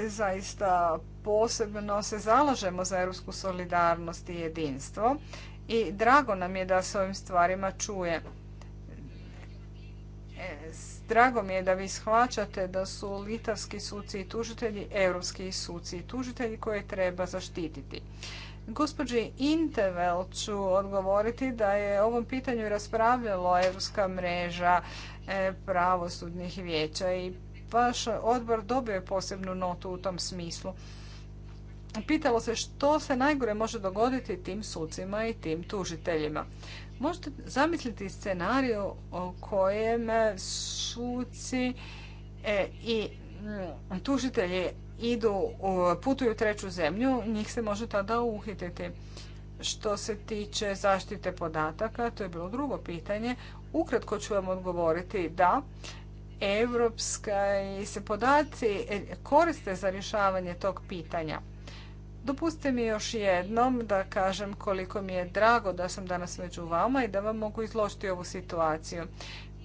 Zaista posebno se zalažemo za europsku solidarnost i jedinstvo i drago nam je da se ovim stvarima čuje. E, Drago mi je da vi shvaćate da su litavski suci i tužitelji europski suci i tužitelji koje treba zaštititi. Gospođi Intevel ću odgovoriti da je ovom pitanju raspravljalo Europska mreža e, pravosudnih vijeća i vaš odbor dobio je posebnu notu u tom smislu. Pitalo se što se najgore može dogoditi tim sucima i tim tužiteljima. Možete zamisliti scenariju o kojem suci e, i mm, tužitelji idu, putuju u treću zemlju, njih se može tada uhititi. Što se tiče zaštite podataka, to je bilo drugo pitanje. Ukratko ću vam odgovoriti da evropska i se podaci e, koriste za rješavanje tog pitanja. Dopustite mi još jednom da kažem koliko mi je drago da sam danas među vama i da vam mogu izložiti ovu situaciju.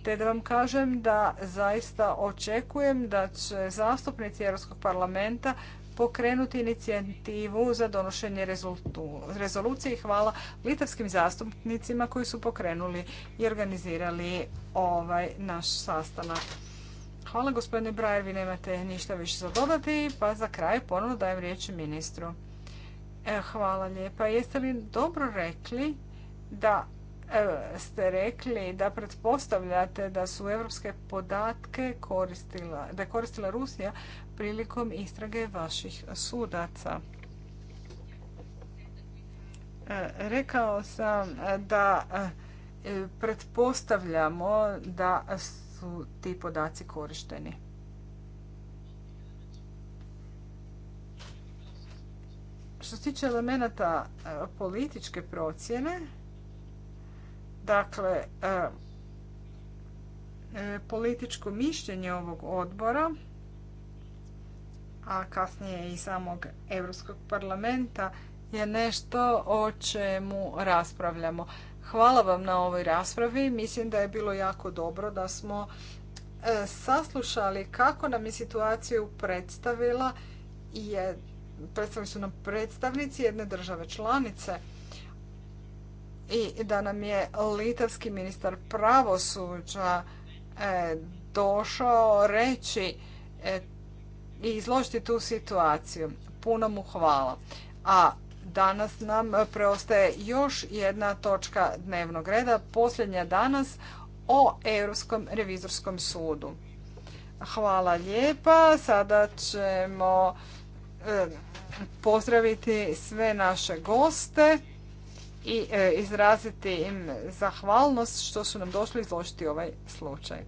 Te da vam kažem da zaista očekujem da će zastupnici Europskog parlamenta pokrenuti inicijativu za donošenje rezolucije i hvala litavskim zastupnicima koji su pokrenuli i organizirali ovaj naš sastanak. Hvala gospodine Brajer, vi nemate ništa više za dodati, pa za kraj ponovno dajem riječ ministru. E, hvala lijepa. Jeste li dobro rekli da e, ste rekli da pretpostavljate da su europske podatke koristila, da je koristila Rusija prilikom istrage vaših sudaca. E, rekao sam da pretpostavljamo da su ti podaci korišteni. Što se tiče elemenata e, političke procjene, dakle, e, e, političko mišljenje ovog odbora, a kasnije i samog Europskog parlamenta, je nešto o čemu raspravljamo. Hvala vam na ovoj raspravi. Mislim da je bilo jako dobro da smo saslušali kako nam je situaciju predstavila i je predstavili su nam predstavnici jedne države članice i da nam je litavski ministar pravosuđa e, došao reći e, i izložiti tu situaciju. Puno mu hvala. A danas nam preostaje još jedna točka dnevnog reda, posljednja danas o Europskom revizorskom sudu. Hvala lijepa. Sada ćemo E, pozdraviti sve naše goste i e, izraziti im zahvalnost što su nam došli izložiti ovaj slučaj.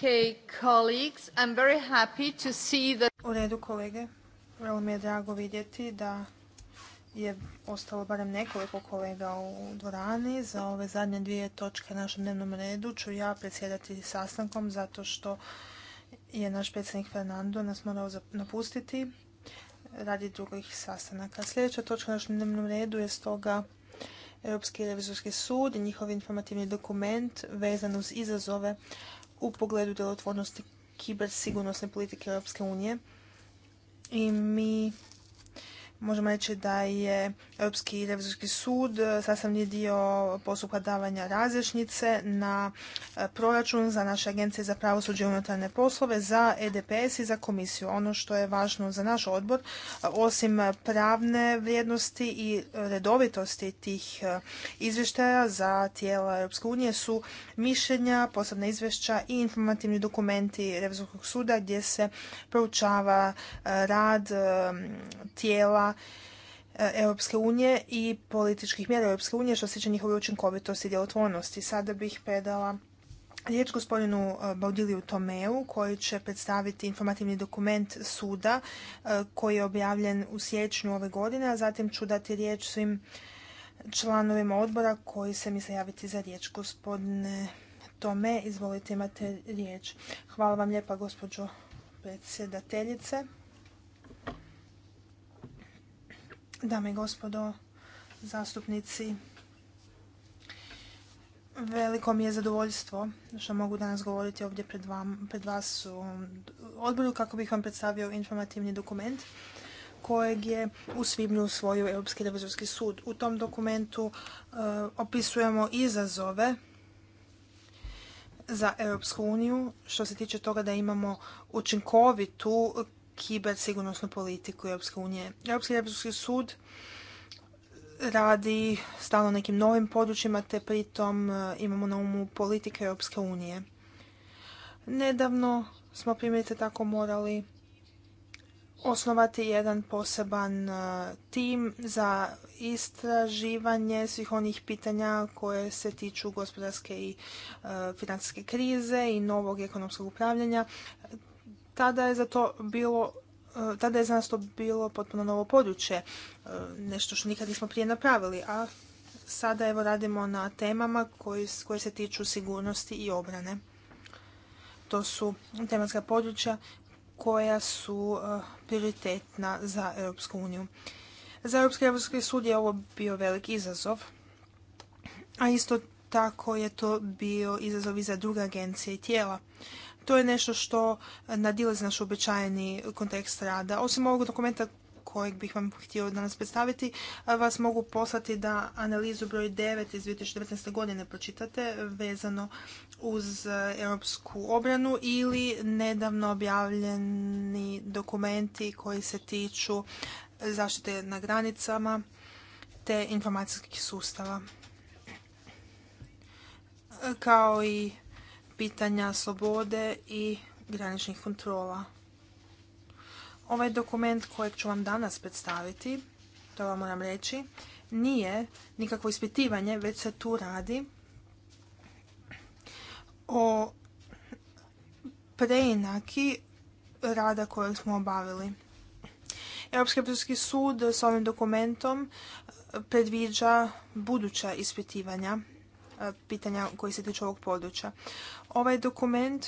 Okay, colleagues, I'm very happy to see that... U redu kolege, vrlo mi je drago vidjeti da je ostalo barem nekoliko kolega u dvorani. Za ove zadnje dvije točke na našem dnevnom redu ću ja predsjedati sastankom zato što je naš predsjednik Fernando nas morao napustiti radi drugih sastanaka. Sljedeća točka na našem dnevnom redu je stoga Europski revizorski sud i njihov informativni dokument vezan uz izazove u pogledu djelotvornosti kibersigurnosne politike Europske unije i mi možemo reći da je Europski revizorski sud e, sastavni dio postupka davanja razrješnice na e, proračun za naše agencije za pravosuđe i unutarnje poslove, za EDPS i za komisiju. Ono što je važno za naš odbor, e, osim pravne vrijednosti i redovitosti tih izvještaja za tijela Europske unije su mišljenja, posebna izvješća i informativni dokumenti revizorskog suda gdje se proučava rad tijela Eh, Europske unije i političkih mjera Europske unije što se tiče njihove učinkovitosti i djelotvornosti. Sada bih predala Riječ gospodinu eh, Baudiliju Tomeu koji će predstaviti informativni dokument suda eh, koji je objavljen u siječnju ove godine, a zatim ću dati riječ svim članovima odbora koji se misle javiti za riječ. Gospodine Tome, izvolite imate riječ. Hvala vam lijepa gospođo predsjedateljice. Dame i gospodo, zastupnici, veliko mi je zadovoljstvo što mogu danas govoriti ovdje pred, vas u odboru kako bih vam predstavio informativni dokument kojeg je u svibnju usvojio Europski revizorski sud. U tom dokumentu e, opisujemo izazove za Europsku uniju što se tiče toga da imamo učinkovitu kiber sigurnosnu politiku Europske unije. Europski revizorski sud radi stalno nekim novim područjima, te pritom e, imamo na umu politike Europske unije. Nedavno smo primjerice tako morali osnovati jedan poseban e, tim za istraživanje svih onih pitanja koje se tiču gospodarske i e, financijske krize i novog ekonomskog upravljanja tada je za to bilo e, tada je za nas to bilo potpuno novo područje, e, nešto što nikad nismo prije napravili, a sada evo radimo na temama koje, koje se tiču sigurnosti i obrane. To su tematska područja koja su e, prioritetna za Europsku uniju. Za Europski europski sud je ovo bio velik izazov, a isto tako je to bio izazov i za druga agencije i tijela. To je nešto što nadilazi naš običajeni kontekst rada. Osim ovog dokumenta kojeg bih vam htio danas predstaviti, vas mogu poslati da analizu broj 9 iz 2019. godine pročitate vezano uz europsku obranu ili nedavno objavljeni dokumenti koji se tiču zaštite na granicama te informacijskih sustava. Kao i pitanja slobode i graničnih kontrola. Ovaj dokument kojeg ću vam danas predstaviti, to vam moram reći, nije nikakvo ispitivanje, već se tu radi o preinaki rada kojeg smo obavili. Europski revizorski sud s ovim dokumentom predviđa buduća ispitivanja pitanja koji se tiču ovog područja. Ovaj dokument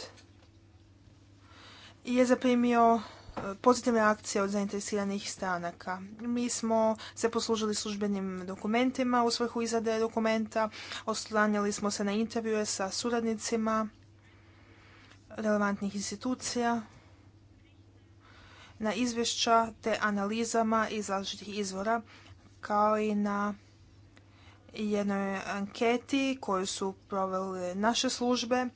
je zaprimio e, pozitivne akcije od zainteresiranih stranaka. Mi smo se poslužili službenim dokumentima u svrhu izrade dokumenta, oslanjali smo se na intervjue sa suradnicima relevantnih institucija, na izvješća te analizama iz različitih izvora, kao i na jednoj anketi koju su provele naše službe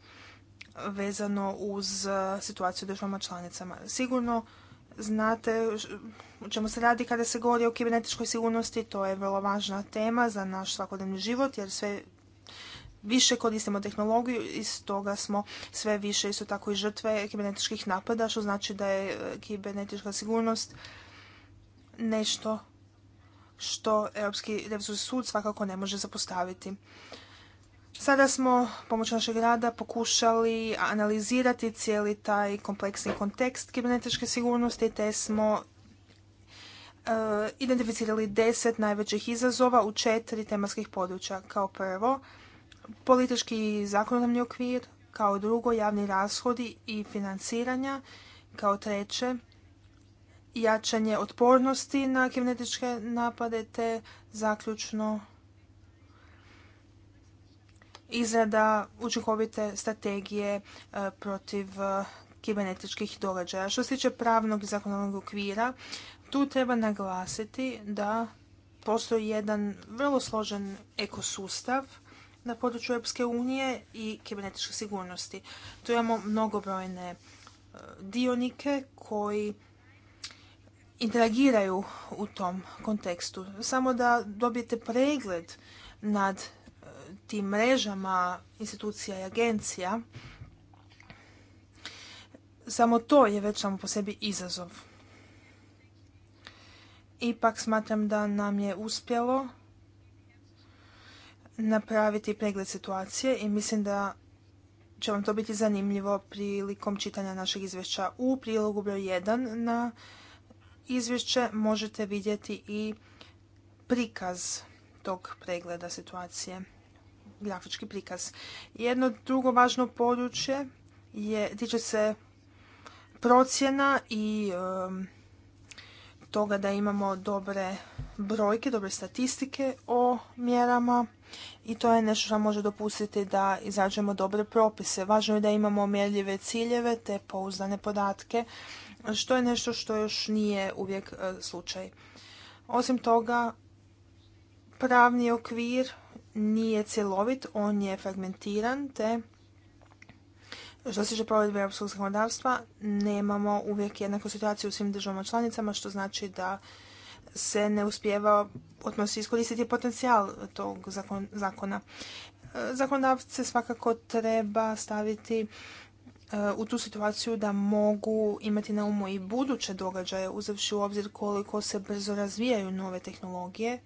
vezano uz e, situaciju u državama članicama. Sigurno znate o čemu se radi kada se govori o kibernetičkoj sigurnosti. To je vrlo važna tema za naš svakodnevni život jer sve više koristimo tehnologiju i stoga smo sve više isto tako i žrtve kibernetičkih napada, što znači da je e, kibernetička sigurnost nešto što Europski revizorski sud svakako ne može zapostaviti. Sada smo pomoć našeg rada pokušali analizirati cijeli taj kompleksni kontekst kibernetičke sigurnosti, te smo e, identificirali deset najvećih izazova u četiri tematskih područja. Kao prvo, politički i zakonodavni okvir, kao drugo, javni rashodi i financiranja, kao treće, jačanje otpornosti na kibernetičke napade, te zaključno izrada učinkovite strategije e, protiv e, kibernetičkih događaja. Što se tiče pravnog i zakonodavnog okvira, tu treba naglasiti da postoji jedan vrlo složen ekosustav na području Europske unije i kibernetičke sigurnosti. Tu imamo mnogobrojne e, dionike koji interagiraju u tom kontekstu. Samo da dobijete pregled nad tim mrežama institucija i agencija, samo to je već samo po sebi izazov. Ipak smatram da nam je uspjelo napraviti pregled situacije i mislim da će vam to biti zanimljivo prilikom čitanja našeg izvješća. U prilogu broj 1 na izvješće možete vidjeti i prikaz tog pregleda situacije grafički prikaz. Jedno drugo važno područje je, tiče se procjena i um, toga da imamo dobre brojke, dobre statistike o mjerama i to je nešto što može dopustiti da izađemo dobre propise. Važno je da imamo mjerljive ciljeve te pouzdane podatke, što je nešto što još nije uvijek e, slučaj. Osim toga, pravni okvir nije cjelovit, on je fragmentiran, te što se tiče provedbe europskog zakonodavstva, nemamo uvijek jednaku situaciju u svim državama članicama, što znači da se ne uspijeva odnosno iskoristiti potencijal tog zakona. E, zakonodavce svakako treba staviti e, u tu situaciju da mogu imati na umu i buduće događaje, uzevši u obzir koliko se brzo razvijaju nove tehnologije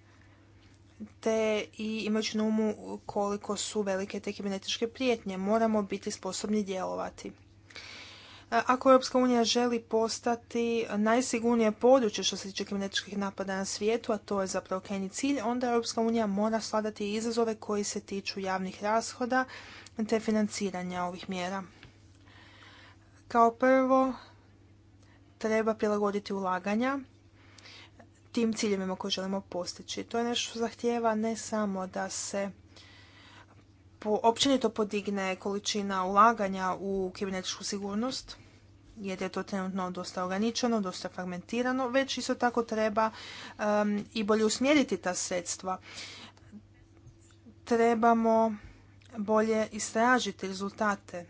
te i imajući na umu koliko su velike te kibernetičke prijetnje. Moramo biti sposobni djelovati. E, ako Europska unija želi postati najsigurnije područje što se tiče kibernetičkih napada na svijetu, a to je zapravo krajnji cilj, onda Europska unija mora sladati izazove koji se tiču javnih rashoda te financiranja ovih mjera. Kao prvo, treba prilagoditi ulaganja tim ciljevima koje želimo postići. To je nešto što zahtijeva ne samo da se po, općenito podigne količina ulaganja u kibernetičku sigurnost, jer je to trenutno dosta ograničeno, dosta fragmentirano, već isto tako treba um, i bolje usmjeriti ta sredstva. Trebamo bolje istražiti rezultate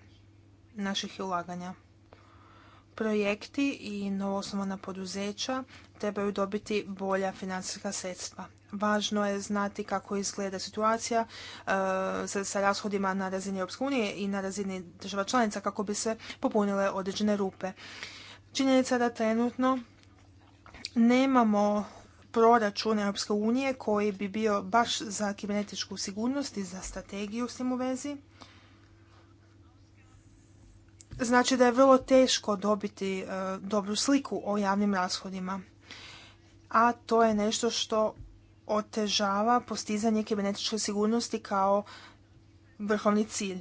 naših ulaganja. Projekti i novoosnovana poduzeća trebaju dobiti bolja financijska sredstva. Važno je znati kako izgleda situacija e, sa rashodima na razini Europske unije i na razini država članica kako bi se popunile određene rupe. Činjenica da trenutno nemamo proračun Europske unije koji bi bio baš za kibernetičku sigurnost i za strategiju s tim u vezi. Znači da je vrlo teško dobiti e, dobru sliku o javnim rashodima a to je nešto što otežava postizanje kibernetičke sigurnosti kao vrhovni cilj.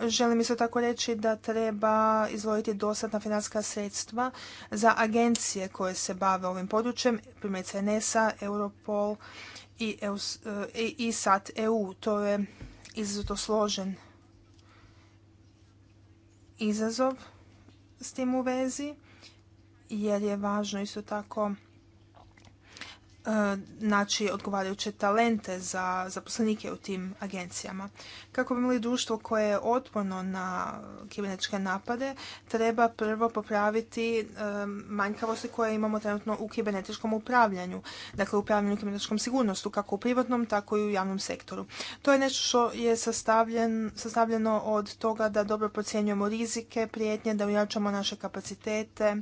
Želim isto tako reći da treba izvojiti dostatna finanska sredstva za agencije koje se bave ovim područjem, primjerice e a Europol i, e, i SAT EU. To je izuzetno složen izazov s tim u vezi jer je važno isto tako e, naći odgovarajuće talente za zaposlenike u tim agencijama. Kako bi imali društvo koje je otporno na kibernetičke napade, treba prvo popraviti e, manjkavosti koje imamo trenutno u kibernetičkom upravljanju, dakle upravljanju kibernetičkom sigurnostu, kako u privatnom, tako i u javnom sektoru. To je nešto što je sastavljen, sastavljeno od toga da dobro procjenjujemo rizike, prijetnje, da ujačamo naše kapacitete,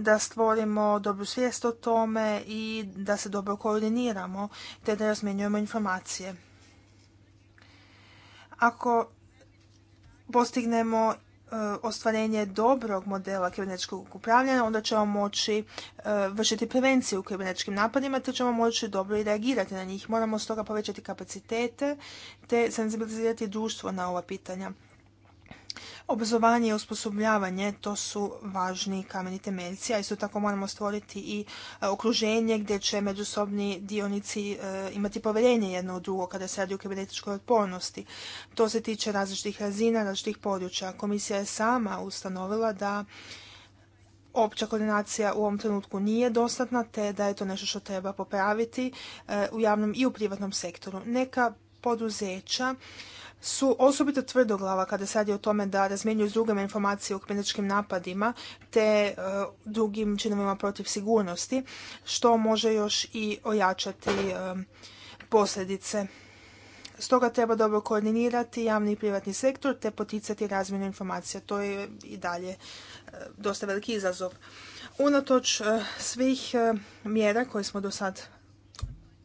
da stvorimo dobru svijest o tome i da se dobro koordiniramo te da razmjenjujemo informacije. Ako postignemo e, ostvarenje dobrog modela kibernetičkog upravljanja, onda ćemo moći e, vršiti prevenciju u kibernetičkim napadima, te ćemo moći dobro i reagirati na njih. Moramo stoga povećati kapacitete te senzibilizirati društvo na ova pitanja. Obrazovanje i osposobljavanje to su važni kameni temeljci, a isto tako moramo stvoriti i e, okruženje gdje će međusobni dionici e, imati povjerenje jedno u drugo kada se radi o kibernetičkoj otpornosti. To se tiče različitih razina, različitih područja. Komisija je sama ustanovila da opća koordinacija u ovom trenutku nije dostatna, te da je to nešto što treba popraviti e, u javnom i u privatnom sektoru. Neka poduzeća su osobito tvrdoglava kada se radi o tome da razmjenjuju s drugima informacije o kibernetičkim napadima te e, drugim činovima protiv sigurnosti, što može još i ojačati e, posljedice. Stoga treba dobro koordinirati javni i privatni sektor te poticati razmjenu informacija. To je i dalje e, dosta veliki izazov. Unatoč svih mjera koje smo do sad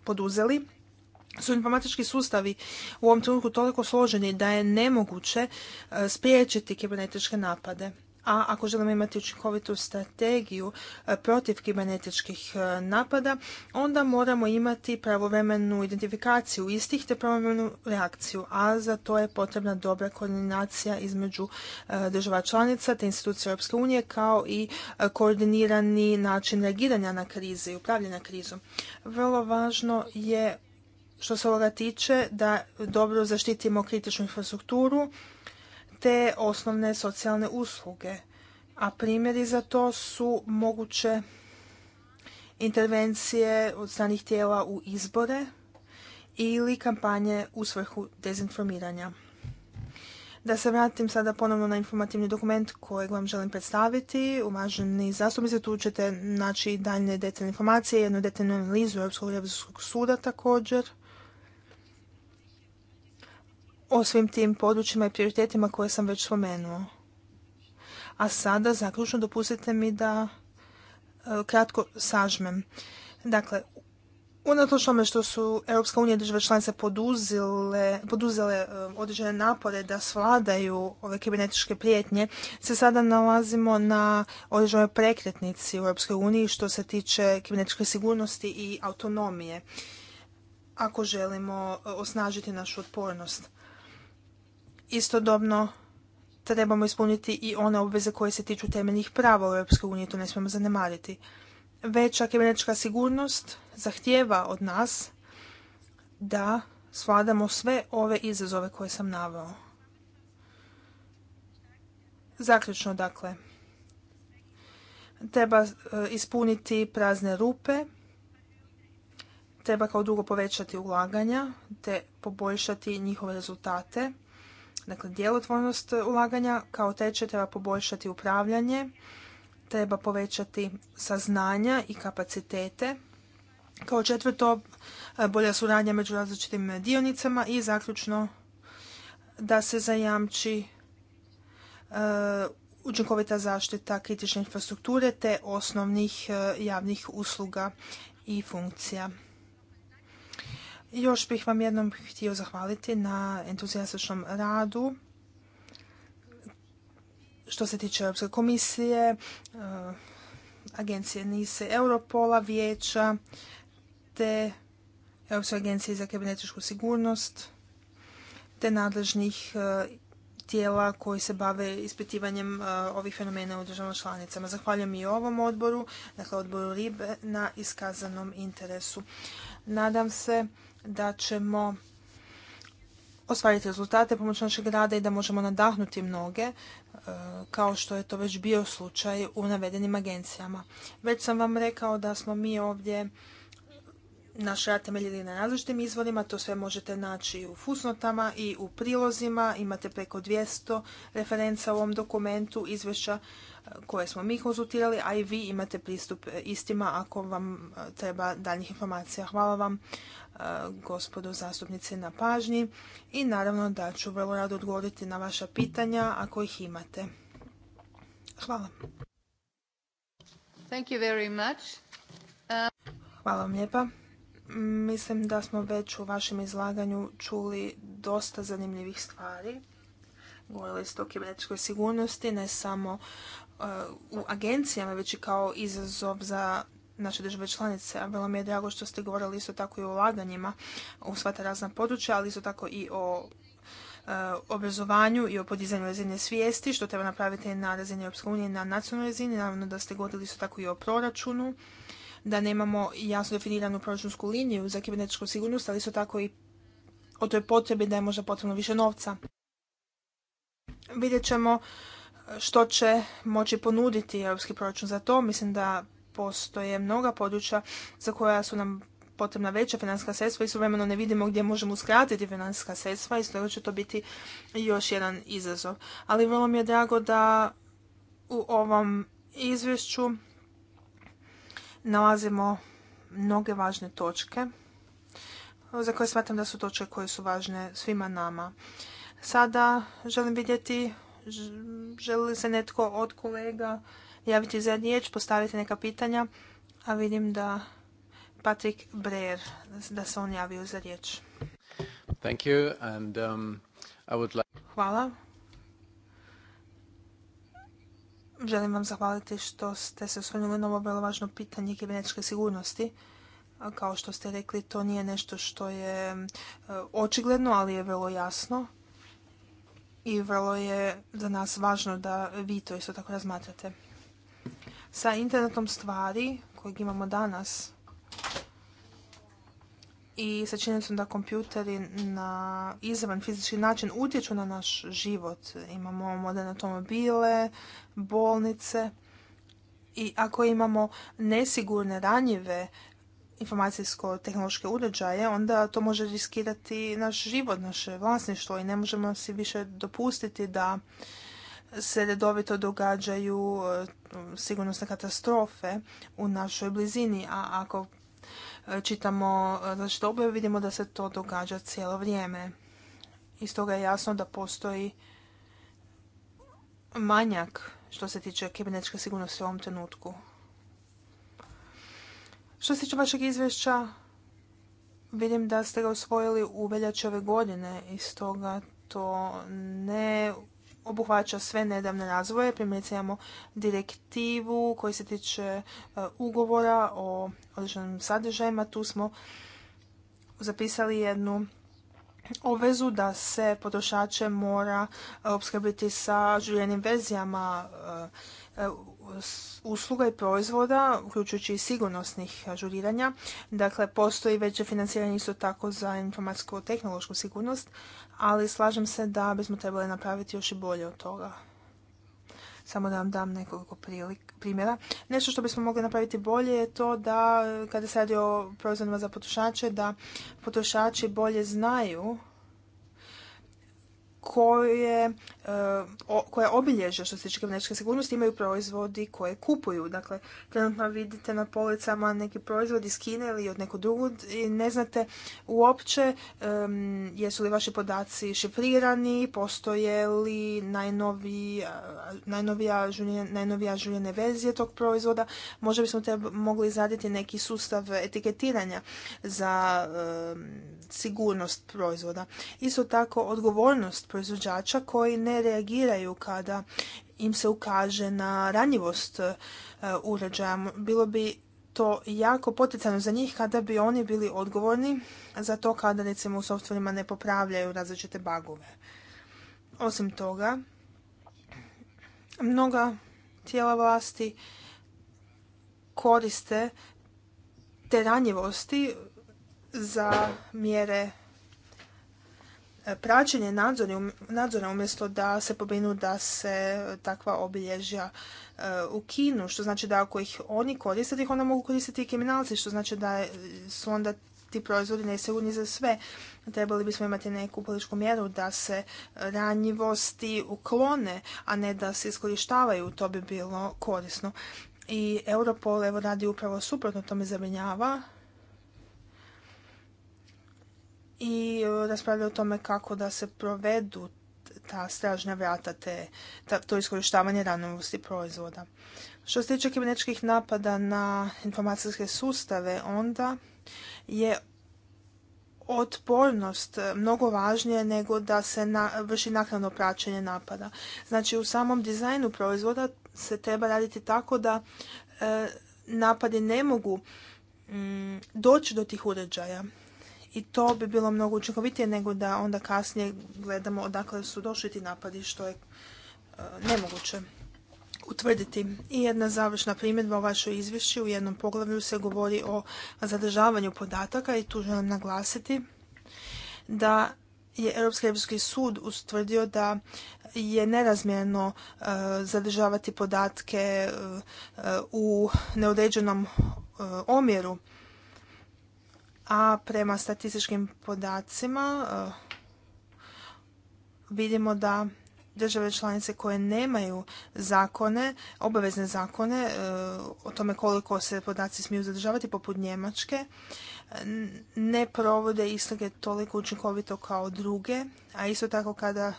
poduzeli, su informatički sustavi u ovom trenutku toliko složeni da je nemoguće e, spriječiti kibernetičke napade. A ako želimo imati učinkovitu strategiju e, protiv kibernetičkih e, napada, onda moramo imati pravovremenu identifikaciju istih te pravovremenu reakciju, a za to je potrebna dobra koordinacija između država članica te institucija Europske unije kao i koordinirani način reagiranja na krize i upravljanja krizom. Vrlo važno je što se ovoga tiče da dobro zaštitimo kritičnu infrastrukturu te osnovne socijalne usluge. A primjeri za to su moguće intervencije od stranih tijela u izbore ili kampanje u svrhu dezinformiranja. Da se vratim sada ponovno na informativni dokument kojeg vam želim predstaviti. Uvaženi zastupnici, tu ćete naći daljne detaljne informacije, jednu detaljnu analizu Europskog revizorskog suda također o svim tim područjima i prioritetima koje sam već spomenuo. A sada zaključno dopustite mi da e, kratko sažmem. Dakle, Unatoč tome što su Europska unija i države članice poduzele, poduzele određene napore da svladaju ove kibernetičke prijetnje, se sada nalazimo na određenoj prekretnici u Europskoj uniji što se tiče kibernetičke sigurnosti i autonomije ako želimo e, osnažiti našu otpornost. Istodobno trebamo ispuniti i one obveze koje se tiču temeljnih prava u EU, to ne smijemo zanemariti. Veća kibernetička sigurnost zahtjeva od nas da svladamo sve ove izazove koje sam naveo. Zaključno dakle, treba e, ispuniti prazne rupe, treba kao drugo povećati ulaganja te poboljšati njihove rezultate Dakle, djelotvornost ulaganja kao teče treba poboljšati upravljanje, treba povećati saznanja i kapacitete. Kao četvrto, bolja suradnja među različitim dionicama i zaključno da se zajamči e, učinkovita zaštita kritične infrastrukture te osnovnih e, javnih usluga i funkcija. Još bih vam jednom htio zahvaliti na entuzijastičnom radu što se tiče Europske komisije, e, agencije NISE, Europola, Vijeća, te Europske agencije za kibernetičku sigurnost, te nadležnih e, tijela koji se bave ispitivanjem e, ovih fenomena u državama članicama. Zahvaljujem i ovom odboru, dakle odboru RIBE, na iskazanom interesu. Nadam se da ćemo ostvariti rezultate pomoću našeg rada i da možemo nadahnuti mnoge, e, kao što je to već bio slučaj u navedenim agencijama. Već sam vam rekao da smo mi ovdje naš rad temeljili na različitim izvorima, to sve možete naći u fusnotama i u prilozima, imate preko 200 referenca u ovom dokumentu izvješća e, koje smo mi konzultirali, a i vi imate pristup e, istima ako vam treba daljnjih informacija. Hvala vam gospodo zastupnici na pažnji i naravno da ću vrlo rado odgovoriti na vaša pitanja ako ih imate. Hvala. Thank you very much. Hvala vam lijepa. Mislim da smo već u vašem izlaganju čuli dosta zanimljivih stvari. Govorili ste o kibernetičkoj sigurnosti, ne samo e, u agencijama, već i kao izazov za naše države članice, a bilo mi je drago što ste govorili isto tako i o ulaganjima u sva ta razna područja, ali isto tako i o e, obrazovanju i o podizanju razine svijesti, što treba napraviti na razini Europske unije na nacionalnoj razini. Naravno da ste govorili isto tako i o proračunu, da nemamo jasno definiranu proračunsku liniju za kibernetičku sigurnost, ali isto tako i o toj potrebi da je možda potrebno više novca. Vidjet ćemo što će moći ponuditi europski proračun za to. Mislim da postoje mnoga područja za koja su nam potrebna veća financijska sredstva i istovremeno ne vidimo gdje možemo uskratiti financijska sredstva i stoga će to biti još jedan izazov. Ali vrlo mi je drago da u ovom izvješću nalazimo mnoge važne točke za koje smatram da su točke koje su važne svima nama. Sada želim vidjeti želi li se netko od kolega javiti za riječ, postaviti neka pitanja, a vidim da Patrick Breer, da se on javio za riječ. Thank you and, um, I would like... Hvala. Želim vam zahvaliti što ste se osvrnuli na ovo vrlo važno pitanje kibernetičke sigurnosti. Kao što ste rekli, to nije nešto što je e, očigledno, ali je vrlo jasno. I vrlo je za nas važno da vi to isto tako razmatrate sa internetom stvari kojeg imamo danas i sa činjenicom da kompjuteri na izravan fizički način utječu na naš život. Imamo moderne automobile, bolnice i ako imamo nesigurne, ranjive informacijsko-tehnološke uređaje, onda to može riskirati naš život, naše vlasništvo i ne možemo si više dopustiti da se redovito događaju e, sigurnosne katastrofe u našoj blizini, a ako e, čitamo različite e, objave vidimo da se to događa cijelo vrijeme. I stoga je jasno da postoji manjak što se tiče kibernetičke sigurnosti u ovom trenutku. Što se tiče vašeg izvješća, vidim da ste ga osvojili u veljači ove godine i stoga to ne obuhvaća sve nedavne razvoje. Primjerice imamo direktivu koji se tiče e, ugovora o određenim sadržajima. Tu smo zapisali jednu obvezu da se potrošače mora e, opskrbiti sa žuljenim verzijama e, usluga i proizvoda, uključujući i sigurnosnih ažuriranja. Dakle, postoji veće financiranje isto tako za informatsko tehnološku sigurnost, ali slažem se da bismo trebali napraviti još i bolje od toga. Samo da vam dam nekoliko primjera. Nešto što bismo mogli napraviti bolje je to da, kada se radi o proizvodima za potrošače, da potrošači bolje znaju koje, eh, koje obilježe što se tiče kibernetičke sigurnosti imaju proizvodi koje kupuju. Dakle, trenutno vidite na policama neki proizvodi iz Kine ili od nekog drugog i ne znate uopće jesu li vaši podaci šifrirani, postoje li eh, najnovija žuljene verzije tog proizvoda. Možda bismo te mogli izraditi neki sustav etiketiranja za sigurnost proizvoda. Isto tako odgovornost proizvođača koji ne reagiraju kada im se ukaže na ranjivost e, uređaja. Bilo bi to jako poticano za njih kada bi oni bili odgovorni za to kada recimo u softverima ne popravljaju različite bagove. Osim toga, mnoga tijela vlasti koriste te ranjivosti za mjere praćenje um, nadzora umjesto da se pobinu da se takva obilježja e, ukinu, što znači da ako ih oni koriste, ih onda mogu koristiti i kriminalci, što znači da su onda ti proizvodi nesigurni za sve. Trebali bismo imati neku političku mjeru da se ranjivosti uklone, a ne da se iskorištavaju, to bi bilo korisno. I Europol evo radi upravo suprotno, to me zabrinjava i e, raspravljaju o tome kako da se provedu ta stražnja vrata, te, to iskorištavanje ranjivosti proizvoda. Što se tiče kibernetičkih napada na informacijske sustave, onda je otpornost mnogo važnije nego da se vrši naknadno praćenje napada. Znači u samom dizajnu proizvoda se treba raditi tako da e, napadi ne mogu mm, doći do tih uređaja i to bi bilo mnogo učinkovitije nego da onda kasnije gledamo odakle su došli ti napadi, što je e, nemoguće utvrditi. I jedna završna primjedba o vašoj izvješću. U jednom poglavlju se govori o zadržavanju podataka i tu želim naglasiti da je Europski europski sud ustvrdio da je nerazmjerno e, zadržavati podatke e, u neodređenom omjeru a prema statističkim podacima eh, vidimo da države članice koje nemaju zakone, obavezne zakone eh, o tome koliko se podaci smiju zadržavati, poput Njemačke, ne provode istrage toliko učinkovito kao druge, a isto tako kada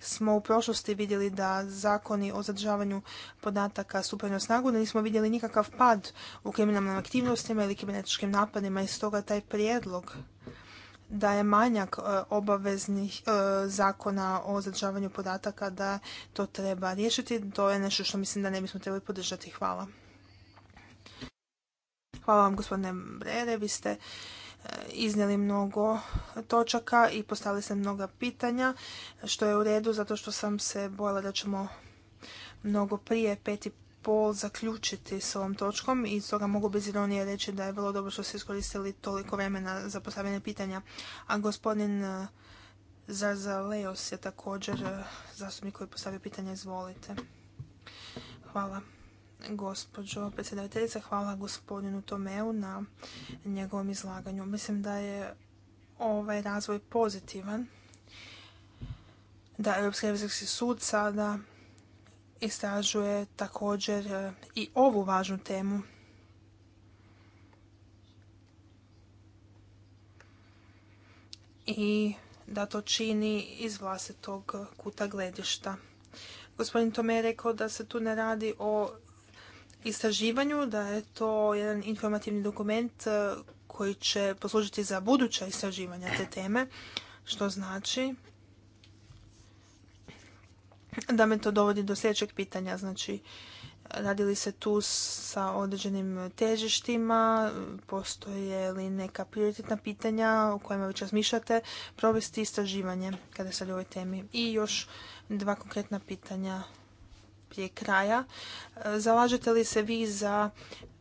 smo u prošlosti vidjeli da zakoni o zadržavanju podataka stupaju na snagu, da nismo vidjeli nikakav pad u kriminalnim aktivnostima ili kibernetičkim napadima i stoga taj prijedlog da je manjak e, obaveznih e, zakona o zadržavanju podataka da to treba riješiti. To je nešto što mislim da ne bismo trebali podržati. Hvala. Hvala vam gospodine Brere, vi ste iznijeli mnogo točaka i postavili se mnoga pitanja, što je u redu zato što sam se bojala da ćemo mnogo prije pet i pol zaključiti s ovom točkom i stoga mogu bez ironije reći da je vrlo dobro što ste iskoristili toliko vremena za postavljanje pitanja. A gospodin e, Zarzaleos je također e, zastupnik koji postavio pitanje. Izvolite. Hvala gospođo predsjedavateljice Hvala gospodinu Tomeu na njegovom izlaganju. Mislim da je ovaj razvoj pozitivan. Da Europski revizorski sud sada istražuje također e, i ovu važnu temu. I da to čini iz vlastitog kuta gledišta. Gospodin Tome je rekao da se tu ne radi o istraživanju, da je to jedan informativni dokument e, koji će poslužiti za buduća istraživanja te teme, što znači da me to dovodi do sljedećeg pitanja. Znači, radi li se tu sa određenim težištima, postoje li neka prioritetna pitanja o kojima već razmišljate, provesti istraživanje kada se radi o ovoj temi. I još dva konkretna pitanja prije kraja. E, zalažete li se vi za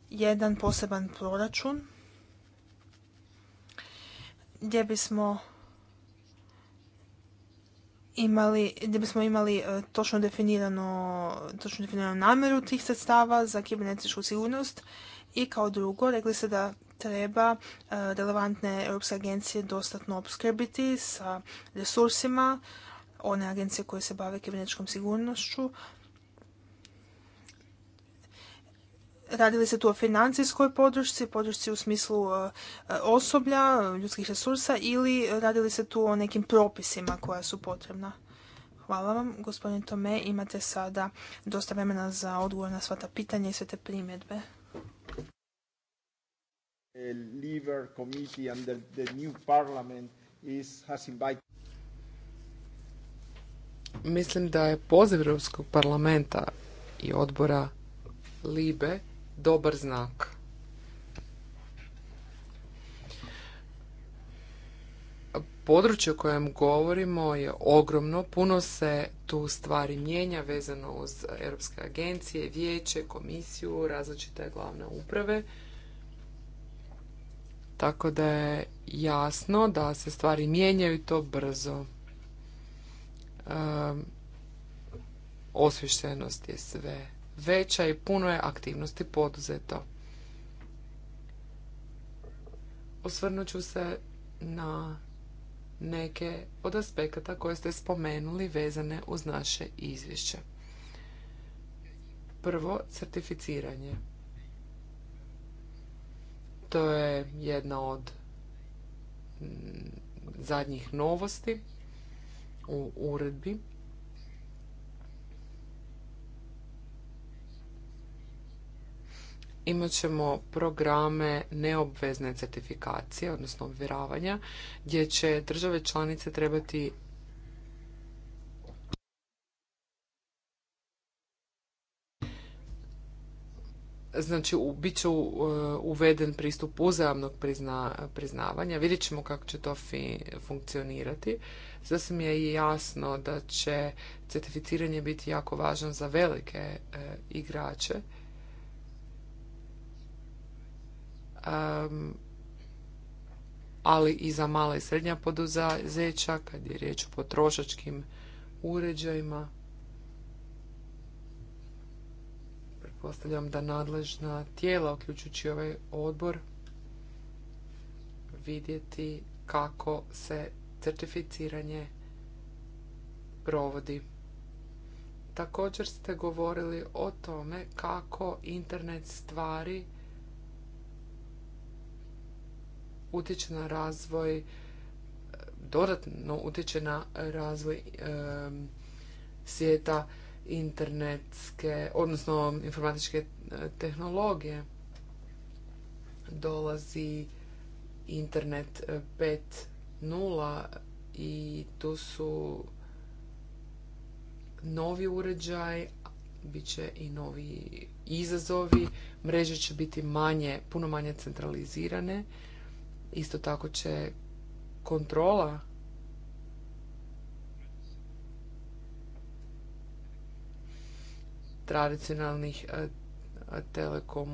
jedan poseban proračun gdje bismo imali, gdje bismo imali e, točno definirano, točno definiranu namjeru tih sredstava za kibernetičku sigurnost i kao drugo rekli ste da treba e, relevantne europske agencije dostatno opskrbiti sa resursima, one agencije koje se bave kibernetičkom sigurnošću, Radili se tu o financijskoj podršci, podršci u smislu e, osoblja, ljudskih resursa ili radili se tu o nekim propisima koja su potrebna? Hvala vam. Gospodin Tome, imate sada dosta vremena za odgovor na sva ta pitanja i sve te primjedbe. Mislim da je poziv Europskog parlamenta i odbora Libe dobar znak. Područje o kojem govorimo je ogromno, puno se tu stvari mijenja vezano uz Europske agencije, vijeće, komisiju, različite glavne uprave. Tako da je jasno da se stvari mijenjaju i to brzo. Ehm, Osvištenost je sve veća i puno je aktivnosti poduzeto. Osvrnut ću se na neke od aspekata koje ste spomenuli vezane uz naše izvješće. Prvo, certificiranje. To je jedna od mm, zadnjih novosti u uredbi imat ćemo programe neobvezne certifikacije, odnosno ovjeravanja, gdje će države članice trebati znači bit će uh, uveden pristup uzajamnog priznavanja. Vidjet ćemo kako će to fi, funkcionirati. Sasvim je jasno da će certificiranje biti jako važno za velike uh, igrače ali i za mala i srednja poduzeća, kad je riječ o potrošačkim uređajima. Pretpostavljam da nadležna tijela, uključujući ovaj odbor, vidjeti kako se certificiranje provodi. Također ste govorili o tome kako internet stvari utječe na razvoj, dodatno utječe na razvoj svijeta internetske, odnosno informatičke e, tehnologije. Dolazi internet 5.0 e, i tu su novi uređaj, bit će i novi izazovi, mreže će biti manje, puno manje centralizirane Isto tako će kontrola tradicionalnih e, telekom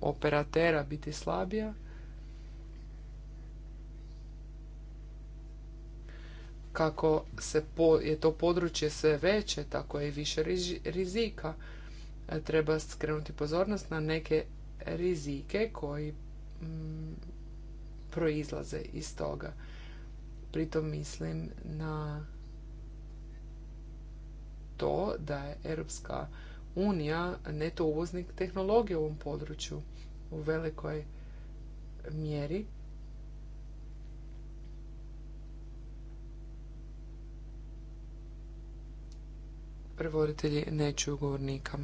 operatera biti slabija. Kako se po, je to područje sve veće, tako je i više rizika. E, treba skrenuti pozornost na neke rizike koji proizlaze iz toga. Pritom mislim na to da je Europska unija neto uvoznik tehnologije u ovom području u velikoj mjeri. Prevoditelji neću govornika.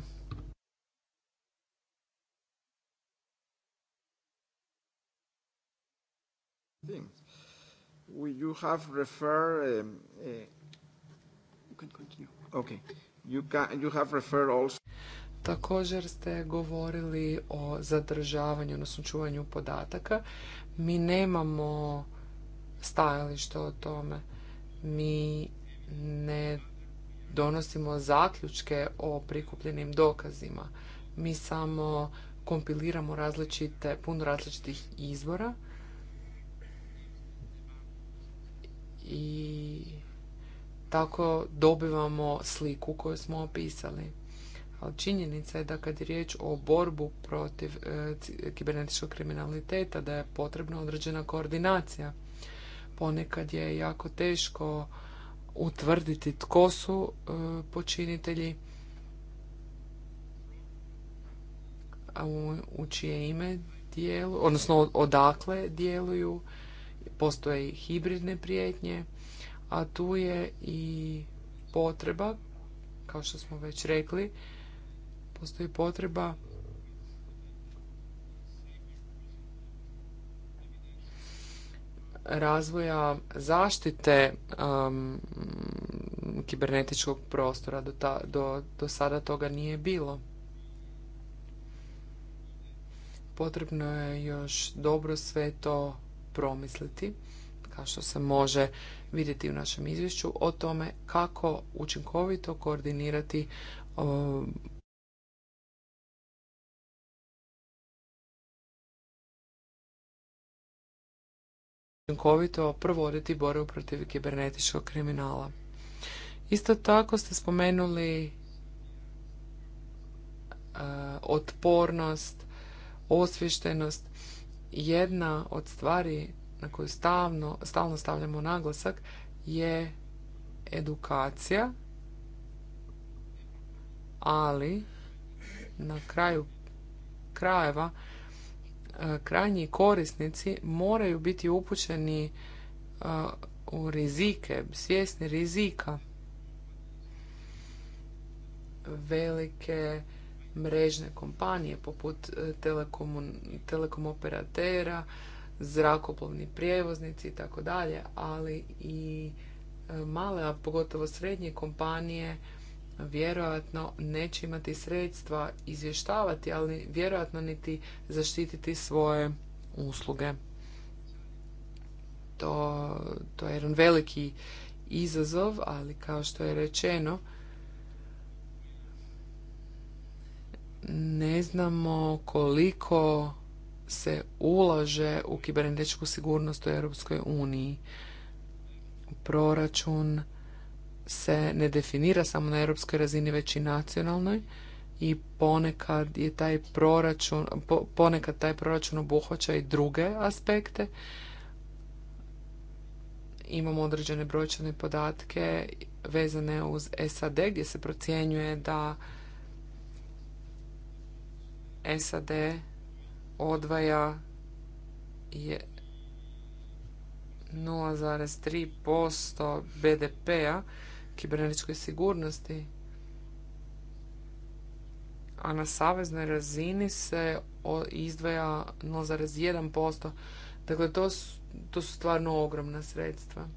We, you have Um, uh, continue. Okay. You, you have referred also. Također ste govorili o zadržavanju, odnosno čuvanju podataka. Mi nemamo stajalište o tome. Mi ne donosimo zaključke o prikupljenim dokazima. Mi samo kompiliramo različite, puno različitih izvora i tako dobivamo sliku koju smo opisali. Ali činjenica je da kad je riječ o borbu protiv e, kibernetičkog kriminaliteta, da je potrebna određena koordinacija. Ponekad je jako teško utvrditi tko su e, počinitelji, u, u čije ime dijelu, odnosno odakle djeluju, Postoje i hibridne prijetnje, a tu je i potreba, kao što smo već rekli, postoji potreba razvoja zaštite um, kibernetičkog prostora. Do, do, do sada toga nije bilo. Potrebno je još dobro sve to promisliti, kao što se može vidjeti u našem izvješću, o tome kako učinkovito koordinirati učinkovito provoditi borbu protiv kibernetičkog kriminala. Isto tako ste spomenuli e, otpornost, osviještenost jedna od stvari na koju stalno, stalno stavljamo naglasak je edukacija, ali na kraju krajeva e, krajnji korisnici moraju biti upućeni e, u rizike, svjesni rizika velike mrežne kompanije poput e, telekom, operatera, zrakoplovni prijevoznici i tako dalje, ali i e, male, a pogotovo srednje kompanije vjerojatno neće imati sredstva izvještavati, ali vjerojatno niti zaštititi svoje usluge. To, to je jedan veliki izazov, ali kao što je rečeno, ne znamo koliko se ulaže u kibernetičku sigurnost u Europskoj uniji. Proračun se ne definira samo na europskoj razini, već i nacionalnoj i ponekad je taj proračun, ponekad taj proračun obuhvaća i druge aspekte. Imamo određene brojčane podatke vezane uz SAD gdje se procjenjuje da SAD odvaja je 0,3% BDP-a kibernetičkoj sigurnosti, a na saveznoj razini se izdvaja 0,1%. Dakle, to to su stvarno ogromna sredstva.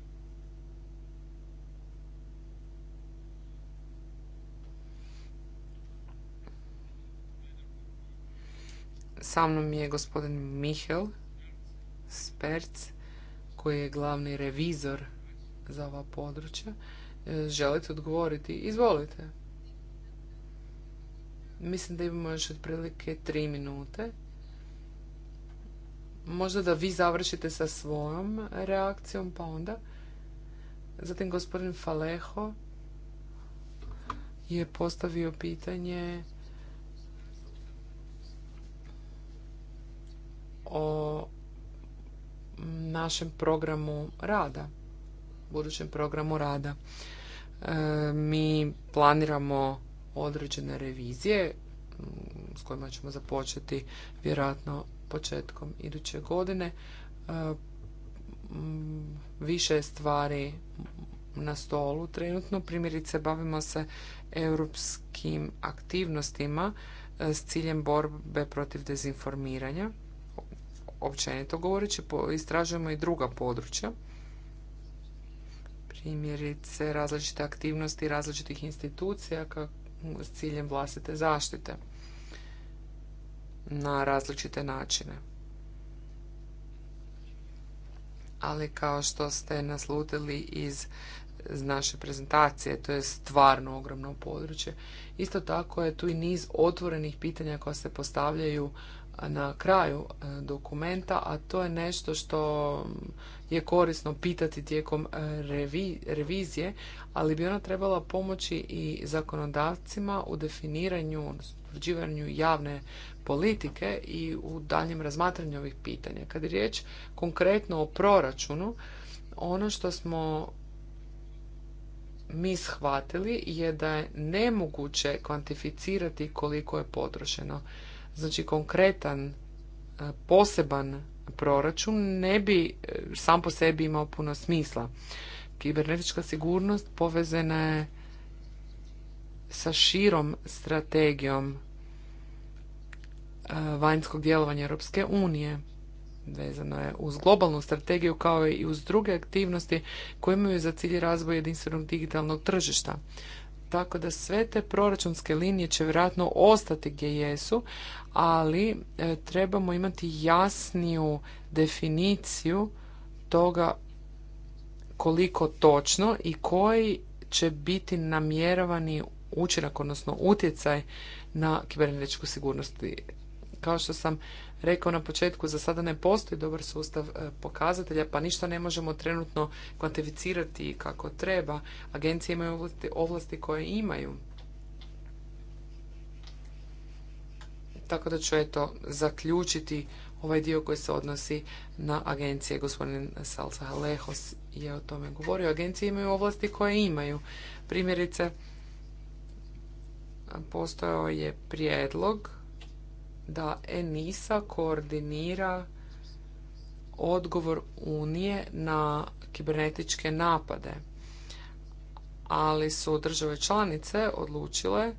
Sa mnom je gospodin Mihel Sperc, koji je glavni revizor za ova područja. E, želite odgovoriti? Izvolite. Mislim da imamo još otprilike tri minute. Možda da vi završite sa svojom reakcijom, pa onda. Zatim gospodin Faleho je postavio pitanje o našem programu rada, budućem programu rada. E, mi planiramo određene revizije mm, s kojima ćemo započeti vjerojatno početkom iduće godine. E, mm, više stvari na stolu trenutno. Primjerice bavimo se europskim aktivnostima e, s ciljem borbe protiv dezinformiranja općenito govoreći istražujemo i druga područja primjerice različite aktivnosti različitih institucija s ciljem vlastite zaštite na različite načine. Ali kao što ste naslutili iz naše prezentacije, to je stvarno ogromno područje. Isto tako je tu i niz otvorenih pitanja koja se postavljaju na kraju e, dokumenta, a to je nešto što je korisno pitati tijekom e, revizije, ali bi ona trebala pomoći i zakonodavcima u definiranju, utvrđivanju javne politike i u daljem razmatranju ovih pitanja. Kad je riječ konkretno o proračunu, ono što smo mi shvatili je da je nemoguće kvantificirati koliko je potrošeno znači konkretan, e, poseban proračun ne bi e, sam po sebi imao puno smisla. Kibernetička sigurnost povezana je sa širom strategijom e, vanjskog djelovanja Europske unije. Vezano je uz globalnu strategiju kao i uz druge aktivnosti koje imaju za cilj razvoj jedinstvenog digitalnog tržišta. Tako da sve te proračunske linije će vjerojatno ostati gdje jesu, ali e, trebamo imati jasniju definiciju toga koliko točno i koji će biti namjeravani učinak, odnosno utjecaj na kibernetičku sigurnost. Kao što sam rekao na početku, za sada ne postoji dobar sustav e, pokazatelja, pa ništa ne možemo trenutno kvantificirati kako treba. Agencije imaju ovlasti, koje imaju. Tako da ću eto zaključiti ovaj dio koji se odnosi na agencije. Gospodin Salsa Lehos je o tome govorio. Agencije imaju ovlasti koje imaju. Primjerice, postojao je prijedlog da ENISA koordinira odgovor Unije na kibernetičke napade, ali su države članice odlučile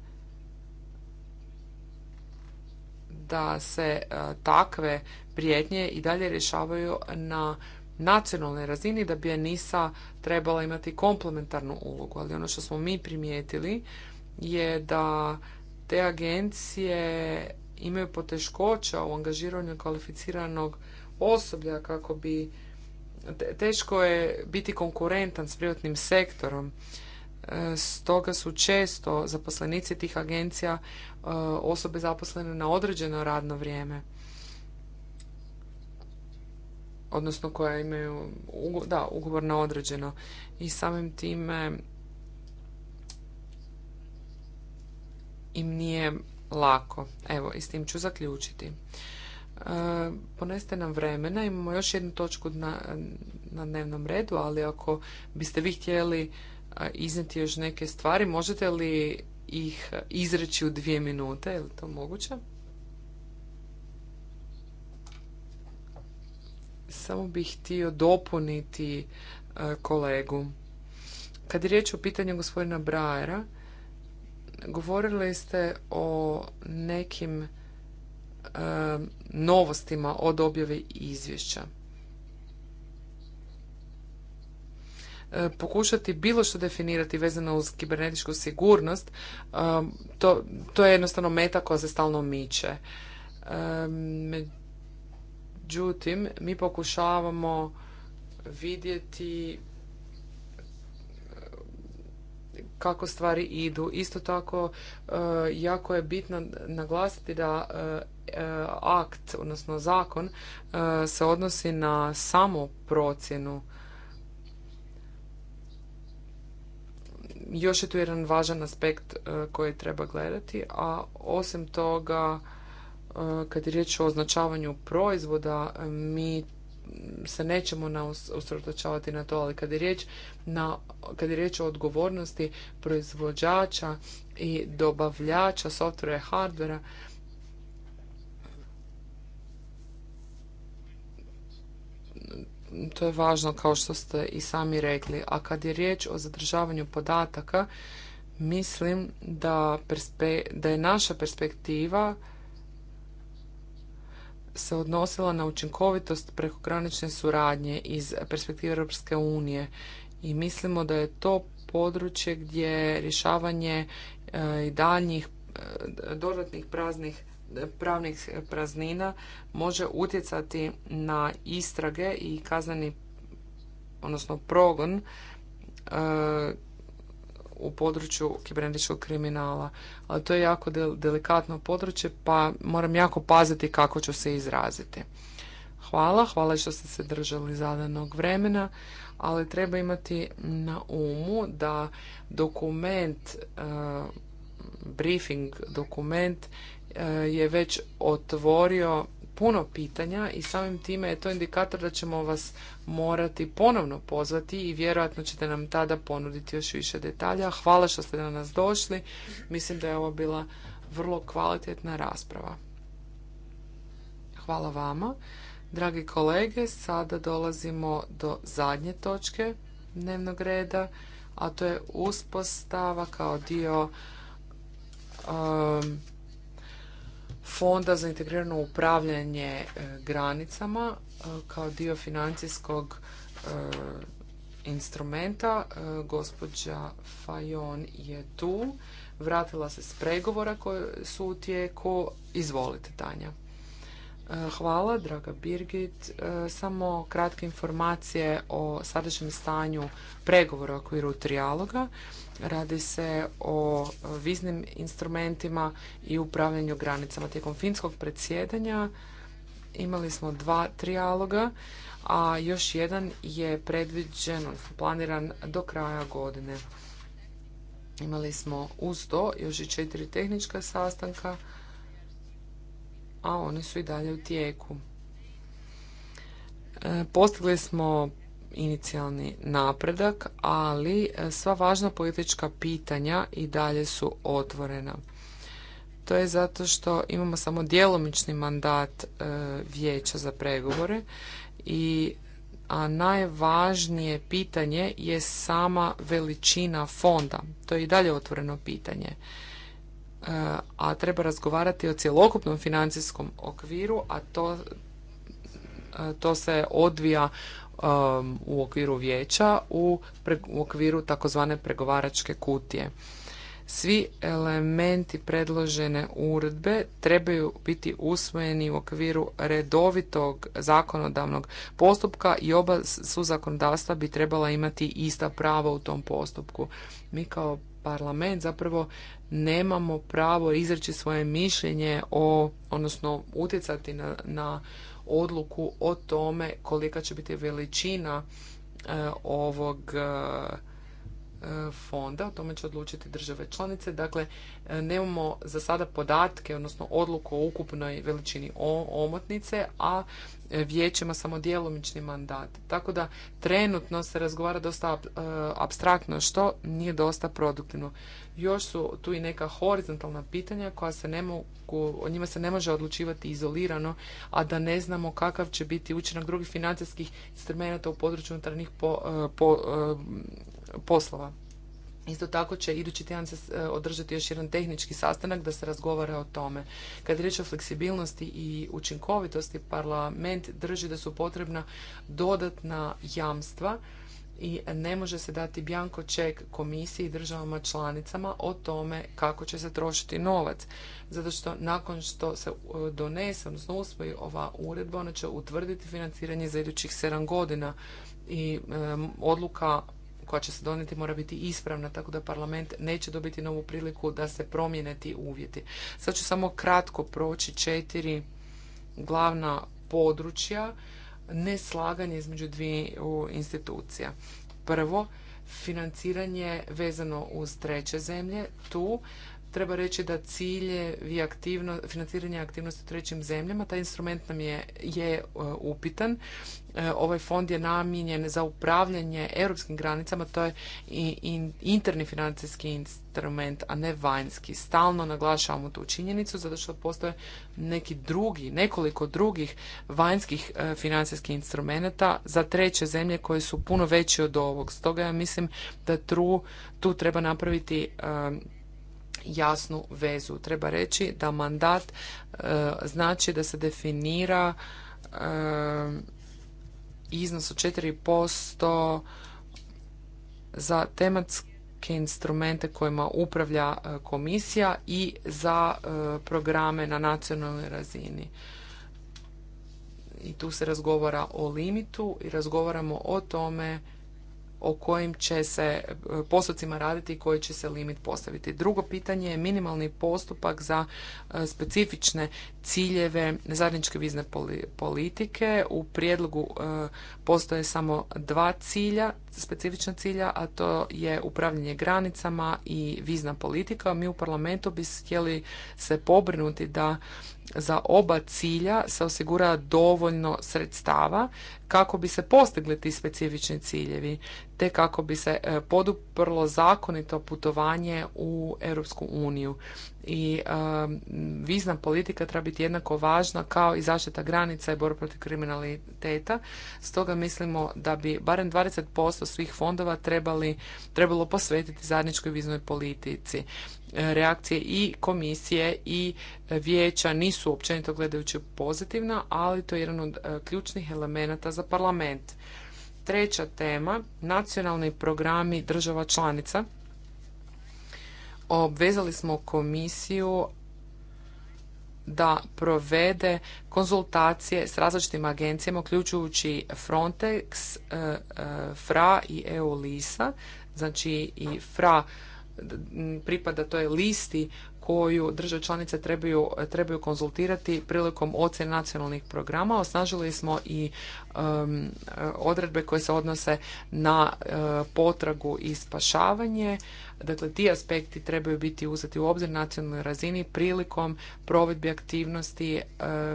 da se e, takve prijetnje i dalje rješavaju na nacionalnoj razini da bi ENISA trebala imati komplementarnu ulogu. Ali ono što smo mi primijetili je da te agencije imaju poteškoća u angažiranju kvalificiranog osoblja kako bi teško je biti konkurentan s privatnim sektorom. E, stoga su često zaposlenici tih agencija e, osobe zaposlene na određeno radno vrijeme. Odnosno koja imaju da, ugovor na određeno. I samim time im nije lako. Evo, i s tim ću zaključiti. E, poneste nam vremena, imamo još jednu točku na, na dnevnom redu, ali ako biste vi htjeli e, izneti još neke stvari, možete li ih izreći u dvije minute, je li to moguće? Samo bih htio dopuniti e, kolegu. Kad je riječ o pitanju gospodina Brajera, Govorili ste o nekim e, novostima od objave izvješća. E, pokušati bilo što definirati vezano uz kibernetičku sigurnost, e, to, to je jednostavno meta koja se stalno miče. Međutim, mi pokušavamo vidjeti kako stvari idu. Isto tako, e, jako je bitno naglasiti da e, e, akt, odnosno zakon, se odnosi na samo procjenu. Još je tu jedan važan aspekt koji treba gledati, a osim toga, kad je riječ o označavanju proizvoda, mi se nećemo usredotočavati na to, ali kad je riječ, na, kad je riječ o odgovornosti proizvođača i dobavljača softvera i hardvera, to je važno kao što ste i sami rekli. A kad je riječ o zadržavanju podataka, mislim da, da je naša perspektiva se odnosila na učinkovitost prekogranične suradnje iz perspektive Europske unije i mislimo da je to područje gdje rješavanje e, i daljnjih e, dodatnih praznih pravnih praznina može utjecati na istrage i kazneni odnosno progon e, u području kibernetičkog kriminala. Ali to je jako delikatno područje pa moram jako paziti kako ću se izraziti. Hvala, hvala što ste se držali zadanog vremena, ali treba imati na umu da dokument, e, briefing dokument e, je već otvorio puno pitanja i samim time je to indikator da ćemo vas morati ponovno pozvati i vjerojatno ćete nam tada ponuditi još više detalja. Hvala što ste na nas došli. Mislim da je ovo bila vrlo kvalitetna rasprava. Hvala vama. Dragi kolege, sada dolazimo do zadnje točke dnevnog reda, a to je uspostava kao dio um, fonda za integrirano upravljanje e, granicama e, kao dio financijskog e, instrumenta. Gospođa Fajon je tu. Vratila se s pregovora koje su u tijeku. Izvolite, Tanja. Hvala, draga Birgit. Samo kratke informacije o sadašnjem stanju pregovora u okviru trijaloga. Radi se o viznim instrumentima i upravljanju granicama. Tijekom finskog predsjedanja imali smo dva trijaloga, a još jedan je predviđen, planiran do kraja godine. Imali smo uz to još i četiri tehnička sastanka, a oni su i dalje u tijeku. E, postigli smo inicijalni napredak, ali e, sva važna politička pitanja i dalje su otvorena. To je zato što imamo samo djelomični mandat e, vijeća za pregovore i a najvažnije pitanje je sama veličina fonda. To je i dalje otvoreno pitanje. E, a treba razgovarati o cjelokupnom financijskom okviru, a to, to se odvija Um, u okviru vijeća u, okviru takozvane pregovaračke kutije. Svi elementi predložene uredbe trebaju biti usvojeni u okviru redovitog zakonodavnog postupka i oba su zakonodavstva bi trebala imati ista prava u tom postupku. Mi kao parlament zapravo nemamo pravo izreći svoje mišljenje o, odnosno utjecati na, na odluku o tome kolika će biti veličina e, ovog e, e, fonda, o tome će odlučiti države članice. Dakle, nemamo za sada podatke, odnosno odluku o ukupnoj veličini omotnice, a vijećima samo djelomični mandat. Tako da trenutno se razgovara dosta abstraktno, što nije dosta produktivno. Još su tu i neka horizontalna pitanja koja se ne mogu, o njima se ne može odlučivati izolirano, a da ne znamo kakav će biti učinak drugih financijskih instrumenta u području unutarnjih po, e, po, e, poslova. Isto tako će idući tjedan se e, održati još jedan tehnički sastanak da se razgovara o tome. Kad je riječ o fleksibilnosti i učinkovitosti, parlament drži da su potrebna dodatna jamstva i ne može se dati bjanko ček komisiji i državama članicama o tome kako će se trošiti novac. Zato što nakon što se e, donese, odnosno usvoji ova uredba, ona će utvrditi financiranje za idućih 7 godina i e, odluka koja će se donijeti mora biti ispravna, tako da parlament neće dobiti novu priliku da se promijene ti uvjeti. Sad ću samo kratko proći četiri glavna područja neslaganje između dvije institucija. Prvo, financiranje vezano uz treće zemlje. Tu treba reći da ciljevi aktivno, financiranje aktivnosti u trećim zemljama, taj instrument nam je, je e, upitan. E, ovaj fond je namijenjen za upravljanje europskim granicama, to je i, interni financijski instrument, a ne vanjski. Stalno naglašavamo tu činjenicu zato što postoje neki drugi, nekoliko drugih vanjskih e, financijskih instrumenta za treće zemlje koje su puno veći od ovog. Stoga ja mislim da tu, tu treba napraviti jasnu vezu. Treba reći da mandat e, znači da se definira e, iznos od 4% za tematske instrumente kojima upravlja e, komisija i za programe na nacionalnoj razini. I tu se razgovara o limitu i razgovaramo o tome o kojim će se e, postupcima raditi i koji će se limit postaviti. Drugo pitanje je minimalni postupak za e, specifične ciljeve zajedničke vizne politike. U prijedlogu e, postoje samo dva cilja, specifična cilja, a to je upravljanje granicama i vizna politika. Mi u parlamentu bi htjeli se pobrinuti da za oba cilja se osigura dovoljno sredstava kako bi se postigli ti specifični ciljevi, te kako bi se e, poduprlo zakonito putovanje u Europsku uniju i vizna politika treba biti jednako važna kao i zaštita granica i borba protiv kriminaliteta. Stoga mislimo da bi barem 20% svih fondova trebalo posvetiti zajedničkoj viznoj politici. E, reakcije i komisije i vijeća nisu općenito gledajući pozitivna, ali to je jedan od e, ključnih elemenata za parlament. Treća tema, nacionalni programi država članica obvezali smo komisiju da provede konzultacije s različitim agencijama, uključujući Frontex, e, e, FRA i EU-LISA. znači i FRA pripada toj listi koju države članice trebaju, trebaju konzultirati prilikom ocjene nacionalnih programa. Osnažili smo i odredbe koje se odnose na e, potragu i spašavanje. Dakle, ti aspekti trebaju biti uzeti u obzir nacionalnoj razini prilikom provedbi aktivnosti e,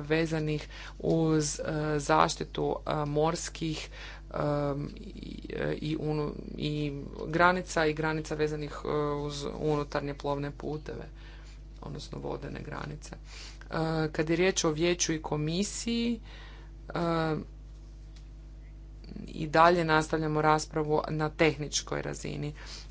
vezanih uz e, zaštitu e, morskih i, i granica i granica vezanih uz unutarnje plovne puteve, odnosno vodene granice. Kad je riječ o vijeću i komisiji, i dalje nastavljamo raspravu na tehničkoj razini.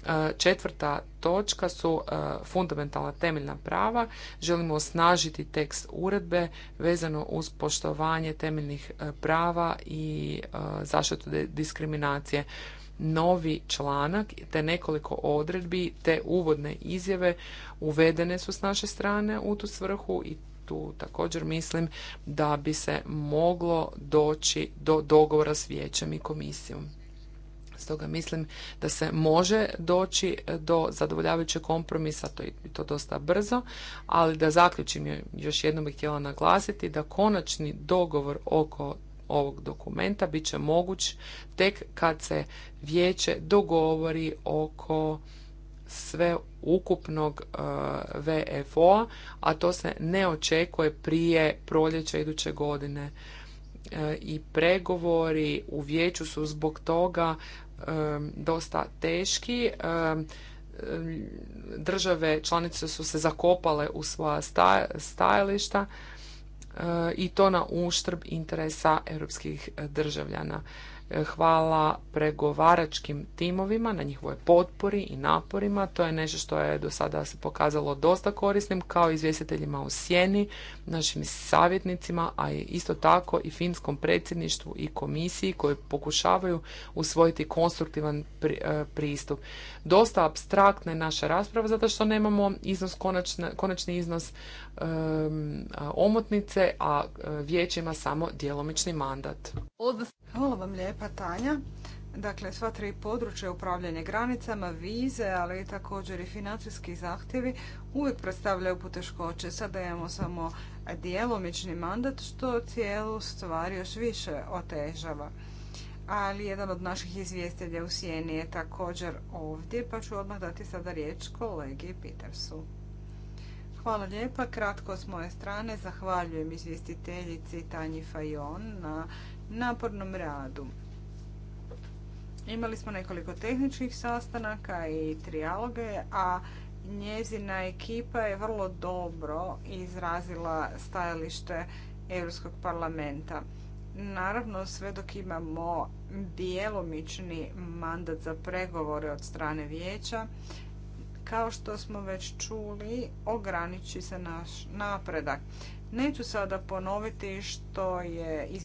E, četvrta točka su e, fundamentalna temeljna prava. Želimo osnažiti tekst uredbe vezano uz poštovanje temeljnih e, prava i zaštitu diskriminacije novi članak te nekoliko odredbi te uvodne izjave uvedene su s naše strane u tu svrhu i tu također mislim da bi se moglo doći do dogovora s vijećem i komisijom. Stoga mislim da se može doći do zadovoljavajućeg kompromisa, to je to dosta brzo, ali da zaključim, još jednom bih htjela naglasiti da konačni dogovor oko ovog dokumenta bit će moguć tek kad se vijeće dogovori oko sve ukupnog e, VFO-a, a to se ne očekuje prije proljeća iduće godine. E, I pregovori u vijeću su zbog toga e, dosta teški. Države članice su se zakopale u svoja stajališta i to na uštrb interesa europskih državljana hvala pregovaračkim timovima na njihovoj potpori i naporima. To je nešto što je do sada se pokazalo dosta korisnim kao izvjestiteljima u sjeni, našim savjetnicima, a isto tako i finskom predsjedništvu i komisiji koji pokušavaju usvojiti konstruktivan e, pristup dosta abstraktne naše rasprave zato što nemamo iznos konačni iznos omotnice, a e, vijeć ima samo djelomični mandat. Hvala vam lijepa Tanja. Dakle, sva tri područja upravljanje granicama, vize, ali također i financijski zahtjevi uvijek predstavljaju poteškoće. Sada imamo samo djelomični mandat što cijelu stvar još više otežava ali jedan od naših izvjestelja u Sijeni je također ovdje, pa ću odmah dati sada riječ kolegi Petersu. Hvala lijepa. Kratko s moje strane zahvaljujem izvjestiteljici Tanji Fajon na napornom radu. Imali smo nekoliko tehničkih sastanaka i trijaloge, a njezina ekipa je vrlo dobro izrazila stajalište Europskog parlamenta. Naravno, sve dok imamo djelomični mandat za pregovore od strane vijeća, kao što smo već čuli, ograniči se naš napredak. Neću sada ponoviti što je